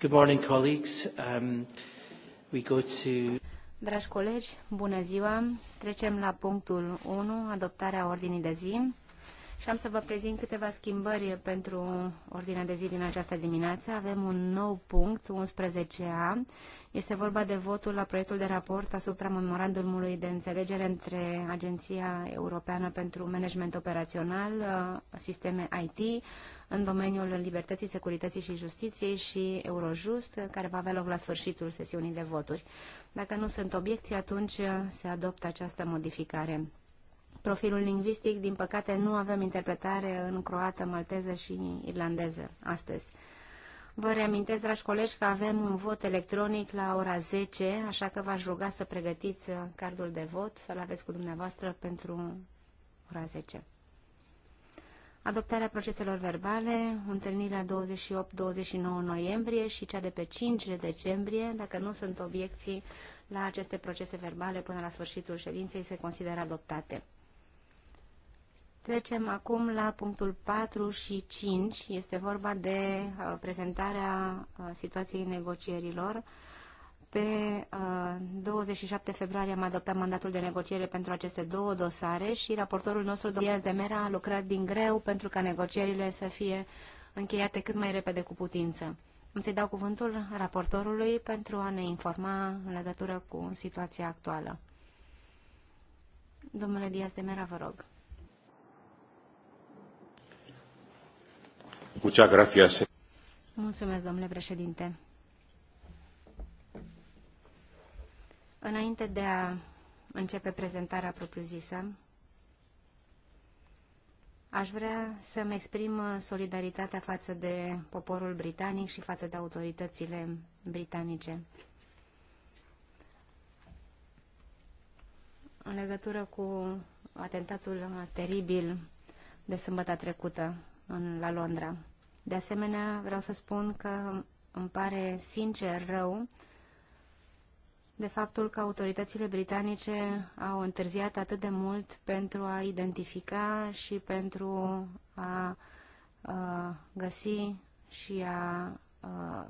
Good morning, colleagues. Um, we go to... Dragi colegi, bună ziua. Trecem la punctul 1, adoptarea ordinii de zi și am să vă prezint câteva schimbări pentru ordinea de zi din această dimineață. Avem un nou punct, 11a. Este vorba de votul la proiectul de raport asupra memorandumului de înțelegere între Agenția Europeană pentru Management Operațional, uh, Sisteme IT, în domeniul libertății, securității și justiției și Eurojust, care va avea loc la sfârșitul sesiunii de voturi. Dacă nu sunt obiecții, atunci se adoptă această modificare profilul lingvistic, din păcate, nu avem interpretare în croată, malteză și irlandeză astăzi. Vă reamintesc, dragi colegi, că avem un vot electronic la ora 10, așa că v-aș ruga să pregătiți uh, cardul de vot, să-l aveți cu dumneavoastră pentru ora 10. Adoptarea proceselor verbale, întâlnirea 28-29 noiembrie și cea de pe 5 decembrie, dacă nu sunt obiecții la aceste procese verbale până la sfârșitul ședinței, se consideră adoptate. Trecem acum la punctul 4 și 5. Este vorba de uh, prezentarea uh, situației negocierilor. Pe 27 uh, februarie am adoptat mandatul de negociere pentru aceste două dosare și raportorul nostru, Diaz de Mera, a lucrat din greu pentru ca negocierile să fie încheiate cât mai repede cu putință. Îmi se dau cuvântul raportorului pentru a ne informa în legătură cu situația actuală. Domnule Diaz de Mera, vă rog. Mulțumesc, domnule președinte. Înainte de a începe prezentarea propriu-zisă, aș vrea să-mi exprim solidaritatea față de poporul britanic și față de autoritățile britanice. În legătură cu atentatul teribil de sâmbătă trecută în, la Londra. De asemenea, vreau să spun că îmi pare sincer rău de faptul că autoritățile britanice au întârziat atât de mult pentru a identifica și pentru a, a găsi și a, a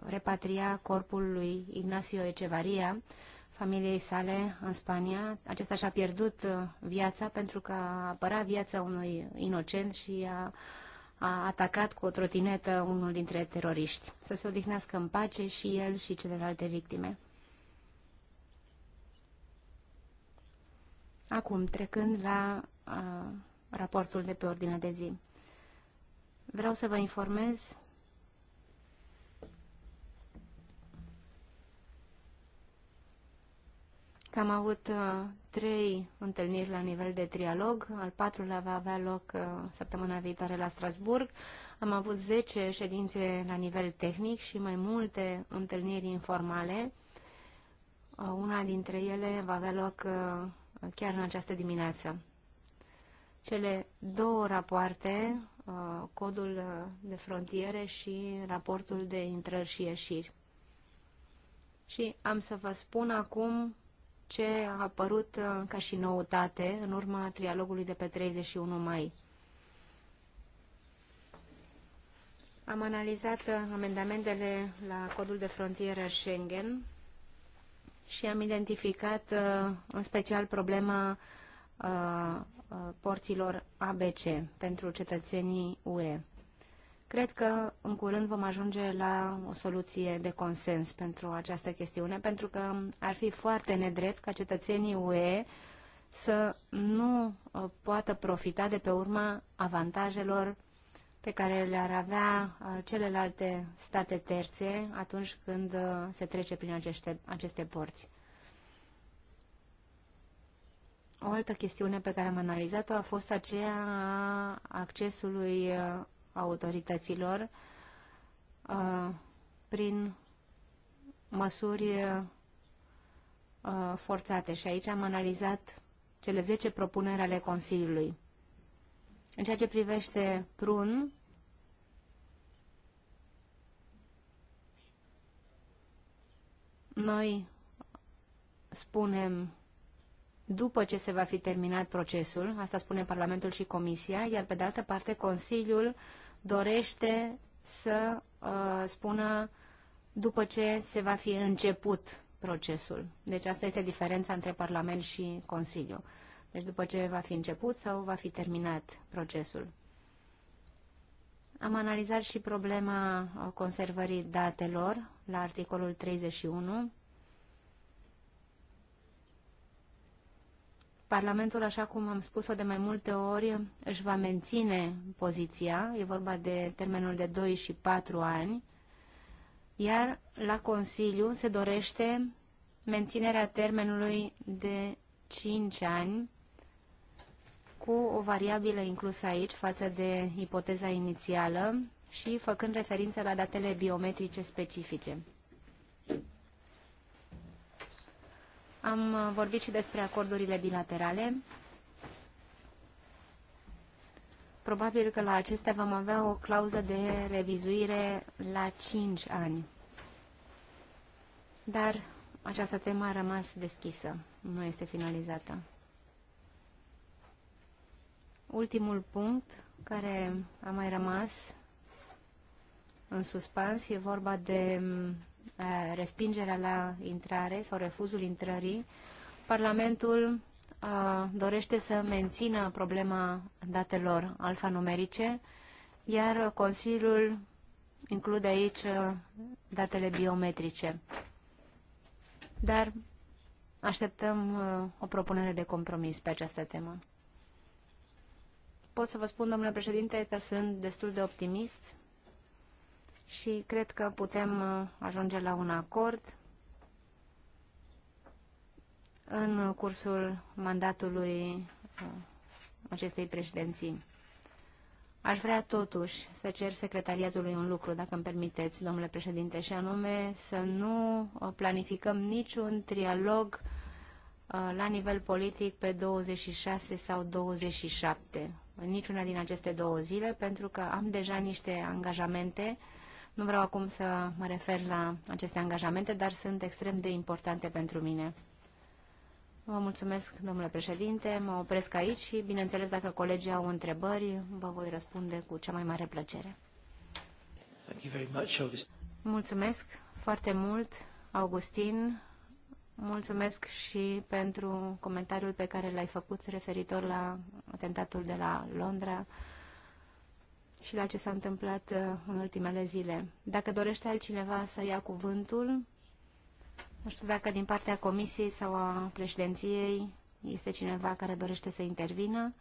repatria corpul lui Ignacio Echevaria, familiei sale în Spania. Acesta și-a pierdut viața pentru că a apărat viața unui inocent și a, a a atacat cu o trotinetă unul dintre teroriști. Să se odihnească în pace și el și celelalte victime. Acum, trecând la a, raportul de pe ordinea de zi. Vreau să vă informez că am avut trei întâlniri la nivel de trialog, al patrulea va avea loc uh, săptămâna viitoare la Strasburg. Am avut 10 ședințe la nivel tehnic și mai multe întâlniri informale. Uh, una dintre ele va avea loc uh, chiar în această dimineață. Cele două rapoarte, codul de frontiere și raportul de intrări și ieșiri. Și am să vă spun acum ce a apărut uh, ca și noutate în urma trialogului de pe 31 mai. Am analizat uh, amendamentele la codul de frontieră Schengen și am identificat uh, în special problema porților ABC pentru cetățenii UE. Cred că în curând vom ajunge la o soluție de consens pentru această chestiune, pentru că ar fi foarte nedrept ca cetățenii UE să nu uh, poată profita de pe urma avantajelor pe care le-ar avea uh, celelalte state terțe atunci când uh, se trece prin aceste, aceste porți. O altă chestiune pe care am analizat-o a fost aceea a accesului autorităților uh, prin măsuri uh, forțate. Și aici am analizat cele 10 propuneri ale Consiliului. În ceea ce privește prun, noi spunem după ce se va fi terminat procesul, asta spune Parlamentul și Comisia, iar pe de altă parte Consiliul uh, dorește să uh, spună după ce se va fi început procesul. Deci asta este diferența între Parlament și Consiliu. Deci după ce va fi început sau va fi terminat procesul. Am analizat și problema uh, conservării datelor la articolul 31 Parlamentul, așa cum am spus-o de mai multe ori, își va menține poziția, e vorba de termenul de 2 și 4 ani, iar la Consiliu se dorește menținerea termenului de 5 ani cu o variabilă inclusă aici față de ipoteza inițială și făcând referință la datele biometrice specifice. Am uh, vorbit și despre acordurile bilaterale. Probabil că la acestea vom avea o clauză de revizuire la 5 ani. Dar această temă a rămas deschisă, nu este finalizată. Ultimul punct care a mai rămas în suspans e vorba de mm, Eh, respingerea la intrare sau refuzul intrării, Parlamentul dorește să mențină problema datelor alfanumerice, iar Consiliul include aici datele biometrice. Dar așteptăm o propunere de compromis pe această temă. Pot să vă spun, domnule președinte, că sunt destul de optimist și cred că putem uh, ajunge la un acord în cursul mandatului uh, acestei președinții. Aș vrea totuși să cer secretariatului un lucru, dacă îmi permiteți, domnule președinte, și anume să nu uh, planificăm niciun trialog la nivel politic pe 26 sau 27, în niciuna din aceste două zile, pentru că am deja niște angajamente uh, nu vreau acum să mă refer la aceste angajamente, dar sunt extrem de importante pentru mine. Vă mulțumesc, domnule președinte, mă opresc aici și, bineînțeles, dacă colegii au întrebări, vă voi răspunde cu cea mai mare plăcere. Mulțumesc foarte mult, Augustin. Mulțumesc și pentru comentariul pe care l-ai făcut referitor la atentatul de la Londra și la ce s-a întâmplat uh, în ultimele zile. Dacă dorește altcineva să ia cuvântul, nu știu dacă din partea comisiei sau a președinției este cineva care dorește să intervină.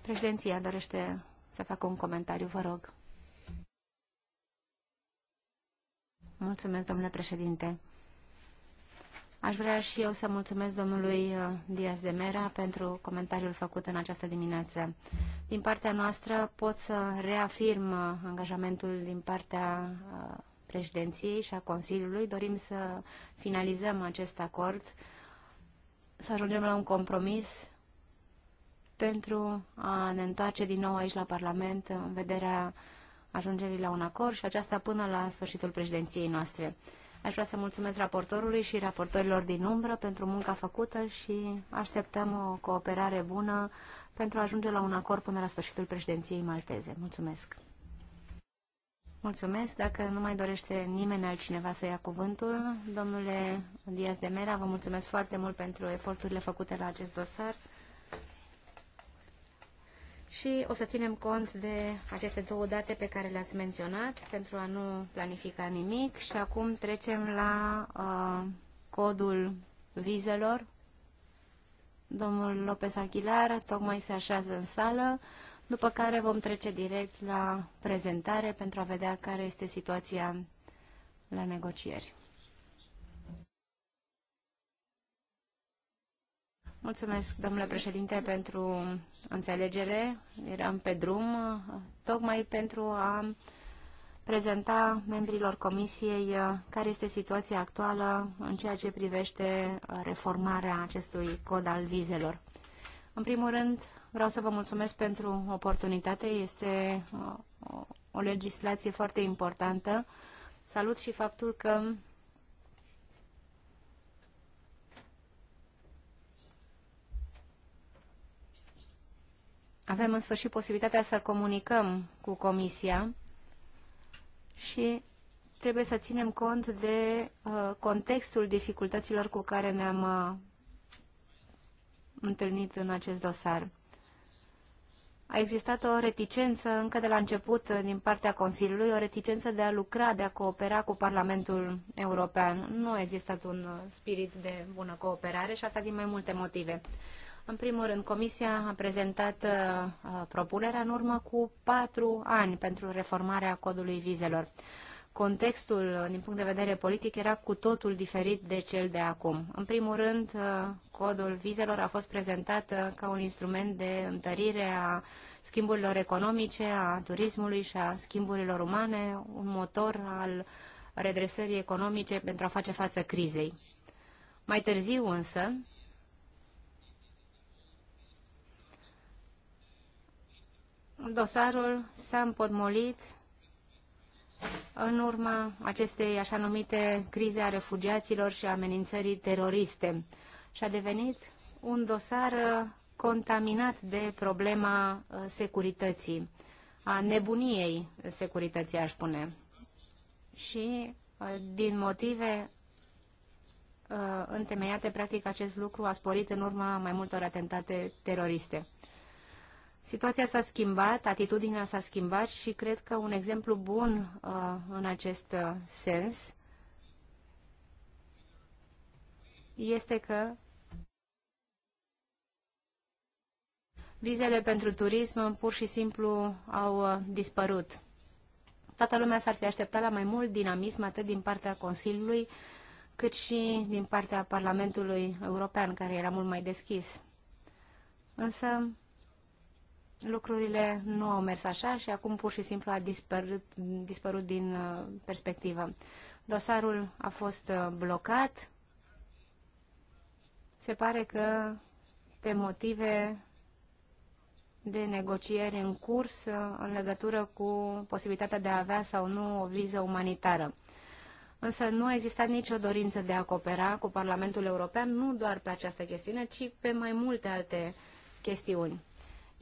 Președinția dorește să facă un comentariu, vă rog. Mulțumesc, domnule președinte. Aș vrea și eu să mulțumesc domnului uh, Diaz de Mera pentru comentariul făcut în această dimineață. Din partea noastră pot să reafirm uh, angajamentul din partea uh, președinției și a Consiliului. Dorim să finalizăm acest acord, să ajungem la un compromis pentru a ne întoarce din nou aici la Parlament în vederea ajungerii la un acord și aceasta până la sfârșitul președinției noastre. Aș vrea să mulțumesc raportorului și raportorilor din umbră pentru munca făcută și așteptăm o cooperare bună pentru a ajunge la un acord până la sfârșitul președinției malteze. Mulțumesc! Mulțumesc. Dacă nu mai dorește nimeni altcineva să ia cuvântul, domnule Diaz de Mera, vă mulțumesc foarte mult pentru eforturile făcute la acest dosar și o să ținem cont de aceste două date pe care le-ați menționat pentru a nu planifica nimic și acum trecem la uh, codul vizelor. Domnul Lopez Aguilar tocmai se așează în sală, după care vom trece direct la prezentare pentru a vedea care este situația la negocieri. Mulțumesc, domnule președinte, pentru înțelegere. Eram pe drum tocmai pentru a prezenta membrilor comisiei uh, care este situația actuală în ceea ce privește uh, reformarea acestui cod al vizelor. În primul rând, vreau să vă mulțumesc pentru oportunitate. Este uh, o legislație foarte importantă. Salut și faptul că Avem în sfârșit posibilitatea să comunicăm cu Comisia și trebuie să ținem cont de uh, contextul dificultăților cu care ne-am uh, întâlnit în acest dosar. A existat o reticență încă de la început uh, din partea Consiliului, o reticență de a lucra, de a coopera cu Parlamentul European. Nu a existat un uh, spirit de bună cooperare și asta din mai multe motive. În primul rând, Comisia a prezentat uh, uh, propunerea în urmă cu patru ani pentru reformarea codului vizelor. Contextul, uh, din punct de vedere politic, era cu totul diferit de cel de acum. În primul rând, uh, codul vizelor a fost prezentat uh, ca un instrument de întărire a schimburilor economice, a turismului și a schimburilor umane, un motor al redresării economice pentru a face față crizei. Mai târziu însă, dosarul s-a împotmolit în urma acestei așa numite crize a refugiaților și a amenințării teroriste și a devenit un dosar uh, contaminat de problema uh, securității, a nebuniei securității, aș spune. Și uh, din motive întemeiate, practic, acest lucru a sporit în urma mai multor atentate teroriste. Situația s-a schimbat, atitudinea s-a schimbat și cred că un exemplu bun uh, în acest uh, sens este că vizele pentru turism pur și simplu au uh, dispărut. Toată lumea s-ar fi așteptat la mai mult dinamism atât din partea Consiliului cât și din partea Parlamentului European, care era mult mai deschis. Însă lucrurile nu au mers așa și acum pur și simplu a dispărut, dispărut din uh, perspectivă. Dosarul a fost uh, blocat. Se pare că pe motive de negociere în curs uh, în legătură cu posibilitatea de a avea sau nu o viză umanitară. Însă nu a existat nicio dorință de a coopera cu Parlamentul European, nu doar pe această chestiune, ci pe mai multe alte chestiuni.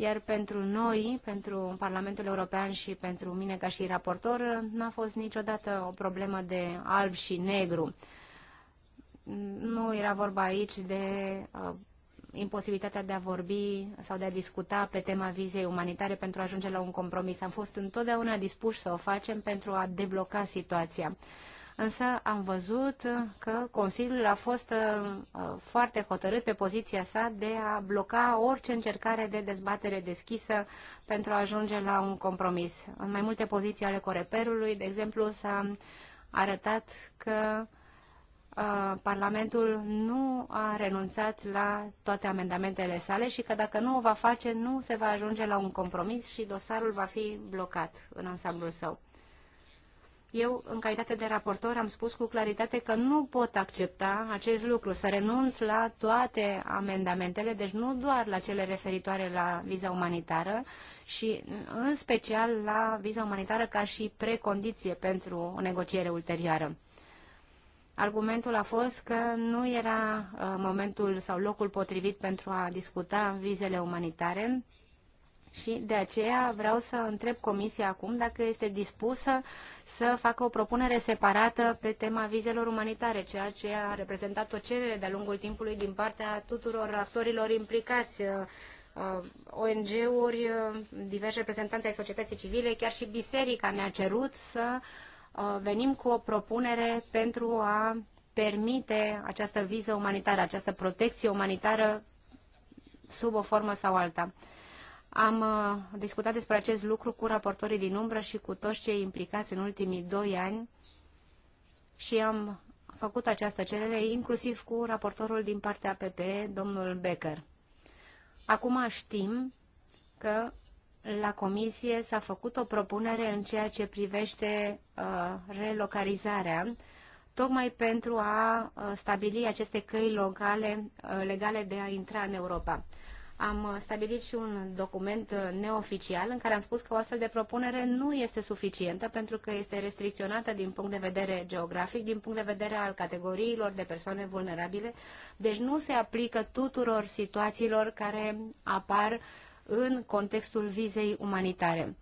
Iar pentru noi, pentru Parlamentul European și pentru mine ca și raportor, n-a fost niciodată o problemă de alb și negru. Nu era vorba aici de uh, imposibilitatea de a vorbi sau de a discuta pe tema vizei umanitare pentru a ajunge la un compromis. Am fost întotdeauna dispuși să o facem pentru a debloca situația. Uh, însă am văzut că Consiliul a fost uh, foarte hotărât pe poziția sa de a bloca orice încercare de dezbatere deschisă pentru a ajunge la un compromis. În mai multe poziții ale Coreperului, de exemplu, s-a arătat că uh, Parlamentul nu a renunțat la toate amendamentele sale și că dacă nu o va face, nu se va ajunge la un compromis și dosarul va fi blocat în ansamblul său. Eu, în calitate de raportor, am spus cu claritate că nu pot accepta acest lucru, să renunț la toate amendamentele, deci nu doar la cele referitoare la viza umanitară și în special la viza umanitară ca și precondiție pentru o negociere ulterioară. Argumentul a fost că nu era uh, momentul sau locul potrivit pentru a discuta vizele umanitare, și de aceea vreau să întreb Comisia acum dacă este dispusă să facă o propunere separată pe tema vizelor umanitare, ceea ce a reprezentat o cerere de-a lungul timpului din partea tuturor actorilor implicați, uh, ONG-uri, uh, diverse reprezentanți ai societății civile, chiar și biserica ne-a cerut să uh, venim cu o propunere pentru a permite această viză umanitară, această protecție umanitară sub o formă sau alta. Am uh, discutat despre acest lucru cu raportorii din umbră și cu toți cei implicați în ultimii doi ani și am făcut această cerere inclusiv cu raportorul din partea PP, domnul Becker. Acum știm că la comisie s-a făcut o propunere în ceea ce privește uh, relocalizarea, tocmai pentru a uh, stabili aceste căi locale, uh, legale de a intra în Europa am uh, stabilit și un document uh, neoficial în care am spus că o astfel de propunere nu este suficientă pentru că este restricționată din punct de vedere geografic, din punct de vedere al categoriilor de persoane vulnerabile, deci nu se aplică tuturor situațiilor care apar în contextul vizei umanitare.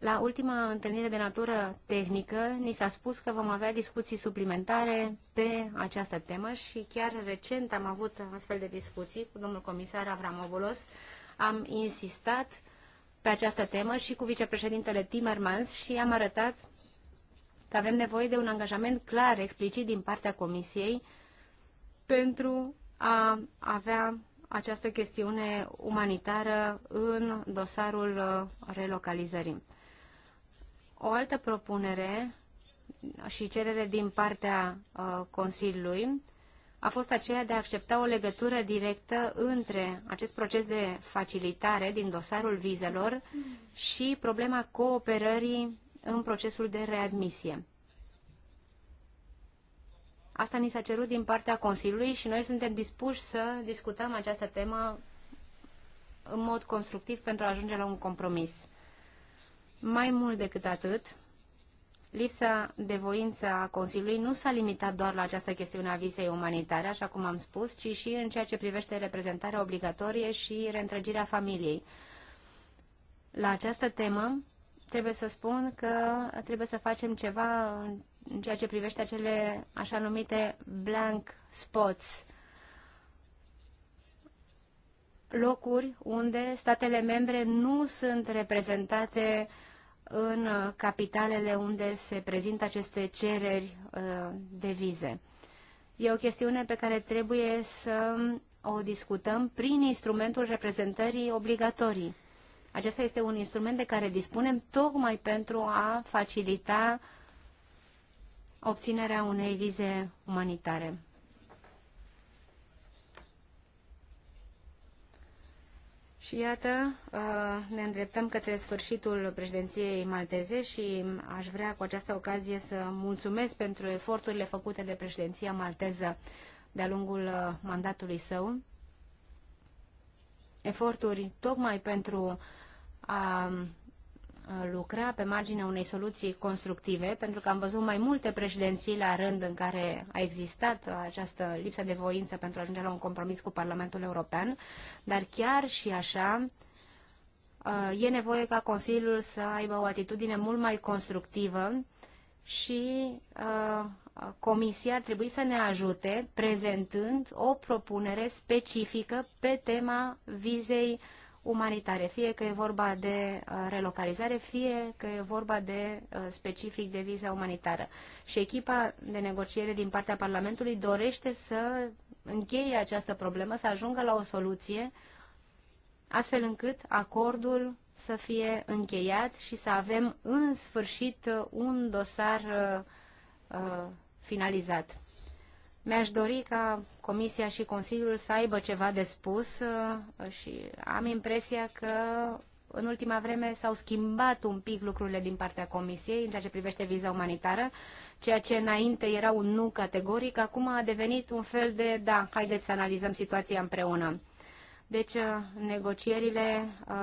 La ultima întâlnire de natură tehnică, ni s-a spus că vom avea discuții suplimentare pe această temă și chiar recent am avut astfel de discuții cu domnul comisar Avramovolos. Am insistat pe această temă și cu vicepreședintele Timmermans și am arătat că avem nevoie de un angajament clar, explicit din partea Comisiei pentru a avea această chestiune umanitară în dosarul relocalizării. O altă propunere și cerere din partea uh, Consiliului a fost aceea de a accepta o legătură directă între acest proces de facilitare din dosarul vizelor și problema cooperării în procesul de readmisie. Asta ni s-a cerut din partea Consiliului și noi suntem dispuși să discutăm această temă în mod constructiv pentru a ajunge la un compromis. Mai mult decât atât, lipsa de voință a Consiliului nu s-a limitat doar la această chestiune a visei umanitare, așa cum am spus, ci și în ceea ce privește reprezentarea obligatorie și reîntrăgirea familiei. La această temă trebuie să spun că trebuie să facem ceva în ceea ce privește acele așa numite blank spots, locuri unde statele membre nu sunt reprezentate uh, în capitalele unde se prezintă aceste cereri uh, de vize. E o chestiune pe care trebuie să o discutăm prin instrumentul reprezentării obligatorii. Acesta este un instrument de care dispunem tocmai pentru a facilita obținerea unei vize umanitare. Și iată, uh, ne îndreptăm către sfârșitul președinției malteze și aș vrea cu această ocazie să mulțumesc pentru eforturile făcute de președinția malteză de-a lungul uh, mandatului său. Eforturi tocmai pentru a lucra pe marginea unei soluții constructive, pentru că am văzut mai multe președinții la rând în care a existat această lipsă de voință pentru a ajunge la un compromis cu Parlamentul European, dar chiar și așa uh, e nevoie ca Consiliul să aibă o atitudine mult mai constructivă și uh, Comisia ar trebui să ne ajute prezentând o propunere specifică pe tema vizei uh, umanitare, fie că e vorba de uh, relocalizare, fie că e vorba de uh, specific de viza umanitară. Și echipa de negociere din partea Parlamentului dorește să încheie această problemă, să ajungă la o soluție, astfel încât acordul să fie încheiat și să avem în sfârșit uh, un dosar uh, finalizat. Mi-aș dori ca Comisia și Consiliul să aibă ceva de spus uh, și am impresia că în ultima vreme s-au schimbat un pic lucrurile din partea Comisiei în ceea ce privește viza umanitară, ceea ce înainte era un nu categoric, acum a devenit un fel de da, haideți să analizăm situația împreună. Deci uh, negocierile uh,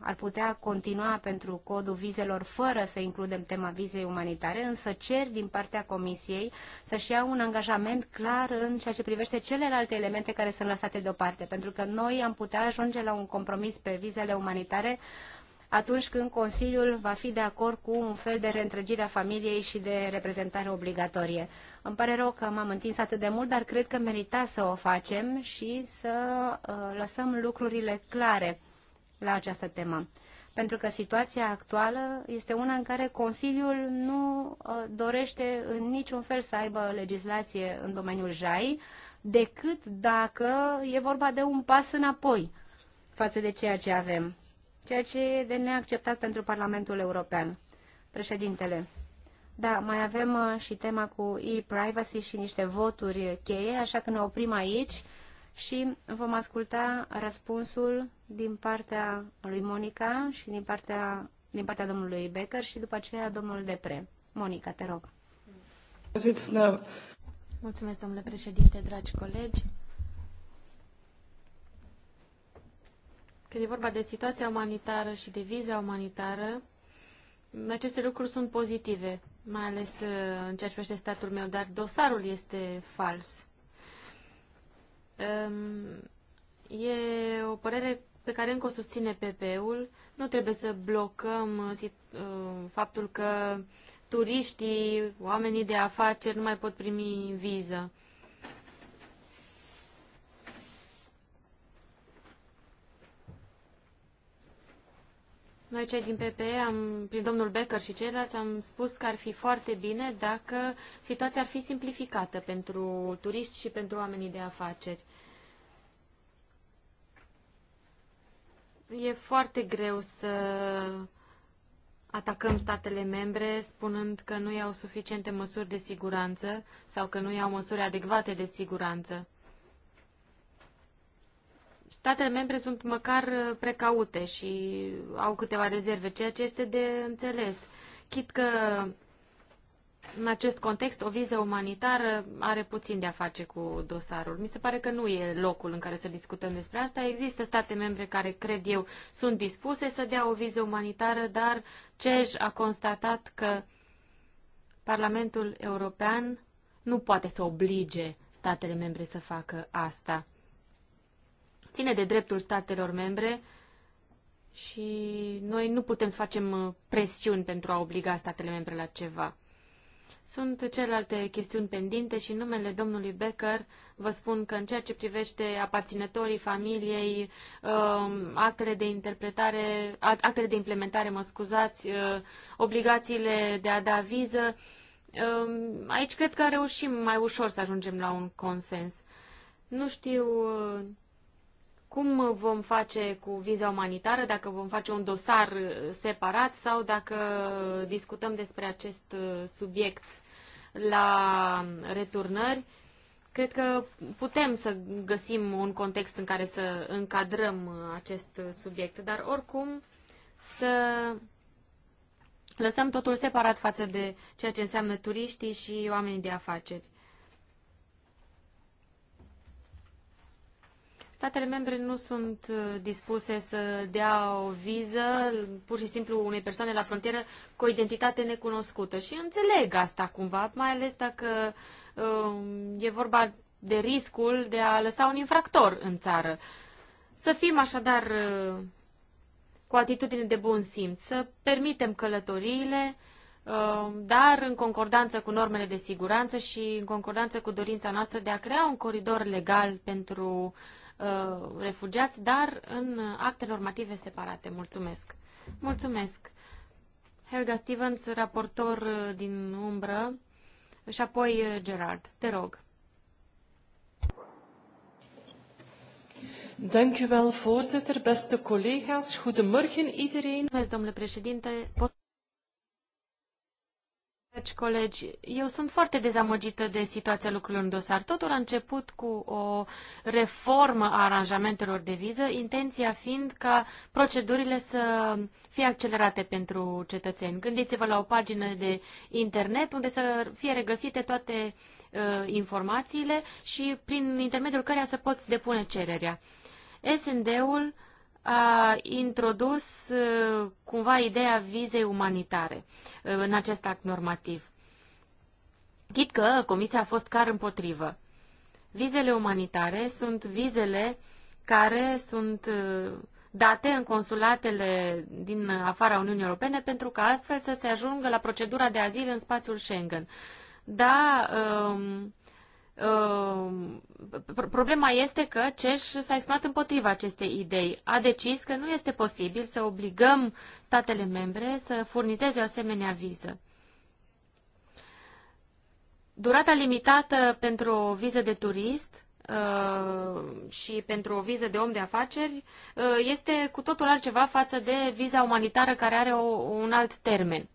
ar putea continua pentru codul vizelor fără să includem tema vizei umanitare, însă cer din partea Comisiei să-și ia un angajament clar în ceea ce privește celelalte elemente care sunt lăsate deoparte, pentru că noi am putea ajunge la un compromis pe vizele umanitare atunci când Consiliul va fi de acord cu un fel de reîntrăgire a familiei și de reprezentare obligatorie. Îmi pare rău că m-am întins atât de mult, dar cred că merita să o facem și să uh, lăsăm lucrurile clare la această temă. Pentru că situația actuală este una în care Consiliul nu uh, dorește în niciun fel să aibă legislație în domeniul JAI, decât dacă e vorba de un pas înapoi față de ceea ce avem ceea ce e de neacceptat pentru Parlamentul European. Președintele, da, mai avem uh, și tema cu e-privacy și niște voturi cheie, așa că ne oprim aici și vom asculta răspunsul din partea lui Monica și din partea, din partea domnului Becker și după aceea domnul Depre. Monica, te rog. Da. Mulțumesc, domnule președinte, dragi colegi. Când e vorba de situația umanitară și de viza umanitară, aceste lucruri sunt pozitive, mai ales uh, în ceea ce privește statul meu, dar dosarul este fals. Um, e o părere pe care încă o susține PP-ul. Nu trebuie să blocăm uh, uh, faptul că turiștii, oamenii de afaceri nu mai pot primi viză. Noi cei din PPE, am, prin domnul Becker și ceilalți, am spus că ar fi foarte bine dacă situația ar fi simplificată pentru turiști și pentru oamenii de afaceri. E foarte greu să atacăm statele membre spunând că nu iau suficiente măsuri de siguranță sau că nu iau măsuri adecvate de siguranță statele membre sunt măcar uh, precaute și au câteva rezerve, ceea ce este de înțeles. Chit că în acest context o viză umanitară are puțin de a face cu dosarul. Mi se pare că nu e locul în care să discutăm despre asta. Există state membre care, cred eu, sunt dispuse să dea o viză umanitară, dar CEJ a constatat că Parlamentul European nu poate să oblige statele membre să facă asta ține de dreptul statelor membre și noi nu putem să facem uh, presiuni pentru a obliga statele membre la ceva. Sunt celelalte chestiuni pendinte și în numele domnului Becker vă spun că în ceea ce privește aparținătorii familiei, um, actele de interpretare, actele de implementare, mă scuzați, uh, obligațiile de a da viză, um, aici cred că reușim mai ușor să ajungem la un consens. Nu știu uh, cum vom face cu viza umanitară, dacă vom face un dosar separat sau dacă discutăm despre acest subiect la returnări. Cred că putem să găsim un context în care să încadrăm acest subiect, dar oricum să lăsăm totul separat față de ceea ce înseamnă turiștii și oamenii de afaceri. Statele membre nu sunt uh, dispuse să dea o viză pur și simplu unei persoane la frontieră cu o identitate necunoscută. Și înțeleg asta cumva, mai ales dacă uh, e vorba de riscul de a lăsa un infractor în țară. Să fim așadar uh, cu atitudine de bun simț, să permitem călătoriile, uh, dar în concordanță cu normele de siguranță și în concordanță cu dorința noastră de a crea un coridor legal pentru Uh, refugiați, dar în acte normative separate. Mulțumesc! Mulțumesc! Helga Stevens, raportor uh, din umbră, și apoi uh, Gerard. Te rog! Dank u wel, voorzitter. Beste collega's, goedemorgen iedereen. Mulțumesc, domnule președinte. Dragi colegi, eu sunt foarte dezamăgită de situația lucrurilor în dosar. Totul a început cu o reformă a aranjamentelor de viză, intenția fiind ca procedurile să fie accelerate pentru cetățeni. Gândiți-vă la o pagină de internet unde să fie regăsite toate uh, informațiile și prin intermediul căreia să poți depune cererea. SND-ul uh, a introdus uh, cumva ideea vizei umanitare uh, în acest act normativ. Chit că Comisia a fost car împotrivă. Vizele umanitare sunt vizele care sunt uh, date în consulatele din afara Uniunii Europene pentru ca astfel să se ajungă la procedura de azil în spațiul Schengen. Da, um, Uh, problema este că CEș s-a exprimat împotriva acestei idei. A decis că nu este posibil să obligăm statele membre să furnizeze o asemenea viză. Durata limitată pentru o viză de turist uh, și pentru o viză de om de afaceri uh, este cu totul altceva față de viza umanitară care are o, un alt termen.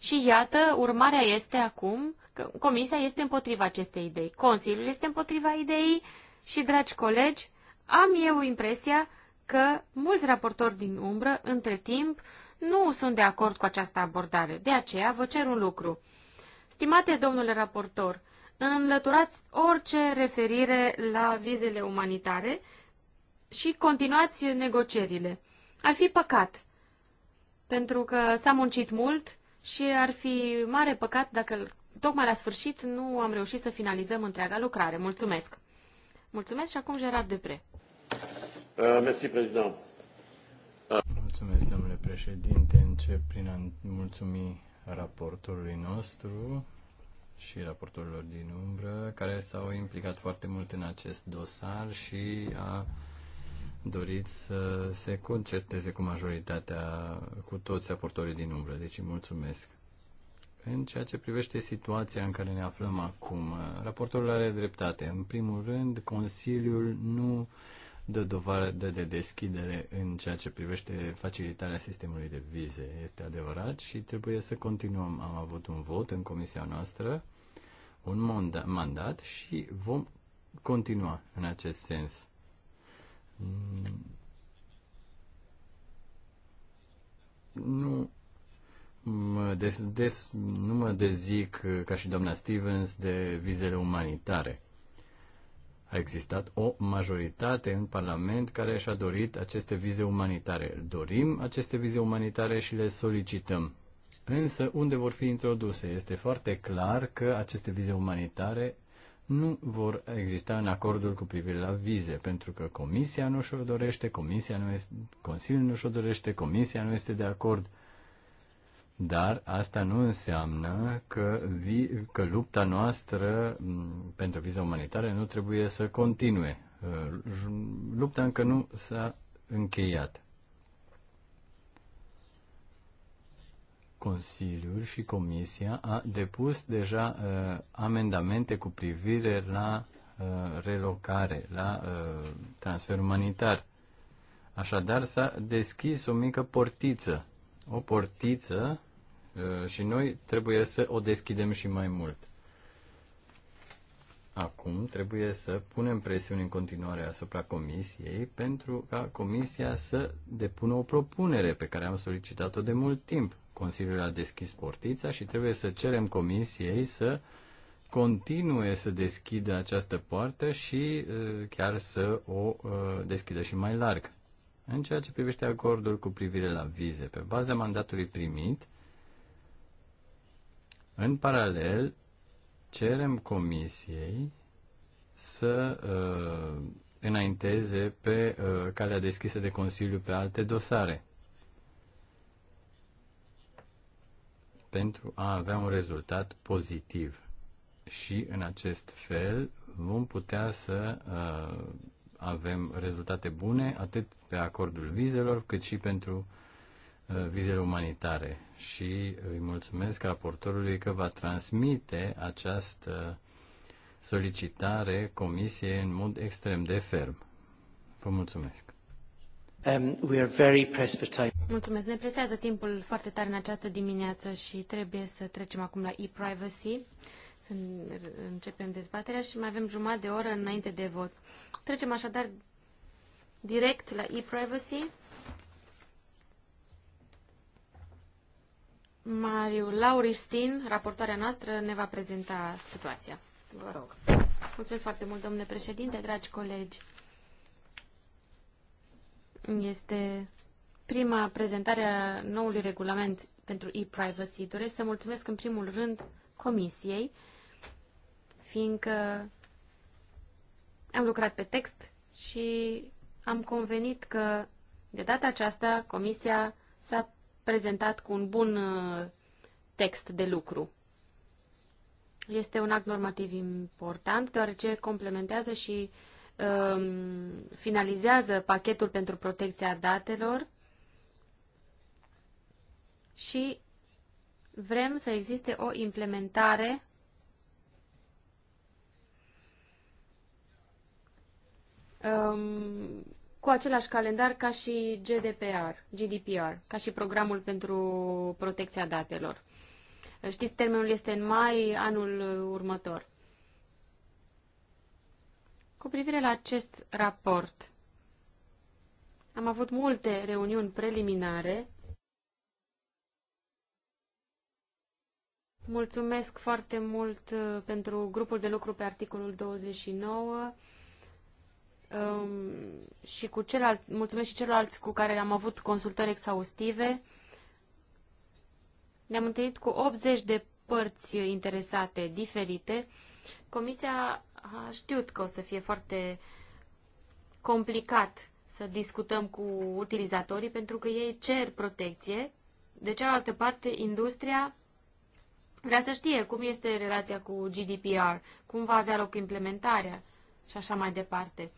Și iată, urmarea este acum că Comisia este împotriva acestei idei, Consiliul este împotriva ideii și, dragi colegi, am eu impresia că mulți raportori din umbră, între timp, nu sunt de acord cu această abordare. De aceea vă cer un lucru. Stimate domnule raportor, înlăturați orice referire la vizele umanitare și continuați negocierile. Ar fi păcat, pentru că s-a muncit mult și ar fi mare păcat dacă tocmai la sfârșit nu am reușit să finalizăm întreaga lucrare. Mulțumesc! Mulțumesc și acum Gerard Depre. Uh, Mersi, prezident. Mulțumesc, domnule președinte. Încep prin a mulțumi raportorului nostru și raportorilor din umbră, care s-au implicat foarte mult în acest dosar și a dorit să se concerteze cu majoritatea, cu toți raportorii din umbră. Deci mulțumesc. În ceea ce privește situația în care ne aflăm acum, raportorul are dreptate. În primul rând, Consiliul nu dă dovadă de deschidere în ceea ce privește facilitarea sistemului de vize. Este adevărat și trebuie să continuăm. Am avut un vot în comisia noastră, un mandat și vom continua în acest sens. Nu mă des, des, nu mă dezic, ca și doamna Stevens, de vizele umanitare. A existat o majoritate în Parlament care și-a dorit aceste vize umanitare. Dorim aceste vize umanitare și le solicităm. Însă, unde vor fi introduse? Este foarte clar că aceste vize umanitare nu vor exista în acordul cu privire la vize, pentru că Comisia nu și-o dorește, Comisia nu este, Consiliul nu și-o dorește, Comisia nu este de acord. Dar asta nu înseamnă că, vi, că lupta noastră pentru viza umanitară nu trebuie să continue. Uh, lupta încă nu s-a încheiat. Consiliul și Comisia a depus deja uh, amendamente cu privire la uh, relocare, la uh, transfer umanitar. Așadar s-a deschis o mică portiță, o portiță Uh, și noi trebuie să o deschidem și mai mult. Acum trebuie să punem presiuni în continuare asupra comisiei pentru ca comisia să depună o propunere pe care am solicitat-o de mult timp. Consiliul a deschis portița și trebuie să cerem comisiei să continue să deschidă această poartă și uh, chiar să o uh, deschidă și mai larg. În ceea ce privește acordul cu privire la vize, pe baza mandatului primit, în paralel, cerem comisiei să uh, înainteze pe uh, calea deschisă de Consiliu pe alte dosare pentru a avea un rezultat pozitiv. Și în acest fel vom putea să uh, avem rezultate bune atât pe acordul vizelor cât și pentru uh, Uh, vizele umanitare și îi mulțumesc raportorului că va transmite această solicitare comisiei în mod extrem de ferm. Vă mulțumesc. Um, we are very pressed for time. Mulțumesc. Ne presează timpul foarte tare în această dimineață și trebuie să trecem acum la e-privacy. Să începem dezbaterea și mai avem jumătate de oră înainte de vot. Trecem așadar direct la e-privacy. Mariu Lauristin, raportoarea noastră, ne va prezenta situația. Vă rog. Mulțumesc foarte mult, domnule președinte, dragi colegi. Este prima prezentare a noului regulament pentru e-privacy. Doresc să mulțumesc în primul rând comisiei, fiindcă am lucrat pe text și am convenit că de data aceasta comisia s-a prezentat cu un bun uh, text de lucru. Este un act normativ important, deoarece complementează și um, finalizează pachetul pentru protecția datelor și vrem să existe o implementare um, cu același calendar ca și GDPR, GDPR, ca și programul pentru protecția datelor. Știți, termenul este în mai anul următor. Cu privire la acest raport, am avut multe reuniuni preliminare. Mulțumesc foarte mult uh, pentru grupul de lucru pe articolul 29 um, și cu celălalt, mulțumesc și celorlalți cu care am avut consultări exhaustive. Ne-am întâlnit cu 80 de părți interesate diferite. Comisia a știut că o să fie foarte complicat să discutăm cu utilizatorii pentru că ei cer protecție. De cealaltă parte, industria vrea să știe cum este relația cu GDPR, cum va avea loc implementarea și așa mai departe.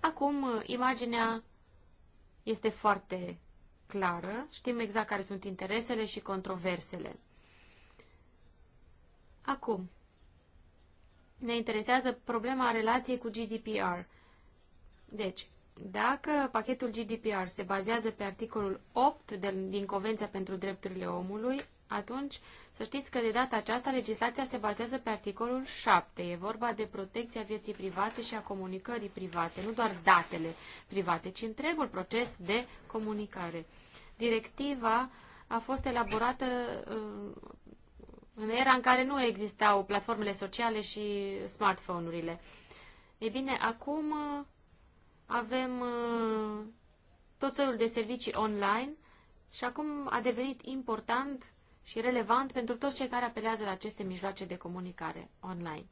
Acum, uh, imaginea este foarte clară, știm exact care sunt interesele și controversele. Acum, ne interesează problema relației cu GDPR. Deci, dacă pachetul GDPR se bazează pe articolul 8 din Convenția pentru Drepturile Omului, atunci să știți că de data aceasta legislația se bazează pe articolul 7. E vorba de protecția vieții private și a comunicării private, nu doar datele private, ci întregul proces de comunicare. Directiva a fost elaborată uh, în era în care nu existau platformele sociale și smartphone-urile. Ei bine, acum uh, avem uh, tot felul de servicii online și acum a devenit important și relevant pentru toți cei care apelează la aceste mijloace de comunicare online.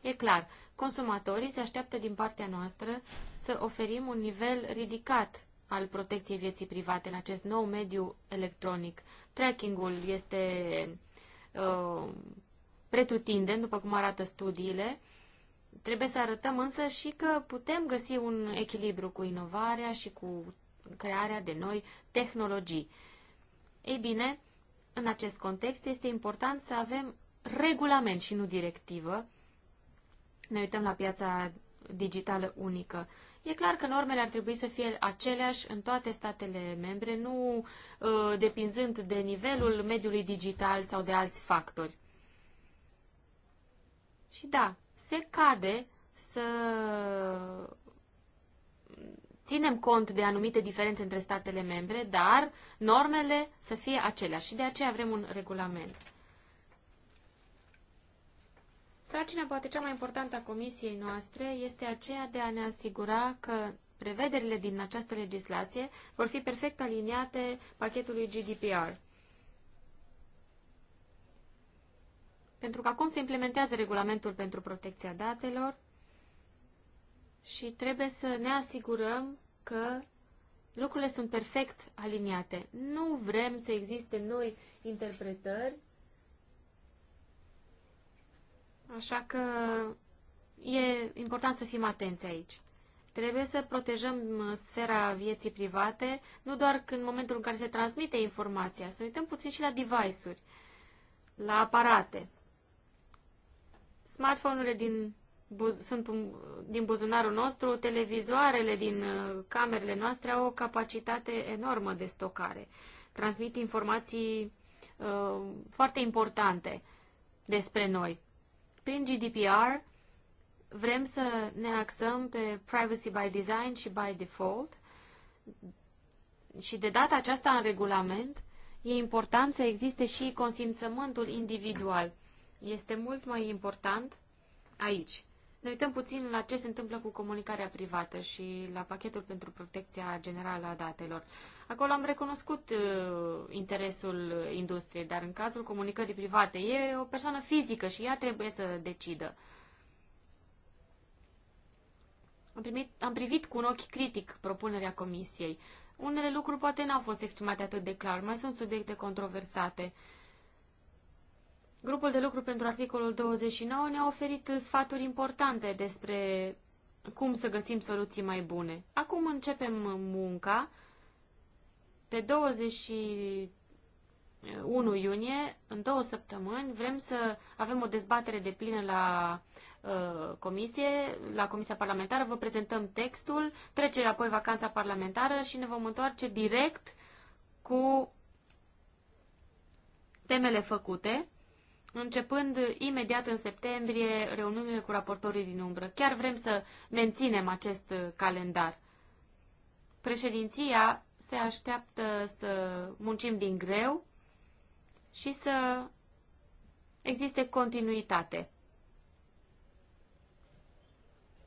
E clar, consumatorii se așteaptă din partea noastră să oferim un nivel ridicat al protecției vieții private în acest nou mediu electronic. Tracking-ul este uh, pretutindeni, după cum arată studiile. Trebuie să arătăm însă și că putem găsi un echilibru cu inovarea și cu crearea de noi tehnologii. Ei bine, în acest context este important să avem regulament și nu directivă. Ne uităm la piața digitală unică. E clar că normele ar trebui să fie aceleași în toate statele membre, nu uh, depinzând de nivelul mediului digital sau de alți factori. Și da, se cade să ținem cont de anumite diferențe între statele membre, dar normele să fie aceleași și de aceea avem un regulament. Sarcina poate cea mai importantă a comisiei noastre este aceea de a ne asigura că prevederile din această legislație vor fi perfect aliniate pachetului GDPR. Pentru că acum se implementează regulamentul pentru protecția datelor, și trebuie să ne asigurăm că lucrurile sunt perfect aliniate. Nu vrem să existe noi interpretări, așa că e important să fim atenți aici. Trebuie să protejăm uh, sfera vieții private, nu doar în momentul în care se transmite informația, să ne uităm puțin și la device-uri, la aparate. Smartphone-urile din sunt un, din buzunarul nostru, televizoarele din uh, camerele noastre au o capacitate enormă de stocare. Transmit informații uh, foarte importante despre noi. Prin GDPR vrem să ne axăm pe privacy by design și by default și de data aceasta în regulament e important să existe și consimțământul individual. Este mult mai important aici ne uităm puțin la ce se întâmplă cu comunicarea privată și la pachetul pentru protecția generală a datelor. Acolo am recunoscut uh, interesul industriei, dar în cazul comunicării private e o persoană fizică și ea trebuie să decidă. Am, primit, am privit cu un ochi critic propunerea comisiei. Unele lucruri poate n-au fost exprimate atât de clar, mai sunt subiecte controversate. Uh, Grupul de lucru pentru articolul 29 ne-a oferit sfaturi importante despre cum să găsim soluții mai bune. Acum începem munca. Pe 21 iunie, în două săptămâni, vrem să avem o dezbatere de plină la uh, comisie, la comisia parlamentară, vă prezentăm textul, trece apoi vacanța parlamentară și ne vom întoarce direct cu temele făcute începând imediat în septembrie reuniunile cu raportorii din umbră. Chiar vrem să menținem acest uh, calendar. Președinția se așteaptă să muncim din greu și să existe continuitate.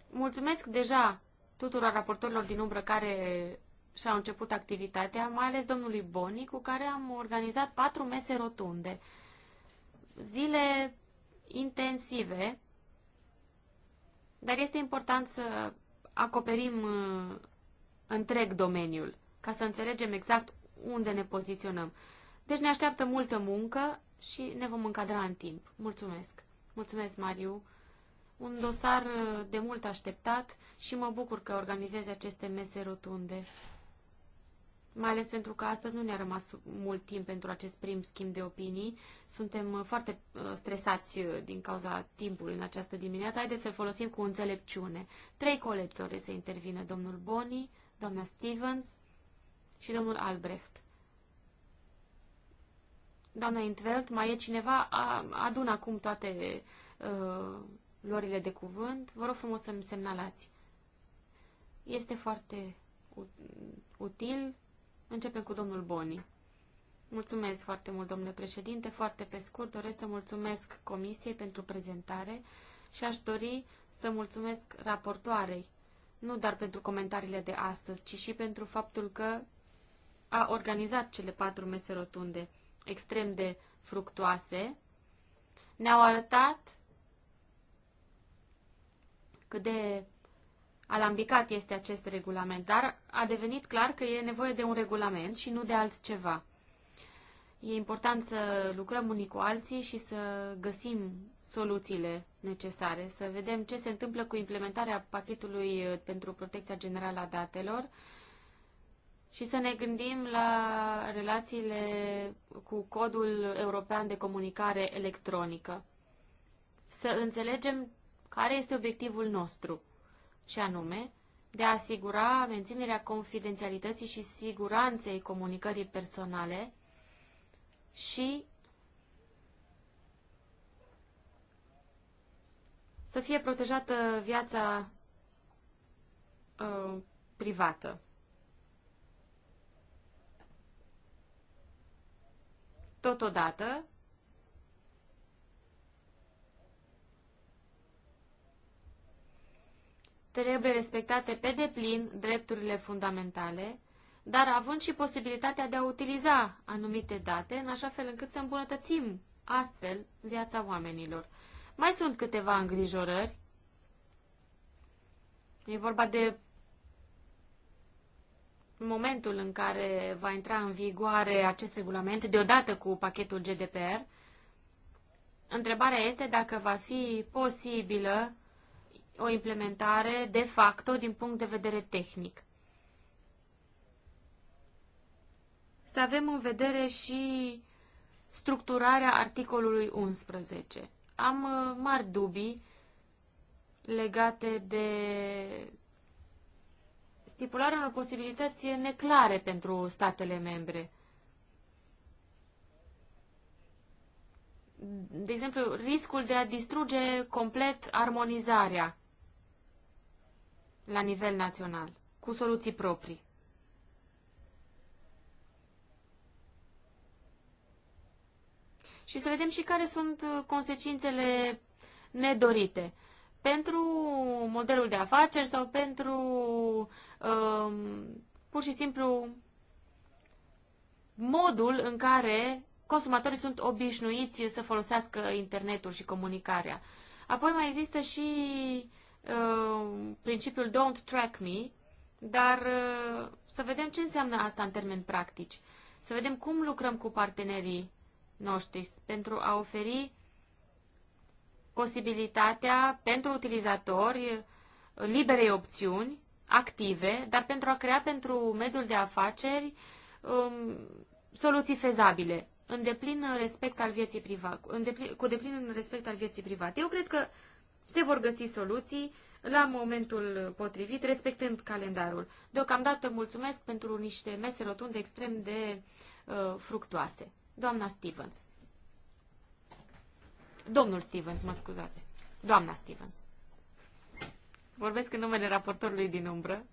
Mulțumesc deja tuturor raportorilor din umbră care și-au început activitatea, mai ales domnului Boni, cu care am organizat patru mese rotunde – zile intensive, dar este important să acoperim uh, întreg domeniul ca să înțelegem exact unde ne poziționăm. Deci ne așteaptă multă muncă și ne vom încadra în timp. Mulțumesc! Mulțumesc, Mariu! Un dosar uh, de mult așteptat și mă bucur că organizezi aceste mese rotunde mai ales pentru că astăzi nu ne-a rămas mult timp pentru acest prim schimb de opinii. Suntem uh, foarte uh, stresați uh, din cauza timpului în această dimineață. Haideți să-l folosim cu înțelepciune. Trei colegi doresc să intervină. Domnul Boni, doamna Stevens și domnul Albrecht. Doamna Intveld, mai e cineva? Adun acum toate uh, lorile de cuvânt. Vă rog frumos să-mi semnalați. Este foarte util Începem cu domnul Boni. Mulțumesc foarte mult, domnule președinte. Foarte pe scurt, doresc să mulțumesc Comisiei pentru prezentare și aș dori să mulțumesc raportoarei, nu doar pentru comentariile de astăzi, ci și pentru faptul că a organizat cele patru mese rotunde extrem de fructoase. Ne-au arătat cât de alambicat este acest regulament, dar a devenit clar că e nevoie de un regulament și nu de altceva. E important să lucrăm unii cu alții și să găsim soluțiile necesare, să vedem ce se întâmplă cu implementarea pachetului uh, pentru protecția generală a datelor și să ne gândim la relațiile cu codul european de comunicare electronică. Să înțelegem care este obiectivul nostru și anume de a asigura menținerea confidențialității și siguranței comunicării personale și să fie protejată viața uh, privată. Totodată, trebuie respectate pe deplin drepturile fundamentale, dar având și posibilitatea de a utiliza anumite date, în așa fel încât să îmbunătățim astfel viața oamenilor. Mai sunt câteva îngrijorări. E vorba de momentul în care va intra în vigoare acest regulament, deodată cu pachetul GDPR. Întrebarea este dacă va fi posibilă o implementare de facto din punct de vedere tehnic. Să avem în vedere și structurarea articolului 11. Am uh, mari dubii legate de stipularea unor posibilități neclare pentru statele membre. De exemplu, riscul de a distruge complet armonizarea la nivel național, cu soluții proprii. Și să vedem și care sunt uh, consecințele nedorite pentru modelul de afaceri sau pentru um, pur și simplu modul în care consumatorii sunt obișnuiți să folosească internetul și comunicarea. Apoi mai există și Uh, principiul don't track me, dar uh, să vedem ce înseamnă asta în termeni practici. Să vedem cum lucrăm cu partenerii noștri pentru a oferi posibilitatea pentru utilizatori uh, liberei opțiuni active, dar pentru a crea pentru mediul de afaceri um, soluții fezabile, în deplin respect al vieții private, cu deplin respect al vieții private. Eu cred că se vor găsi soluții la momentul potrivit, respectând calendarul. Deocamdată mulțumesc pentru niște mese rotunde extrem de uh, fructoase. Doamna Stevens. Domnul Stevens, mă scuzați. Doamna Stevens. Vorbesc în numele raportorului din umbră.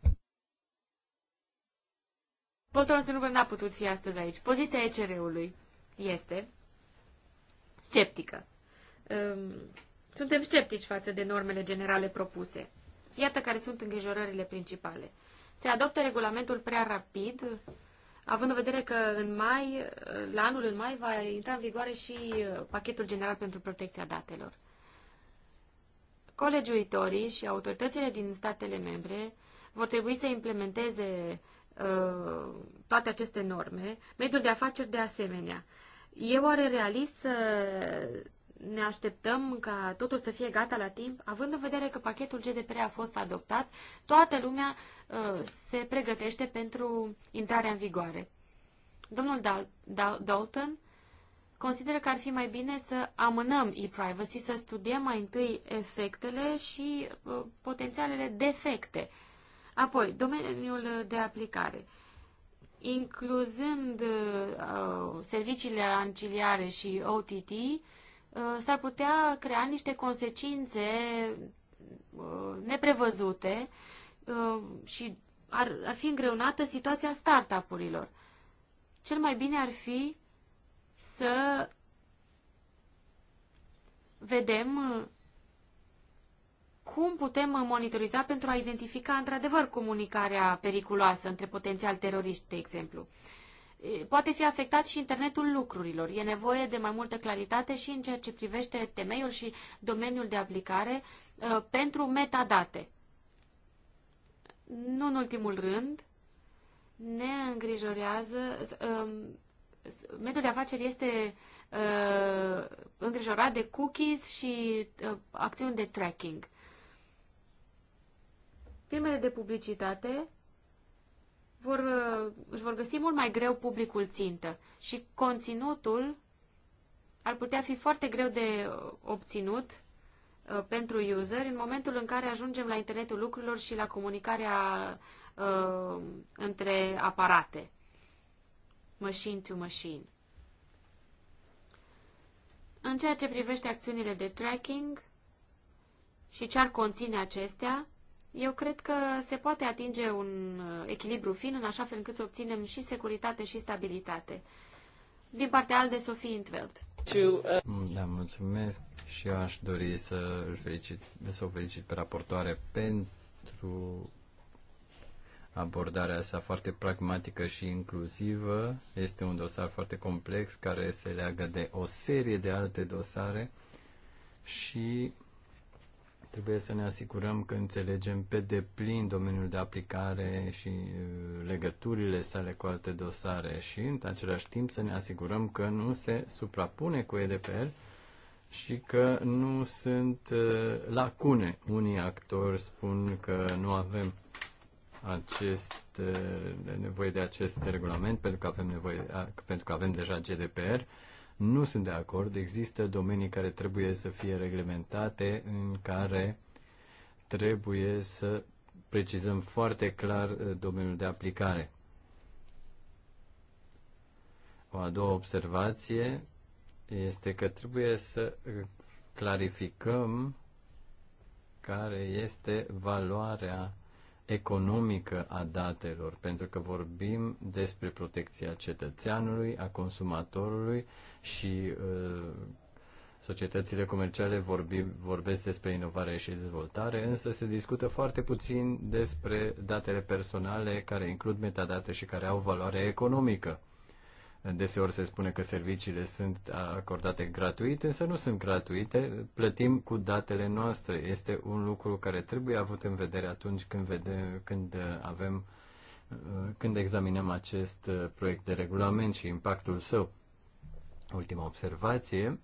Poltronul din umbră n-a putut fi astăzi aici. Poziția ECR-ului este sceptică. Um, suntem sceptici față de normele generale propuse. Iată care sunt îngrijorările principale. Se adoptă regulamentul prea rapid, având în vedere că în mai, la anul în mai va intra în vigoare și uh, pachetul general pentru protecția datelor. Colegiuitorii și autoritățile din statele membre vor trebui să implementeze uh, toate aceste norme, mediul de afaceri de asemenea. E oare realist să ne așteptăm ca totul să fie gata la timp, având în vedere că pachetul GDPR a fost adoptat, toată lumea uh, se pregătește pentru intrarea în vigoare. Domnul Dal- Dal- Dalton consideră că ar fi mai bine să amânăm e-privacy, să studiem mai întâi efectele și uh, potențialele defecte. Apoi, domeniul de aplicare incluzând uh, serviciile anciliare și OTT, Uh, s-ar putea crea niște consecințe uh, neprevăzute uh, și ar, ar fi îngreunată situația startup-urilor. Cel mai bine ar fi să vedem cum putem monitoriza pentru a identifica într-adevăr comunicarea periculoasă între potențial teroriști, de exemplu poate fi afectat și internetul lucrurilor. E nevoie de mai multă claritate și în ceea ce privește temeiul și domeniul de aplicare pentru metadate. Nu în ultimul rând, ne îngrijorează. Um, mediul de afaceri este îngrijorat de cookies și acțiuni de tracking. Filmele de publicitate vor, își vor găsi mult mai greu publicul țintă și conținutul ar putea fi foarte greu de obținut uh, pentru user în momentul în care ajungem la internetul lucrurilor și la comunicarea uh, între aparate, machine to machine. În ceea ce privește acțiunile de tracking și ce ar conține acestea, eu cred că se poate atinge un uh, echilibru fin în așa fel încât să obținem și securitate și stabilitate. Din partea al de Sofie Intveld. Da, mulțumesc și eu aș dori să, felicit, să o felicit pe raportoare pentru abordarea sa foarte pragmatică și inclusivă. Este un dosar foarte complex care se leagă de o serie de alte dosare și Trebuie să ne asigurăm că înțelegem pe deplin domeniul de aplicare și uh, legăturile sale cu alte dosare și, în același timp, să ne asigurăm că nu se suprapune cu EDPR și că nu sunt uh, lacune. Unii actori spun că nu avem acest, uh, nevoie de acest regulament pentru că avem, nevoie, pentru că avem deja GDPR nu sunt de acord. Există domenii care trebuie să fie reglementate, în care trebuie să precizăm foarte clar uh, domeniul de aplicare. O a doua observație este că trebuie să uh, clarificăm care este valoarea economică a datelor, pentru că vorbim despre protecția cetățeanului, a consumatorului și uh, societățile comerciale vorbi, vorbesc despre inovare și dezvoltare, însă se discută foarte puțin despre datele personale care includ metadate și care au valoare economică. Deseori se spune că serviciile sunt acordate gratuit, însă nu sunt gratuite, plătim cu datele noastre. Este un lucru care trebuie avut în vedere atunci când, vedem, când avem când examinăm acest proiect de regulament și impactul său. Ultima observație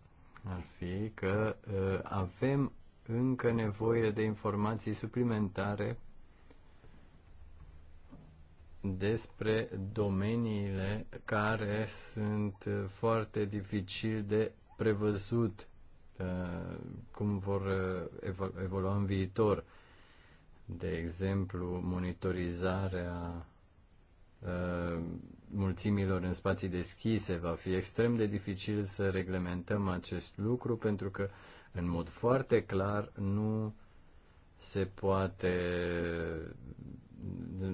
ar fi că uh, avem încă nevoie de informații suplimentare despre domeniile care sunt foarte dificil de prevăzut uh, cum vor uh, evolua în viitor. De exemplu, monitorizarea uh, mulțimilor în spații deschise. Va fi extrem de dificil să reglementăm acest lucru pentru că, în mod foarte clar, nu se poate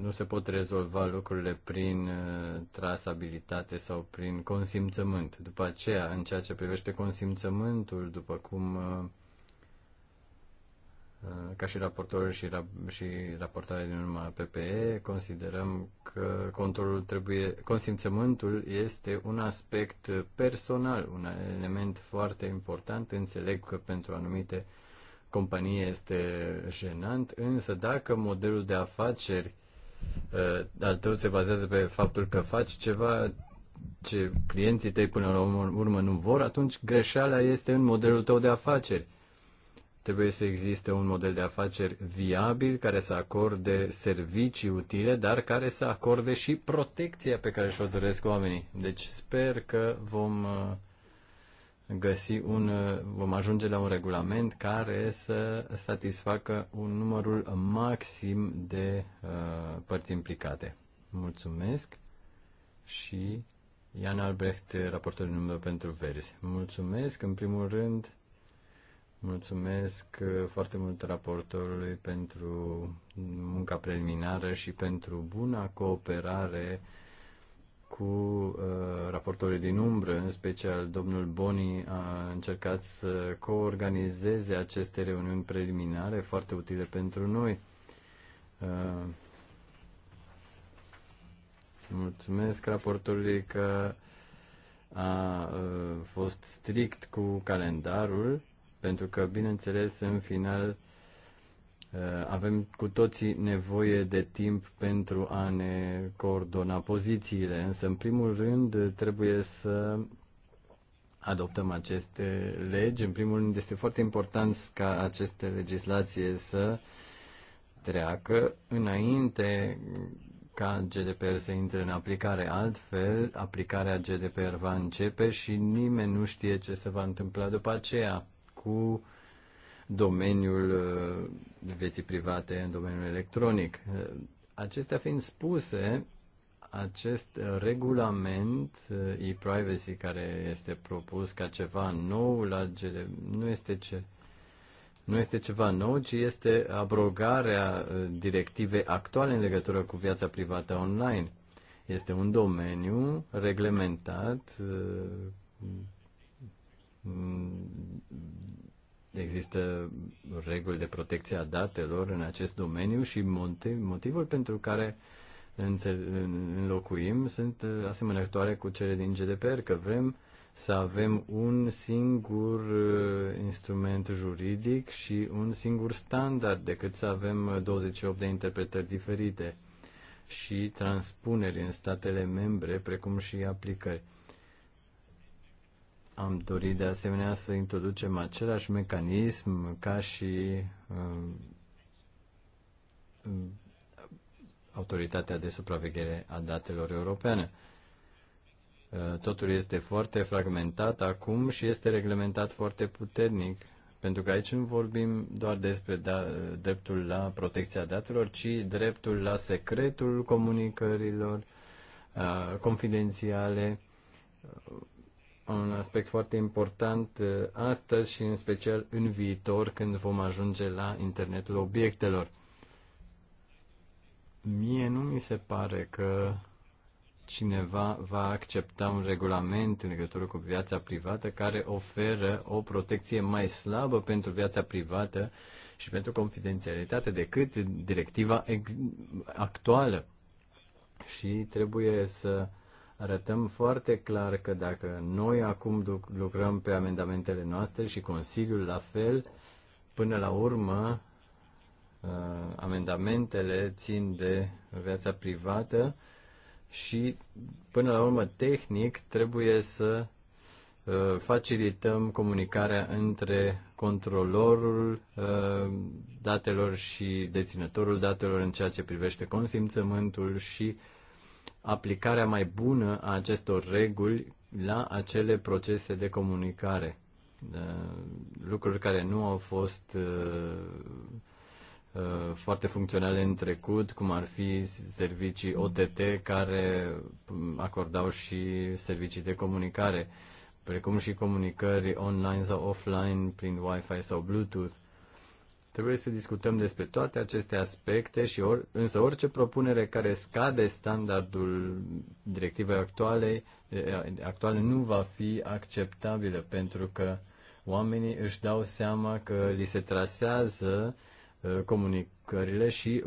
nu se pot rezolva lucrurile prin uh, trasabilitate sau prin consimțământ. După aceea, în ceea ce privește consimțământul, după cum uh, uh, ca și raportor și, ra- și raportarea din urma PPE, considerăm că controlul trebuie, consimțământul este un aspect personal, un element foarte important. Înțeleg că pentru anumite uh, companie este jenant, însă dacă modelul de afaceri uh, al tău se bazează pe faptul că faci ceva ce clienții tăi până la urmă nu vor, atunci greșeala este în modelul tău de afaceri. Trebuie să existe un model de afaceri viabil care să acorde servicii utile, dar care să acorde și protecția pe care și-o doresc oamenii. Deci sper că vom uh, găsi un, uh, vom ajunge la un regulament care să satisfacă un numărul maxim de uh, părți implicate. Mulțumesc și Ian Albrecht, raportorul numărul pentru verzi. Mulțumesc, în primul rând, mulțumesc uh, foarte mult raportorului pentru munca preliminară și pentru buna cooperare cu uh, raportorii din umbră, în special domnul Boni a încercat să coorganizeze aceste reuniuni preliminare foarte utile pentru noi. Uh, mulțumesc raportorului că a uh, fost strict cu calendarul, pentru că, bineînțeles, în final Eh, avem cu toții nevoie de timp pentru a ne coordona pozițiile, însă în primul rând trebuie să adoptăm aceste legi. În primul rând este foarte important ca aceste legislație să treacă înainte ca GDPR să intre în aplicare. Altfel, aplicarea GDPR va începe și nimeni nu știe ce se va întâmpla după aceea cu uh, domeniul uh, vieții private, în domeniul electronic. Uh, acestea fiind spuse, acest regulament uh, e-privacy care este propus ca ceva nou la GD, nu este ce nu este ceva nou, ci este abrogarea directivei actuale în legătură cu viața privată online. Este un domeniu reglementat Există reguli de protecție a datelor în acest domeniu și motivul pentru care înlocuim sunt uh, asemănătoare cu cele din GDPR, că vrem să avem un singur uh, instrument juridic și un singur standard, decât să avem 28 uh, de interpretări diferite și transpuneri în statele membre, precum și aplicări. Am dorit de asemenea să introducem același mecanism ca și um, um autoritatea de supraveghere a datelor europene. Uh, totul este foarte fragmentat acum și este reglementat foarte puternic, pentru că aici nu vorbim doar despre da, dreptul la protecția datelor, ci dreptul la secretul comunicărilor uh, confidențiale, un aspect foarte important uh, astăzi și în special în viitor când vom ajunge la internetul obiectelor. Mie nu mi se pare că cineva va accepta un regulament în legătură cu viața privată care oferă o protecție mai slabă pentru viața privată și pentru confidențialitate decât directiva actuală. Și trebuie să arătăm foarte clar că dacă noi acum lucrăm pe amendamentele noastre și Consiliul la fel, până la urmă uh, amendamentele țin de viața privată și până la urmă tehnic trebuie să uh, facilităm comunicarea între controlorul uh, datelor și deținătorul datelor în ceea ce privește consimțământul și uh, aplicarea mai bună a acestor reguli la acele procese de comunicare. Da, lucruri care nu au fost uh, uh, foarte funcționale în trecut, cum ar fi servicii OTT care um, acordau și servicii de comunicare, precum și comunicări online sau offline prin Wi-Fi sau Bluetooth. Trebuie să discutăm despre toate aceste aspecte și or, însă orice propunere care scade standardul directivei actuale, actuale nu va fi acceptabilă pentru că oamenii își dau seama că li se trasează comunicările și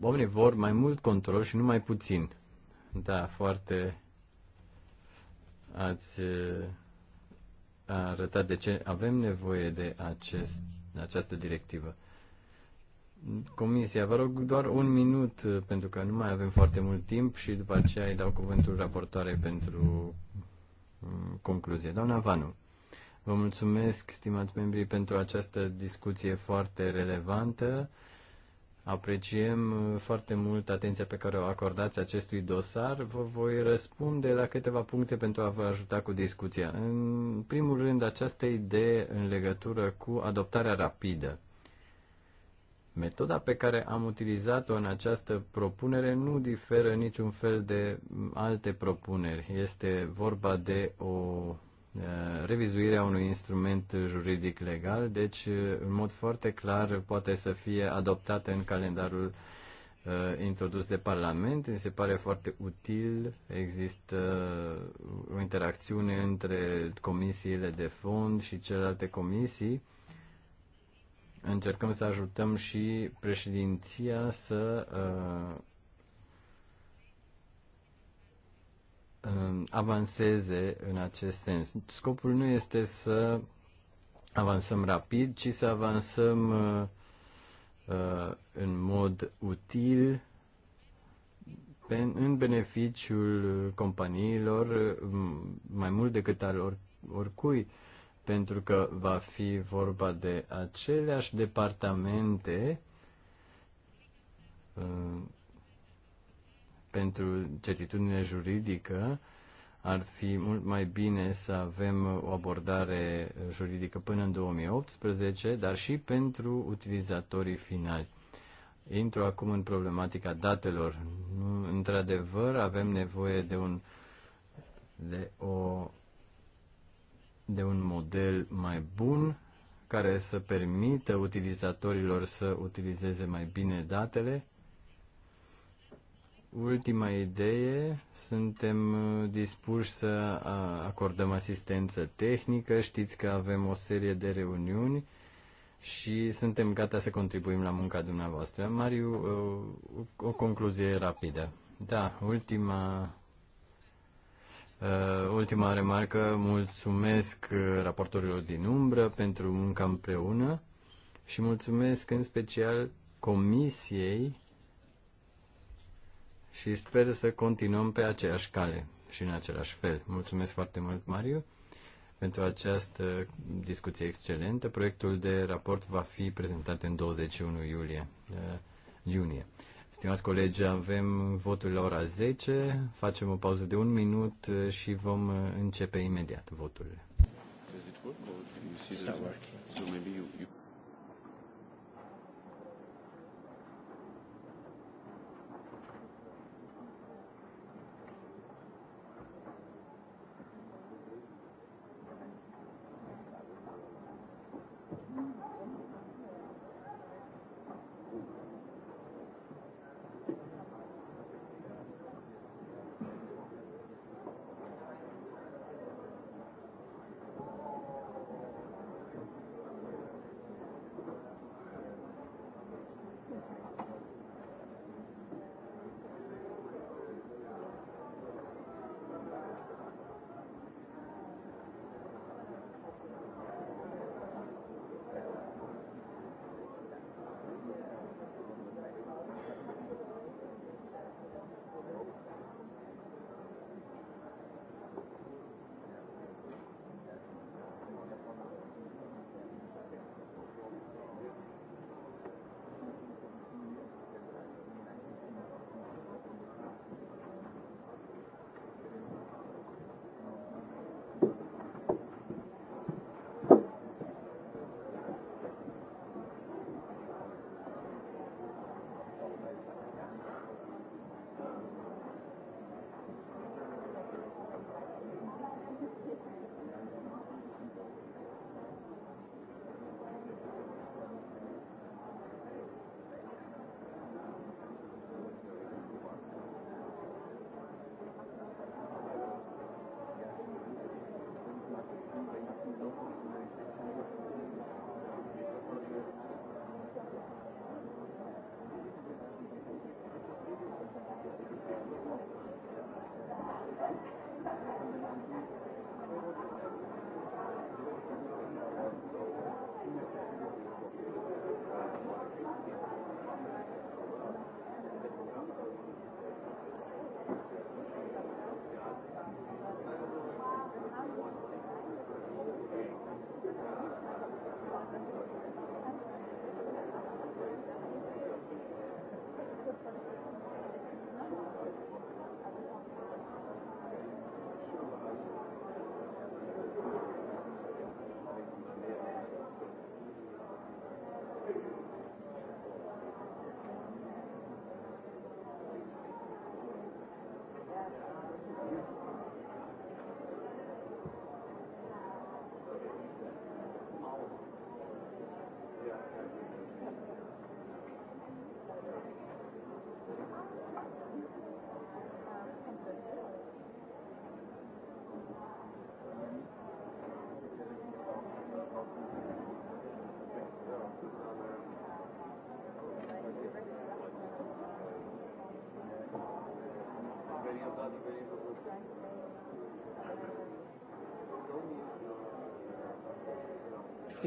oamenii vor mai mult control și nu mai puțin. Da, foarte ați arătat de ce avem nevoie de acest, această directivă. Comisia, vă rog doar un minut, uh, pentru că nu mai avem foarte mult timp și după aceea îi dau cuvântul raportoare pentru um, concluzie. Doamna Vanu, vă mulțumesc, stimați membrii, pentru această discuție foarte relevantă. Apreciem uh, foarte mult atenția pe care o acordați acestui dosar. Vă voi răspunde la câteva puncte pentru a vă ajuta cu discuția. În primul rând, această idee în legătură cu adoptarea rapidă Metoda pe care am utilizat-o în această propunere nu diferă niciun fel de alte propuneri. Este vorba de o eh, revizuirea unui instrument juridic legal, deci în mod foarte clar poate să fie adoptată în calendarul eh, introdus de Parlament. Mi se pare foarte util, există o interacțiune între comisiile de fond și celelalte comisii încercăm să ajutăm și președinția să uh, avanseze în acest sens. Scopul nu este să avansăm rapid, ci să avansăm uh, uh, în mod util în beneficiul companiilor mai mult decât al oricui pentru că va fi vorba de aceleași departamente uh, pentru certitudine juridică, ar fi mult mai bine să avem o abordare juridică până în 2018, dar și pentru utilizatorii finali. Intru acum în problematica datelor. Într-adevăr, avem nevoie de un de o de un model mai bun care să permită utilizatorilor să utilizeze mai bine datele. Ultima idee, suntem uh, dispuși să uh, acordăm asistență tehnică. Știți că avem o serie de reuniuni și suntem gata să contribuim la munca dumneavoastră. Mariu, uh, o concluzie rapidă. Da, ultima Uh, ultima remarcă, mulțumesc uh, raportorilor din umbră pentru munca împreună și mulțumesc în special comisiei și sper să continuăm pe aceeași cale și în același fel. Mulțumesc foarte mult, Mariu, pentru această discuție excelentă. Proiectul de raport va fi prezentat în 21 iulie, uh, iunie. Stimați colegi, avem votul la ora 10, facem o pauză de un minut și vom începe imediat votul. Does it work or do you see that? It's not working. So maybe you, you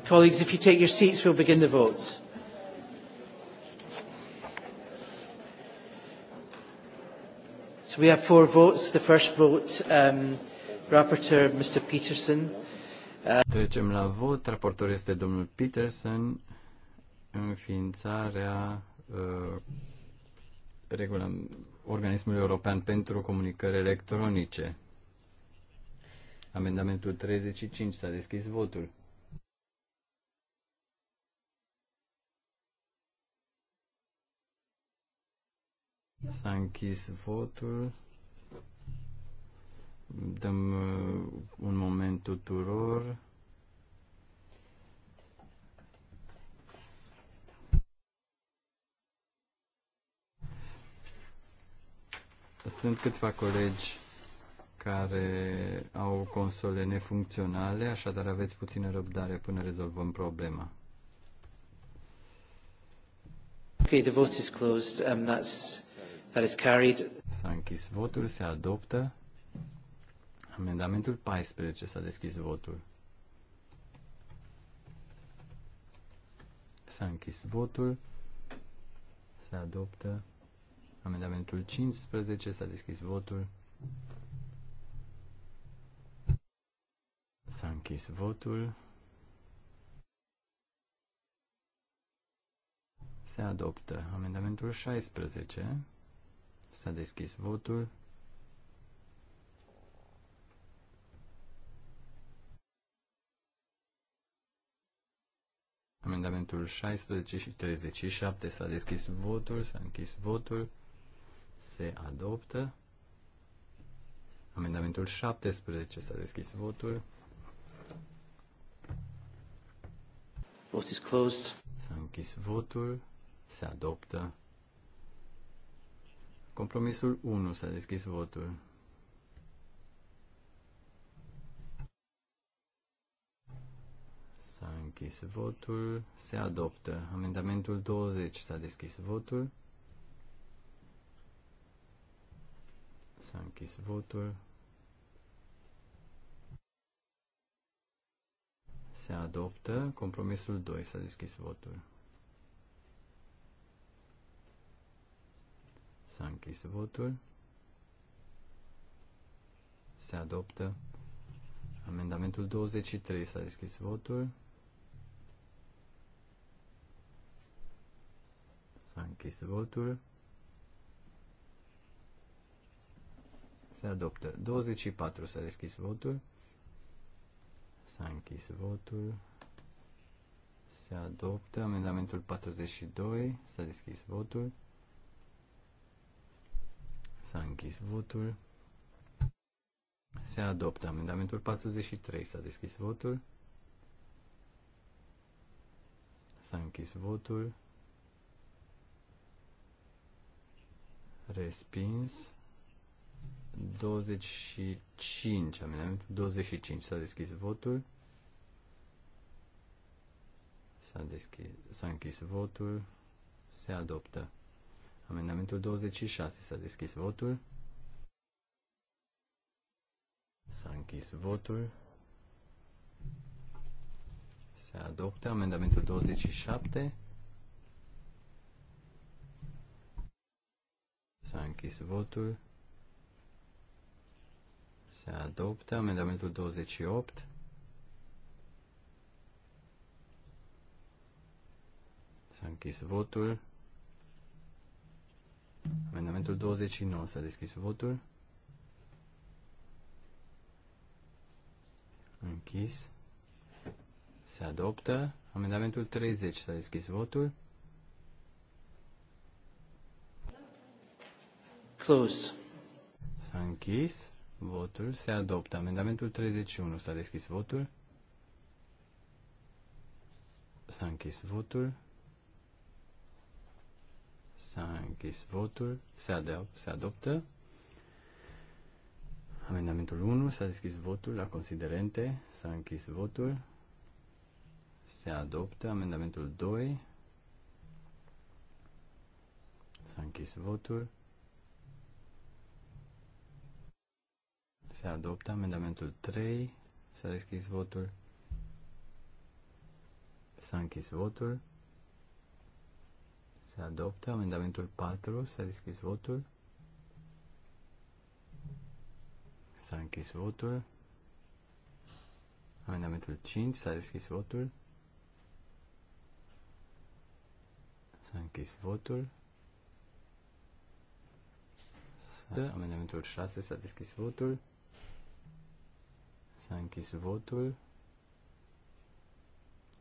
Colleagues, if you take your seats, we'll begin the vote. So we have four votes. The first vote, um, Rapporteur Mr. Peterson. Uh... Trecem la vot. Raportor este domnul Peterson. Înființarea uh, regulament Organismului European pentru Comunicări Electronice. Amendamentul 35. S-a deschis votul. S-a închis votul. Dăm uh, un moment tuturor. Sunt câțiva colegi care au console nefuncționale, așadar aveți puțină răbdare până rezolvăm problema. Okay, the vote is closed. Um, that's, that is carried. S-a închis votul, se adoptă. Amendamentul 14 s-a deschis votul. S-a închis votul. Se adoptă. Amendamentul 15 s-a deschis votul. S-a închis votul. Se adoptă. Amendamentul 16. S-a deschis votul. Amendamentul 16 și 37 s-a deschis votul, s-a închis votul se adoptă. Amendamentul 17 s-a deschis votul. Vote is closed. S-a închis votul. Se adoptă. Compromisul 1 s-a deschis votul. S-a închis votul. Se adoptă. Amendamentul 20 s-a deschis votul. S-a închis votul. Se adoptă compromisul 2. S-a deschis votul. S-a închis votul. Se adoptă amendamentul 23. S-a deschis votul. S-a închis votul. Se adoptă. 24 s-a deschis votul. S-a închis votul. Se adoptă. Amendamentul 42 s-a deschis votul. S-a închis votul. Se adoptă. Amendamentul 43 s-a deschis votul. S-a închis votul. Respins. 25, amendamentul 25. S-a deschis votul. S-a, deschis, s-a închis votul. Se adoptă. Amendamentul 26. S-a deschis votul. S-a închis votul. Se adoptă amendamentul 27. S-a închis votul. Se adoptă amendamentul 28. S-a închis votul. Amendamentul 29 s-a deschis votul. Închis. Se adoptă. Amendamentul 30 s-a deschis votul. Closed. S-a închis. Votul se adoptă. Amendamentul 31. S-a deschis votul. S-a închis votul. S-a închis votul. Se, adop se adoptă. Amendamentul 1. S-a deschis votul la considerente. S-a închis votul. Se adoptă. Amendamentul 2. S-a închis votul. Se adoptă amendamentul 3. S-a deschis votul. S-a închis votul. Se adoptă amendamentul 4. S-a deschis votul. S-a închis votul. Amendamentul 5. S-a deschis votul. S-a închis votul. Da. Amendamentul 6. S-a deschis votul. S-a închis votul.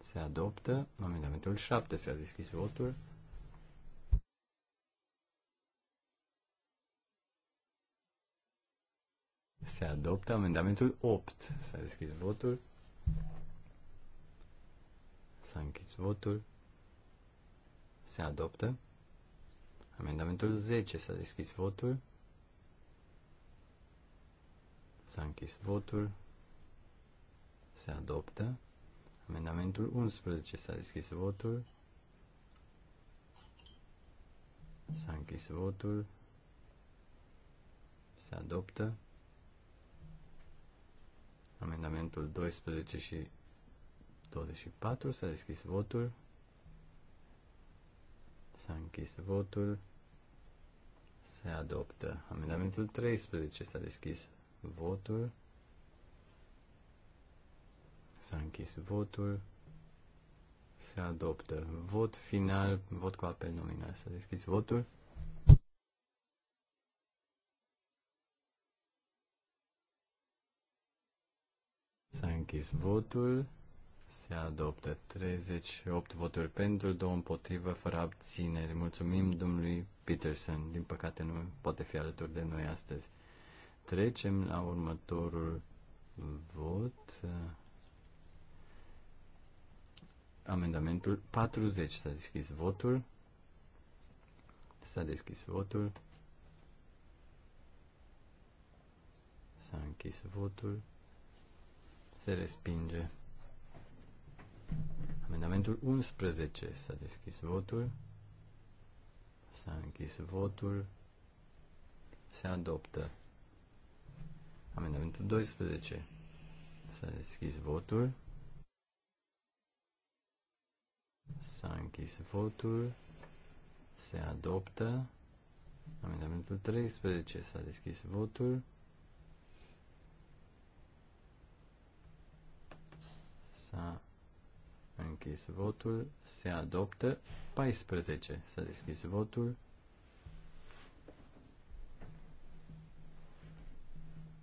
Se adoptă. Amendamentul 7. S-a deschis votul. Se adoptă amendamentul 8. S-a deschis votul. S-a închis votul. Se adoptă. Amendamentul 10. S-a deschis votul. S-a închis votul se adoptă. Amendamentul 11 s-a deschis votul. S-a închis votul. Se adoptă. Amendamentul 12 și 24 s-a deschis votul. S-a închis votul. Se adoptă. Amendamentul 13 s-a deschis votul. S-a închis votul. Se adoptă. Vot final, vot cu apel nominal. S-a deschis votul. S-a închis votul. Se adoptă 38 voturi pentru, 2 împotrivă, fără abțineri. Mulțumim domnului Peterson. Din păcate nu poate fi alături de noi astăzi. Trecem la următorul vot amendamentul 40. S-a deschis votul. S-a deschis votul. S-a închis votul. Se respinge. Amendamentul 11. S-a deschis votul. S-a închis votul. Se adoptă. Amendamentul 12. S-a deschis votul. S-a închis votul. Se adoptă. Amendamentul 13. S-a deschis votul. S-a închis votul. Se adoptă. 14. S-a deschis votul.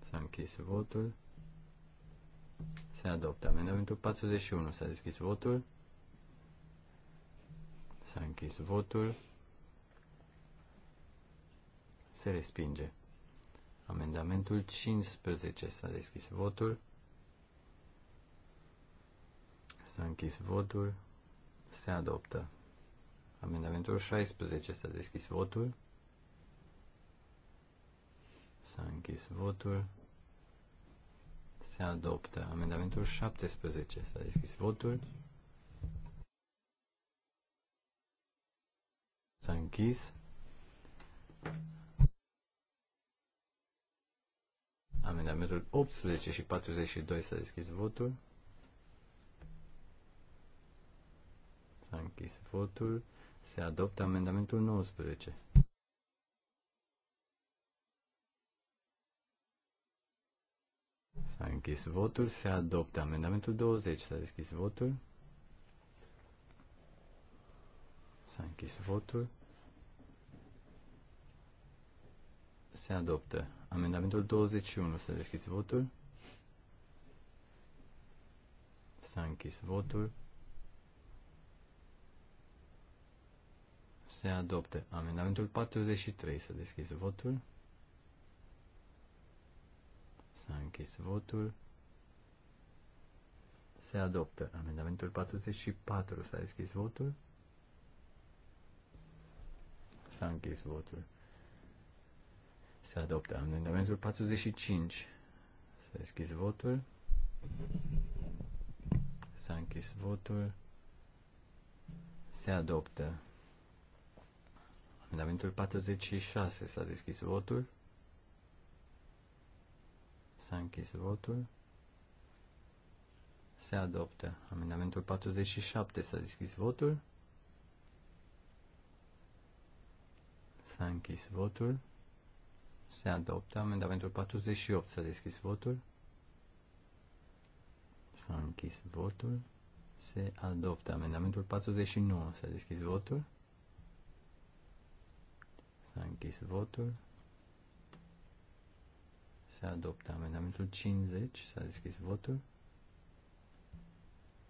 S-a închis votul. Se adoptă. Amendamentul 41. S-a deschis votul. S-a închis votul. Se respinge. Amendamentul 15. S-a deschis votul. S-a închis votul. Se adoptă. Amendamentul 16. S-a deschis votul. S-a închis votul. Se adoptă. Amendamentul 17. S-a deschis votul. S-a închis. Amendamentul 18 și 42 s-a deschis votul. S-a închis votul. Se adoptă amendamentul 19. S-a închis votul. Se adoptă amendamentul 20. S-a deschis votul. S-a închis votul. Se adoptă. Amendamentul 21. Să deschizi votul. S-a închis votul. Se adoptă. Amendamentul 43. Să deschizi votul. S-a închis votul. Se adoptă. Amendamentul 44. S-a deschis votul. S-a închis votul. Se adoptă amendamentul 45. S-a deschis votul. S-a închis votul. Se adoptă. Amendamentul 46. S-a deschis votul. S-a închis votul. Se adoptă. Amendamentul 47. S-a deschis votul. S-a închis votul. Se adoptă amendamentul 48. S-a deschis votul. S-a închis votul. Se adoptă amendamentul 49. S-a deschis votul. S-a închis votul. Se adoptă amendamentul 50. S-a deschis votul.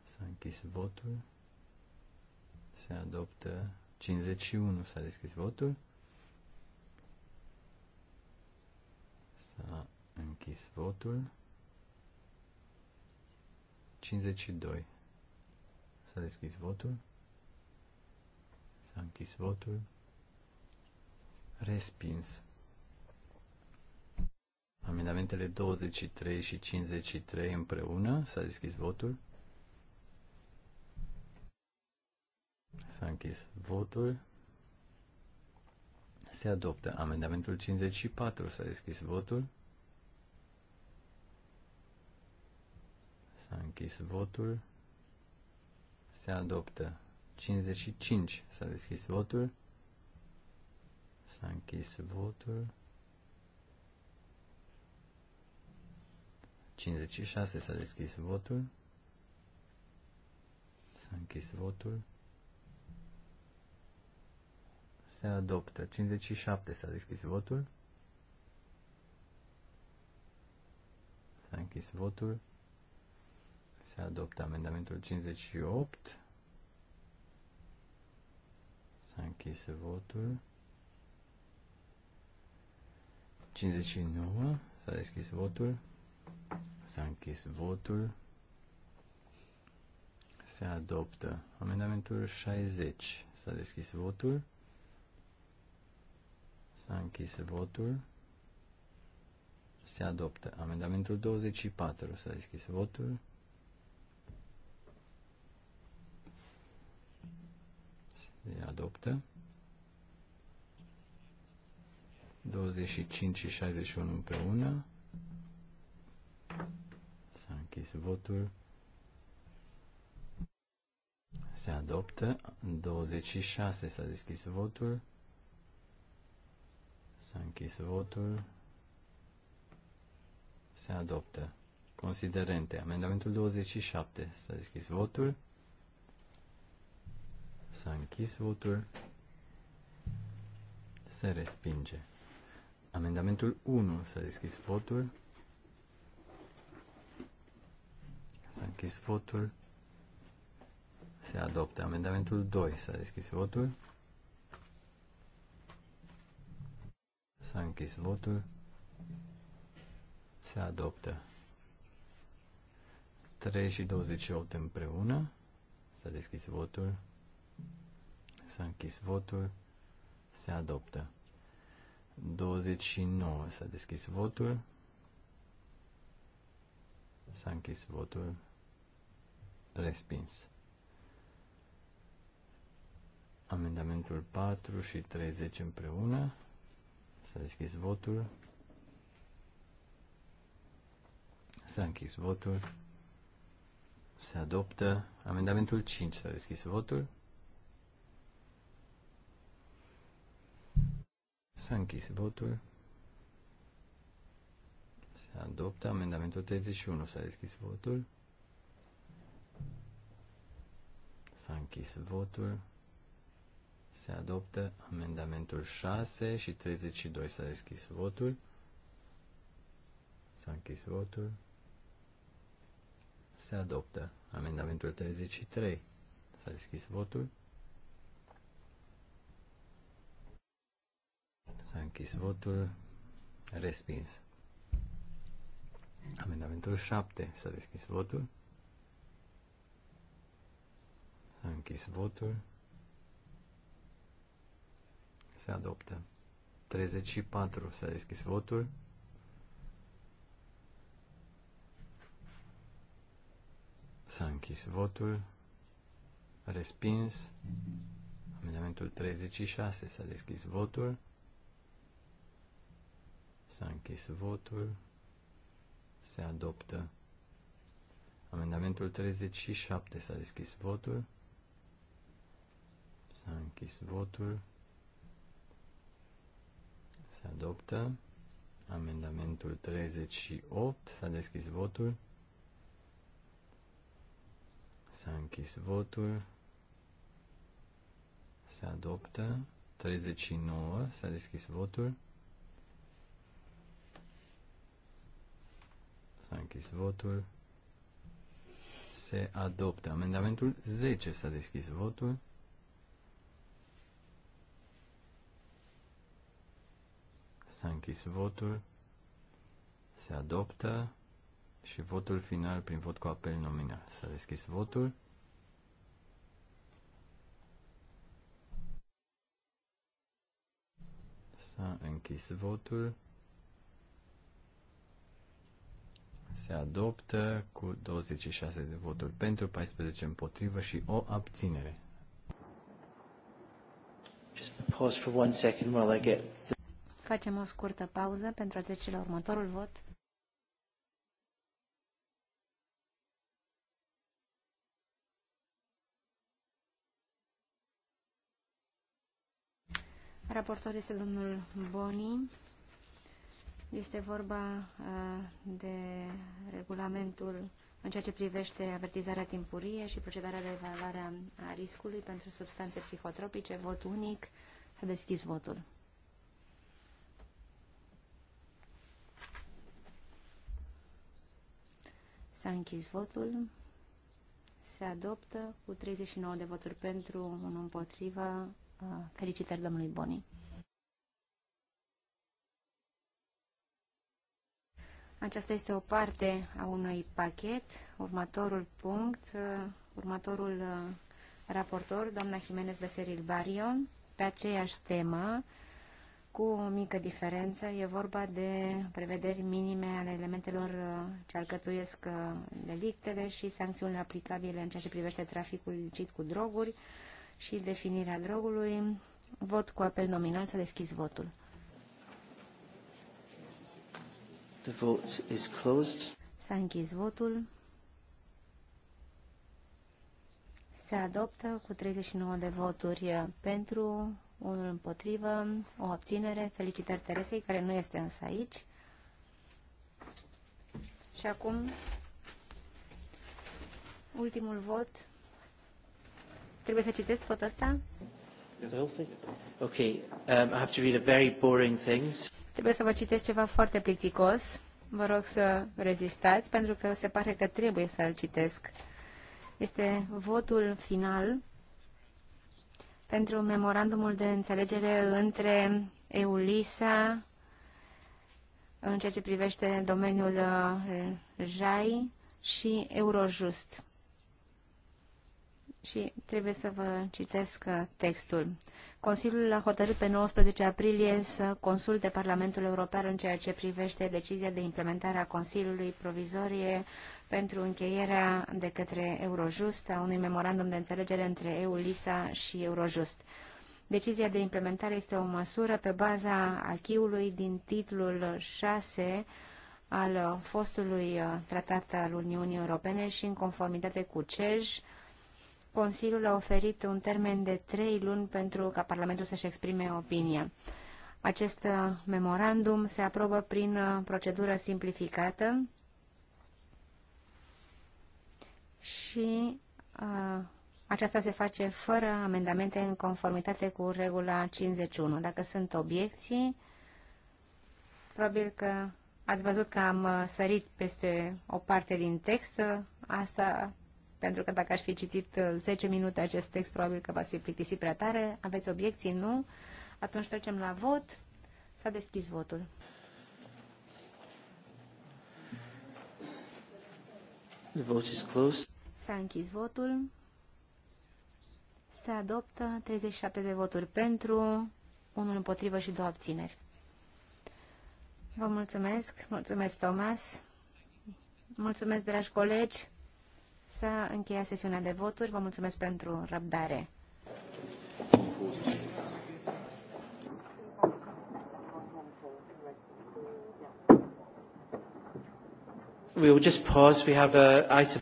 S-a închis votul. Se adoptă 51. S-a deschis votul. S-a închis votul. 52. S-a deschis votul. S-a închis votul. Respins. Amendamentele 23 și 53 împreună. S-a deschis votul. S-a închis votul. Se adoptă. Amendamentul 54. S-a deschis votul. S-a închis votul. Se adoptă. 55. S-a deschis votul. S-a închis votul. 56. S-a deschis votul. S-a închis votul. se adoptă. 57 s-a deschis votul. S-a închis votul. Se adoptă amendamentul 58. S-a închis votul. 59. S-a deschis votul. S-a închis votul. Se adoptă. Amendamentul 60. S-a deschis votul. S-a închis votul. Se adoptă. Amendamentul 24. S-a deschis votul. Se adoptă. 25 și 61 împreună. S-a închis votul. Se adoptă. 26 s-a deschis votul. S-a închis votul. Se adoptă. Considerente. Amendamentul 27. S-a deschis votul. S-a închis votul. Se respinge. Amendamentul 1. S-a deschis votul. S-a închis votul. Se adoptă. Amendamentul 2. S-a deschis votul. S-a închis votul. Se adoptă. 3 și 28 împreună. S-a deschis votul. S-a închis votul. Se adoptă. 29 s-a deschis votul. S-a închis votul. Respins. Amendamentul 4 și 30 împreună. S-a deschis votul. S-a închis votul. Se adoptă amendamentul 5. S-a deschis votul. S-a închis votul. Se adoptă amendamentul 31. S-a deschis votul. S-a închis votul. Se adoptă amendamentul 6 și 32. S-a deschis votul. S-a închis votul. Se adoptă amendamentul 33. S-a deschis votul. S-a închis votul. Respins. Amendamentul 7. S-a deschis votul. S-a închis votul. Se adoptă. 34. S-a deschis votul. S-a închis votul. Respins. Amendamentul 36. S-a deschis votul. S-a închis votul. Se adoptă. Amendamentul 37. S-a deschis votul. S-a închis votul. Se adoptă. Amendamentul 38. S-a deschis votul. S-a închis votul. Se adoptă. 39. S-a deschis votul. S-a închis votul. Se adoptă. Amendamentul 10. S-a deschis votul. S-a închis votul. Se adoptă și votul final prin vot cu apel nominal. S-a deschis votul. S-a închis votul. Se adoptă cu 26 de voturi pentru, 14 împotrivă și o abținere. Just pause for one second while I get Facem o scurtă pauză pentru a trece la următorul vot. Raportor este domnul Boni. Este vorba de regulamentul în ceea ce privește avertizarea timpurie și procedarea de evaluare a riscului pentru substanțe psihotropice. Vot unic. S-a deschis votul. S-a închis votul. Se adoptă cu 39 de voturi pentru, un împotriva. Uh, felicitări domnului Boni. Aceasta este o parte a unui pachet. Următorul punct, uh, următorul uh, raportor, doamna Jimenez Beseril Barion, pe aceeași temă, cu o mică diferență. E vorba de prevederi minime ale elementelor uh, ce alcătuiesc uh, delictele și sancțiunile aplicabile în ceea ce privește traficul licit cu droguri și definirea drogului. Vot cu apel nominal. Să deschis votul. The vote is closed. S-a închis votul. Se adoptă cu 39 de voturi uh, pentru, unul împotrivă, o abținere. Felicitări Teresei, care nu este însă aici. Și acum, ultimul vot. Trebuie să citesc tot asta? Okay. Um, I have to read a very boring things. Trebuie să vă citesc ceva foarte plicticos. Vă rog să rezistați, pentru că se pare că trebuie să-l citesc. Este votul final pentru memorandumul de înțelegere între EULISA în ceea ce privește domeniul uh, JAI și Eurojust. Și trebuie să vă citesc uh, textul. Consiliul a hotărât pe 19 aprilie să consulte Parlamentul European în ceea ce privește decizia de implementare a Consiliului provizorie pentru încheierea de către Eurojust a unui memorandum de înțelegere între EU-LISA și Eurojust. Decizia de implementare este o măsură pe baza achiului din titlul 6 al fostului uh, tratat al Uniunii Europene și în conformitate cu CEJ, Consiliul a oferit un termen de trei luni pentru ca Parlamentul să-și exprime opinia. Acest uh, memorandum se aprobă prin uh, procedură simplificată și a, aceasta se face fără amendamente în conformitate cu regula 51. Dacă sunt obiecții, probabil că ați văzut că am sărit peste o parte din text. Asta pentru că dacă aș fi citit 10 minute acest text, probabil că v-ați fi plictisit prea tare. Aveți obiecții? Nu. Atunci trecem la vot. S-a deschis votul. The vote is closed. S-a închis votul. Se adoptă 37 de voturi pentru, unul împotrivă și două abțineri. Vă mulțumesc, mulțumesc Thomas, mulțumesc dragi colegi, s-a încheiat sesiunea de voturi, vă mulțumesc pentru răbdare. We will just pause. We have a item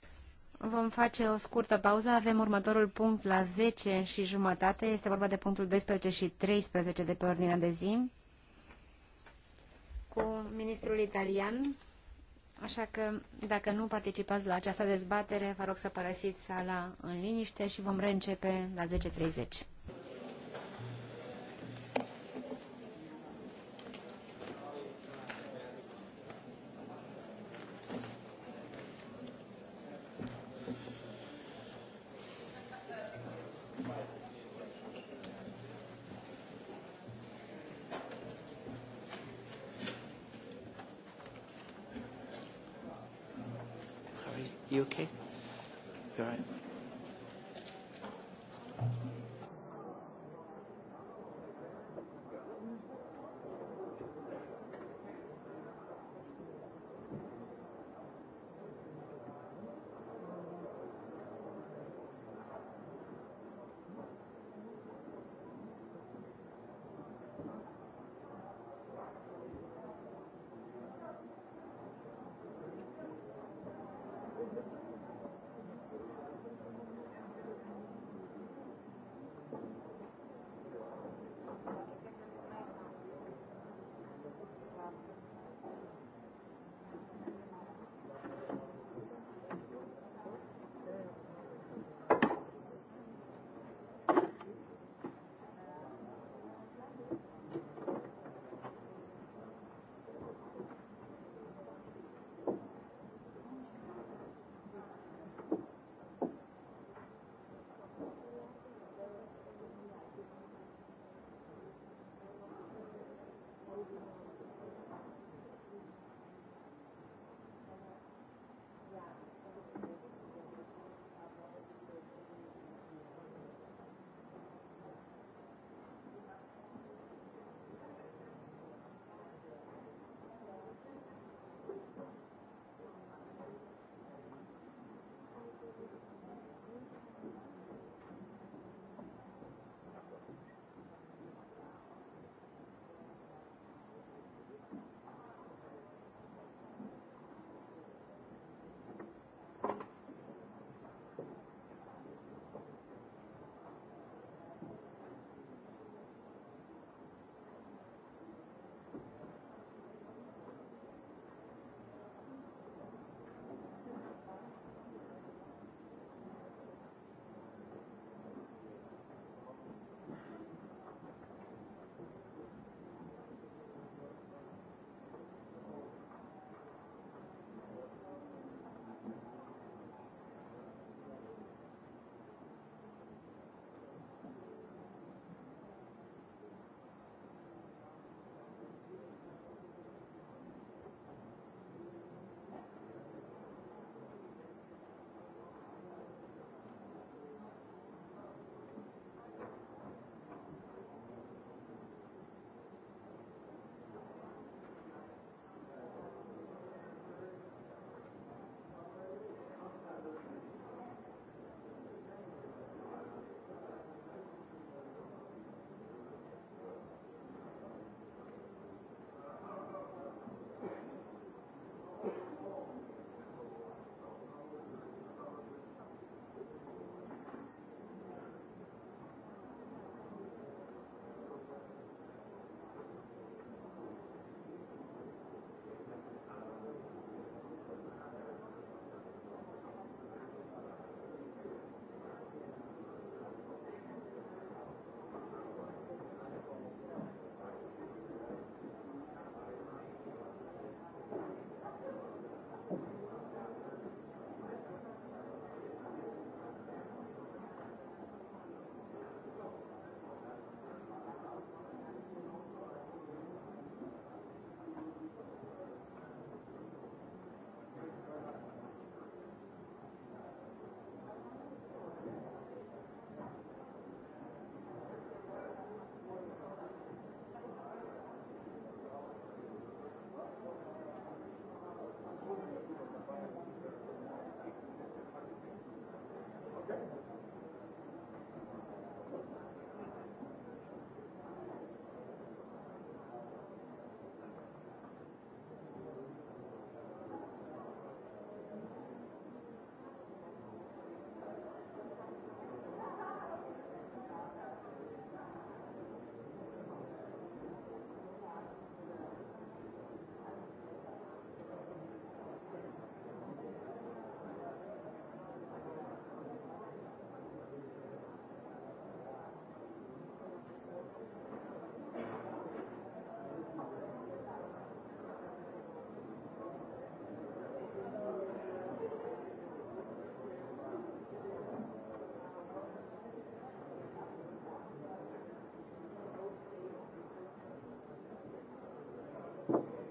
vom face o scurtă pauză. Avem următorul punct la 10 și jumătate. Este vorba de punctul 12 și 13 de pe ordinea de zi cu ministrul italian. Așa că, dacă nu participați la această dezbatere, vă rog să părăsiți sala în liniște și vom reîncepe la 10.30.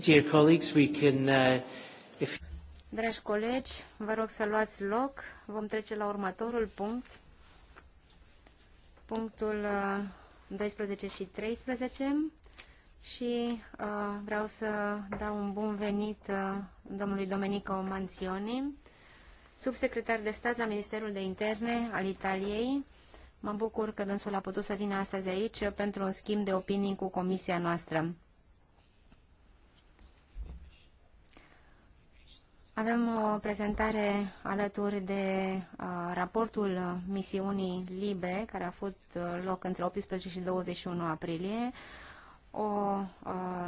Dear colleagues, we can, uh, if... Dragi colegi, vă rog să luați loc. Vom trece la următorul punct. Punctul uh, 12 și 13. Și uh, vreau să dau un bun venit uh, domnului Domenico Manzioni, subsecretar de stat la Ministerul de Interne al Italiei. Mă bucur că dânsul a putut să vină astăzi aici pentru un schimb de opinii cu comisia noastră. Avem o uh, prezentare alături de uh, raportul misiunii LIBE, care a avut uh, loc între 18 și 21 aprilie, o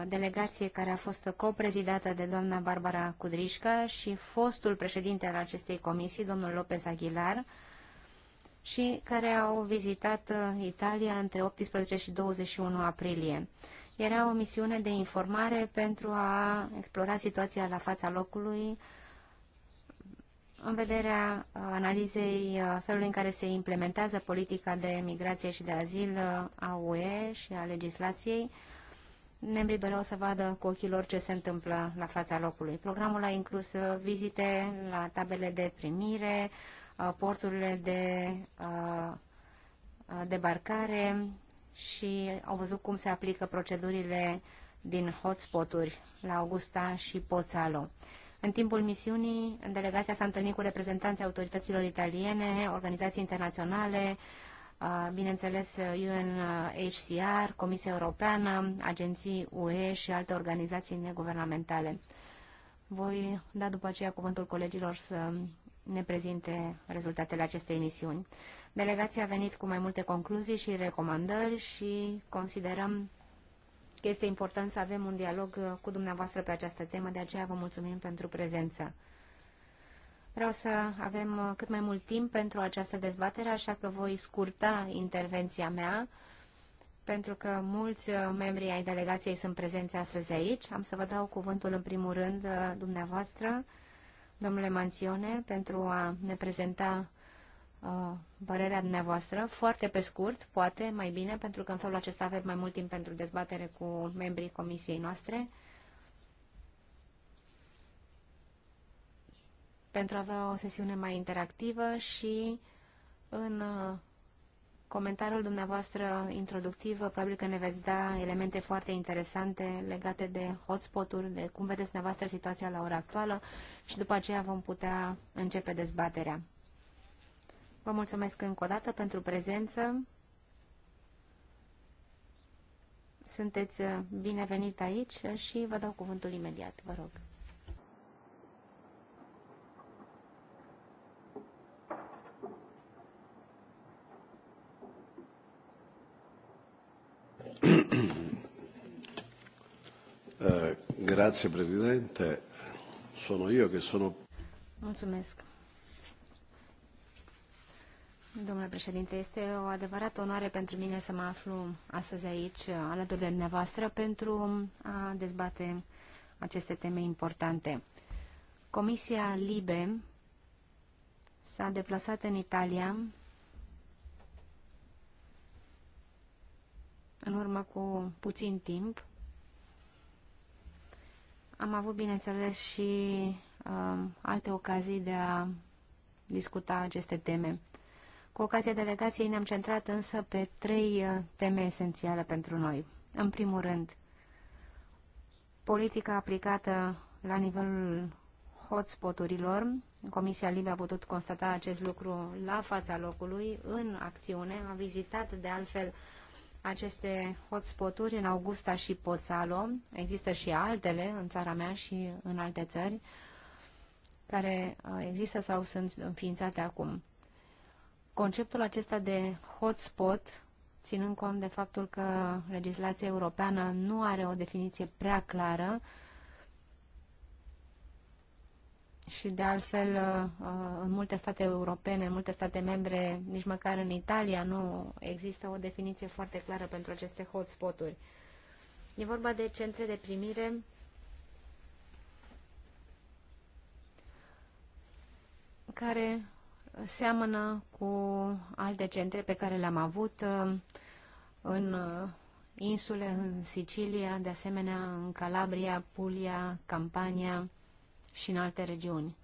delegație care a fost coprezidată de doamna Barbara Cudrișca și fostul președinte al acestei comisii, domnul Lopez Aguilar, și care au vizitat Italia între 18 și 21 aprilie. Era o misiune de informare pentru a explora situația la fața locului, în vederea uh, analizei uh, felului în care se implementează politica de migrație și de azil uh, a UE și a legislației, membrii doreau să vadă cu ochii lor ce se întâmplă la fața locului. Programul a inclus vizite la tabele de primire, porturile de debarcare și au văzut cum se aplică procedurile din hotspoturi la Augusta și Poțalo. În timpul misiunii, delegația s-a întâlnit cu reprezentanții autorităților italiene, organizații internaționale, bineînțeles UNHCR, Comisia Europeană, agenții UE și alte organizații neguvernamentale. Voi da după aceea cuvântul colegilor să ne prezinte rezultatele acestei misiuni. Delegația a venit cu mai multe concluzii și recomandări și considerăm că este important să avem un dialog uh, cu dumneavoastră pe această temă, de aceea vă mulțumim pentru prezență. Vreau să avem uh, cât mai mult timp pentru această dezbatere, așa că voi scurta intervenția mea, pentru că mulți uh, membri ai delegației sunt prezenți astăzi aici. Am să vă dau cuvântul în primul rând dumneavoastră, domnule Manțione, pentru a ne prezenta Uh, părerea dumneavoastră, foarte pe scurt, poate, mai bine, pentru că în felul acesta avem mai mult timp pentru dezbatere cu membrii comisiei noastre, pentru a avea o sesiune mai interactivă și în uh, comentariul dumneavoastră introductiv, probabil că ne veți da elemente foarte interesante legate de hotspot-uri, de cum vedeți dumneavoastră situația la ora actuală și după aceea vom putea începe dezbaterea. Vă mulțumesc încă o dată pentru prezență. Sunteți uh, binevenit aici și vă dau cuvântul imediat, vă rog. Eh, grazie Presidente, sono io che sono... Mulțumesc. Domnule președinte, este o adevărată onoare pentru mine să mă aflu astăzi aici, alături de dumneavoastră, pentru a dezbate aceste teme importante. Comisia LIBE s-a deplasat în Italia în urmă cu puțin timp. Am avut, bineînțeles, și uh, alte ocazii de a discuta aceste teme. Cu ocazia delegației ne-am centrat însă pe trei uh, teme esențiale pentru noi. În primul rând, politica aplicată la nivelul hotspoturilor. Comisia Libe a putut constata acest lucru la fața locului, în acțiune. A vizitat, de altfel, aceste hotspoturi în Augusta și Poțalo. Există și altele în țara mea și în alte țări care uh, există sau sunt înființate acum. Conceptul acesta de hotspot, ținând cont de faptul că legislația europeană nu are o definiție prea clară, și de altfel uh, în multe state europene, în multe state membre, nici măcar în Italia nu există o definiție foarte clară pentru aceste hotspoturi. E vorba de centre de primire care seamănă cu alte centre pe care le-am avut uh, în uh, insule, în Sicilia, de asemenea în Calabria, Puglia, Campania și în alte regiuni.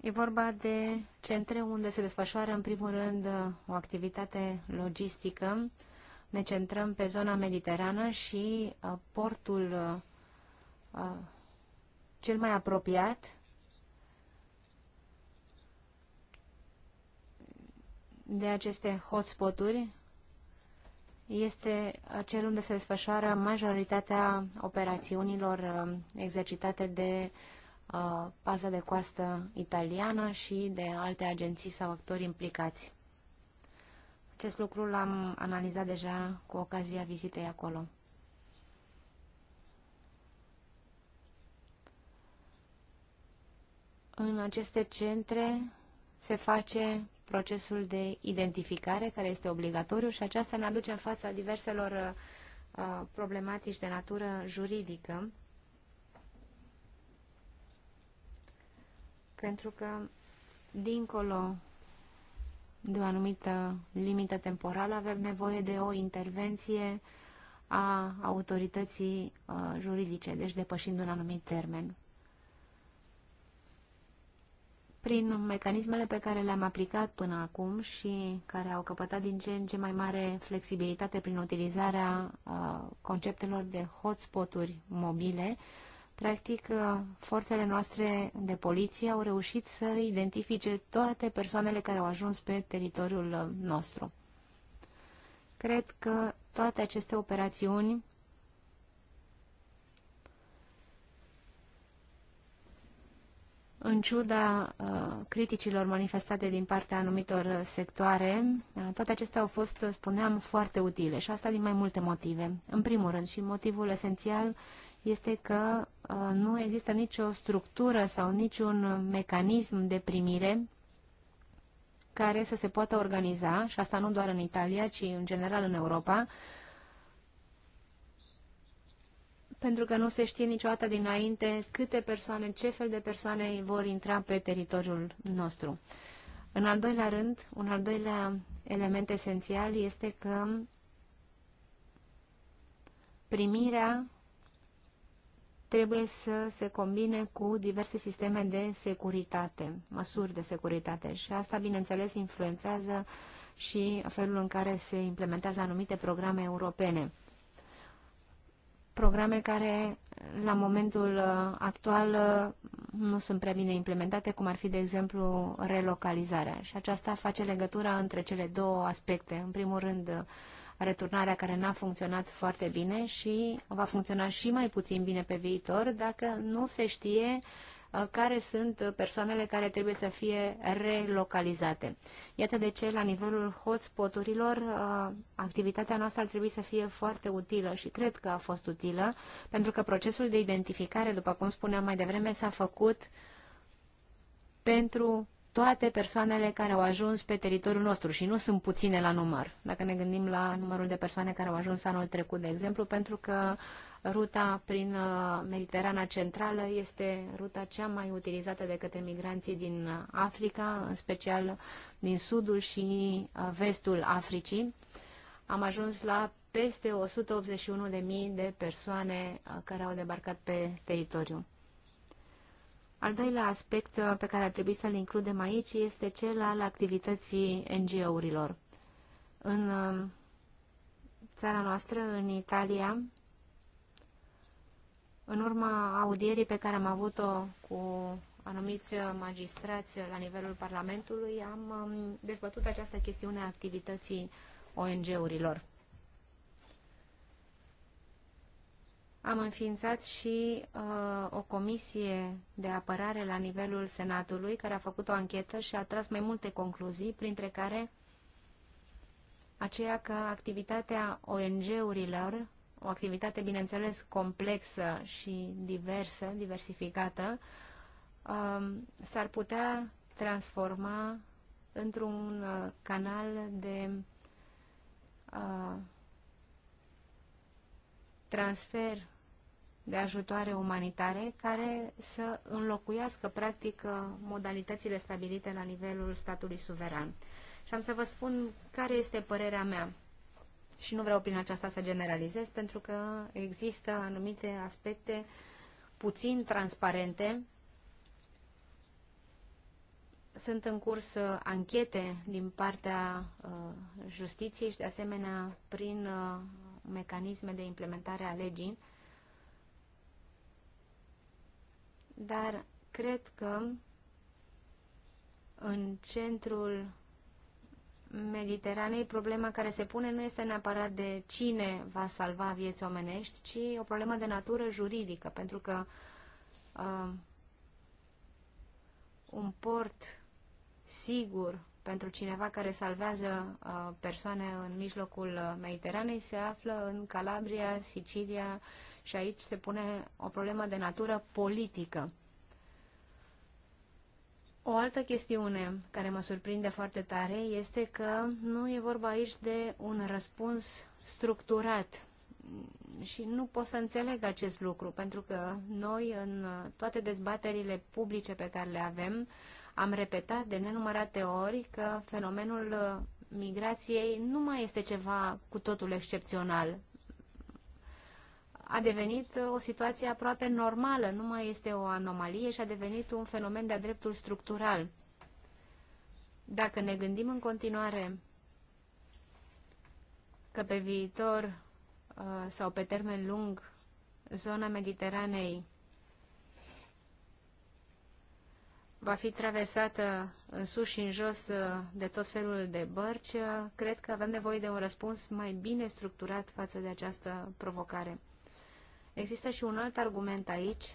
E vorba de centre unde se desfășoară în primul rând o activitate logistică. Ne centrăm pe zona mediterană și uh, portul cel mai apropiat de aceste hotspoturi este cel unde se desfășoară majoritatea operațiunilor uh, exercitate de uh, paza de coastă italiană și de alte agenții sau actori implicați. Acest lucru l-am analizat deja cu ocazia vizitei acolo. În aceste centre se face procesul de identificare, care este obligatoriu și aceasta ne aduce în fața diverselor uh, problematici de natură juridică, pentru că, dincolo de o anumită limită temporală, avem nevoie de o intervenție a autorității uh, juridice, deci depășind un anumit termen prin mecanismele pe care le-am aplicat până acum și care au căpătat din ce în ce mai mare flexibilitate prin utilizarea uh, conceptelor de hotspoturi mobile, practic uh, forțele noastre de poliție au reușit să identifice toate persoanele care au ajuns pe teritoriul uh, nostru. Cred că toate aceste operațiuni În ciuda uh, criticilor manifestate din partea anumitor sectoare, uh, toate acestea au fost, uh, spuneam, foarte utile și asta din mai multe motive. În primul rând și motivul esențial este că nu există nicio structură sau niciun mecanism de primire care să se poată organiza, și asta nu doar în Italia, ci în general în Europa, pentru că nu se știe niciodată dinainte câte persoane, ce fel de persoane vor intra pe teritoriul nostru. În al doilea rând, un al doilea element esențial este că primirea trebuie să se combine cu diverse sisteme de securitate, măsuri de securitate și asta, bineînțeles, influențează și felul în care se implementează anumite programe europene programe care la momentul uh, actual uh, nu sunt prea bine implementate, cum ar fi, de exemplu, relocalizarea. Și aceasta face legătura între cele două aspecte. În primul rând, uh, returnarea care n-a funcționat foarte bine și va funcționa și mai puțin bine pe viitor dacă nu se știe Uh, care sunt persoanele care trebuie să fie relocalizate. Iată de ce, la nivelul hotspoturilor, uh, activitatea noastră ar trebui să fie foarte utilă și cred că a fost utilă, pentru că procesul de identificare, după cum spuneam mai devreme, s-a făcut pentru toate persoanele care au ajuns pe teritoriul nostru și nu sunt puține la număr. Dacă ne gândim la numărul de persoane care au ajuns anul trecut, de exemplu, pentru că uh, Ruta prin uh, Mediterana Centrală este ruta cea mai utilizată de către migranții din Africa, în special din sudul și uh, vestul Africii. Am ajuns la peste 181.000 de persoane uh, care au debarcat pe teritoriu. Al doilea aspect pe care ar trebui să-l includem aici este cel al activității NGO-urilor. În țara noastră, în Italia, în urma audierii pe care am avut-o cu anumiți magistrați la nivelul Parlamentului, am um, dezbătut această chestiune a activității ONG-urilor. Am înființat și uh, o comisie de apărare la nivelul Senatului, care a făcut o anchetă și a tras mai multe concluzii, printre care aceea că activitatea ONG-urilor o activitate, bineînțeles, complexă și diversă, diversificată, um, s-ar putea transforma într-un uh, canal de uh, transfer de ajutoare umanitare care să înlocuiască practic uh, modalitățile stabilite la nivelul statului suveran. Și am să vă spun care este părerea mea și nu vreau prin aceasta să generalizez, pentru că există anumite aspecte puțin transparente. Sunt în curs uh, anchete din partea uh, justiției și, de asemenea, prin uh, mecanisme de implementare a legii. Dar cred că în centrul Mediteranei, problema care se pune nu este neapărat de cine va salva vieți omenești, ci o problemă de natură juridică, pentru că uh, un port sigur pentru cineva care salvează uh, persoane în mijlocul Mediteranei se află în Calabria, Sicilia și aici se pune o problemă de natură politică. O altă chestiune care mă surprinde foarte tare este că nu e vorba aici de un răspuns structurat și nu pot să înțeleg acest lucru, pentru că noi în toate dezbaterile publice pe care le avem am repetat de nenumărate ori că fenomenul migrației nu mai este ceva cu totul excepțional a devenit uh, o situație aproape normală, nu mai este o anomalie și a devenit un fenomen de-a dreptul structural. Dacă ne gândim în continuare că pe viitor uh, sau pe termen lung zona Mediteranei va fi traversată în sus și în jos uh, de tot felul de bărci, cred că avem nevoie de un răspuns mai bine structurat față de această provocare. Există și un alt argument aici.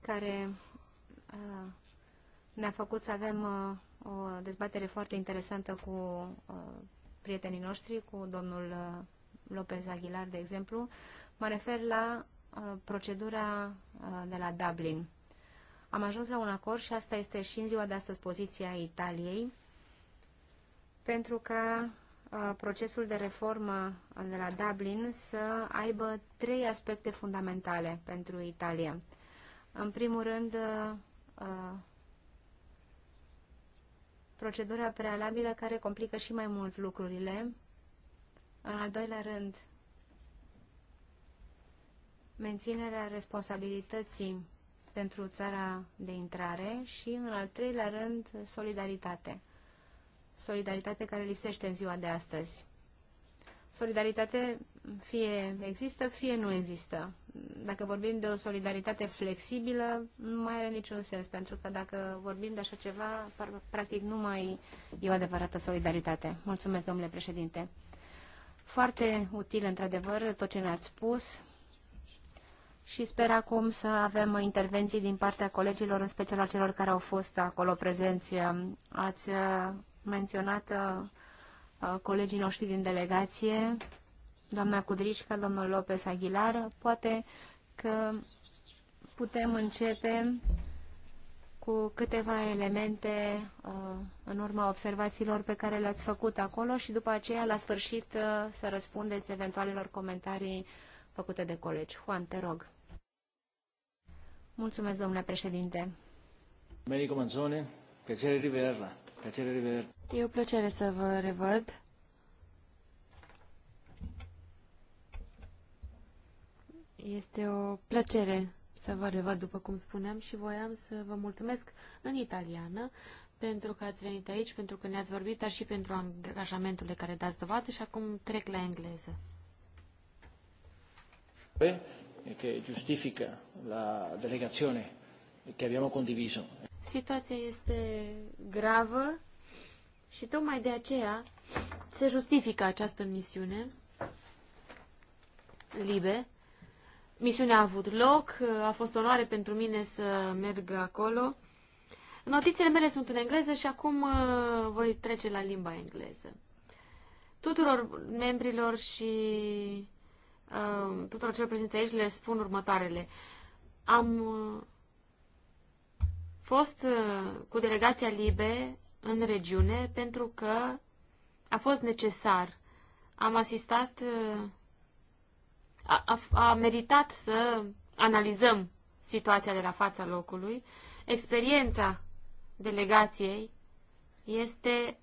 care uh, ne-a făcut să avem uh, o dezbatere foarte interesantă cu uh, prietenii noștri, cu domnul Lopez Aguilar, de exemplu. Mă refer la procedura de la Dublin. Am ajuns la un acord și asta este și în ziua de astăzi poziția Italiei, pentru ca procesul de reformă de la Dublin să aibă trei aspecte fundamentale pentru Italia. În primul rând, procedura prealabilă care complică și mai mult lucrurile. În al doilea rând, menținerea responsabilității pentru țara de intrare și, în al treilea rând, solidaritate solidaritate care lipsește în ziua de astăzi. Solidaritate fie există, fie nu există. Dacă vorbim de o solidaritate flexibilă, nu mai are niciun sens, pentru că dacă vorbim de așa ceva, practic nu mai e o adevărată solidaritate. Mulțumesc, domnule președinte. Foarte util, într-adevăr, tot ce ne-ați spus și sper acum să avem intervenții din partea colegilor, în special celor care au fost acolo prezenți. Ați menționată uh, colegii noștri din delegație, doamna Cudrișca, domnul Lopez Aguilar, poate că putem începe cu câteva elemente uh, în urma observațiilor pe care le-ați făcut acolo și după aceea, la sfârșit, uh, să răspundeți eventualelor comentarii făcute de colegi. Juan, te rog. Mulțumesc, domnule președinte. Medico Manzone, Piacere rivederla. E o plăcere să vă revăd. Este o plăcere să vă revăd, după cum spuneam, și voiam să vă mulțumesc în italiană pentru că ați venit aici, pentru că ne-ați vorbit, dar și pentru angajamentul de care dați dovadă și acum trec la engleză. Che giustifica la delegazione che abbiamo condiviso. Situația este gravă și tocmai de aceea se justifică această misiune libe. Misiunea a avut loc, a fost onoare pentru mine să merg acolo. Notițele mele sunt în engleză și acum uh, voi trece la limba engleză. Tuturor membrilor și uh, tuturor celor prezenți aici le spun următoarele. Am uh, fost uh, cu delegația Libe în regiune pentru că a fost necesar. Am asistat, uh, a, a, a meritat să analizăm situația de la fața locului. Experiența delegației este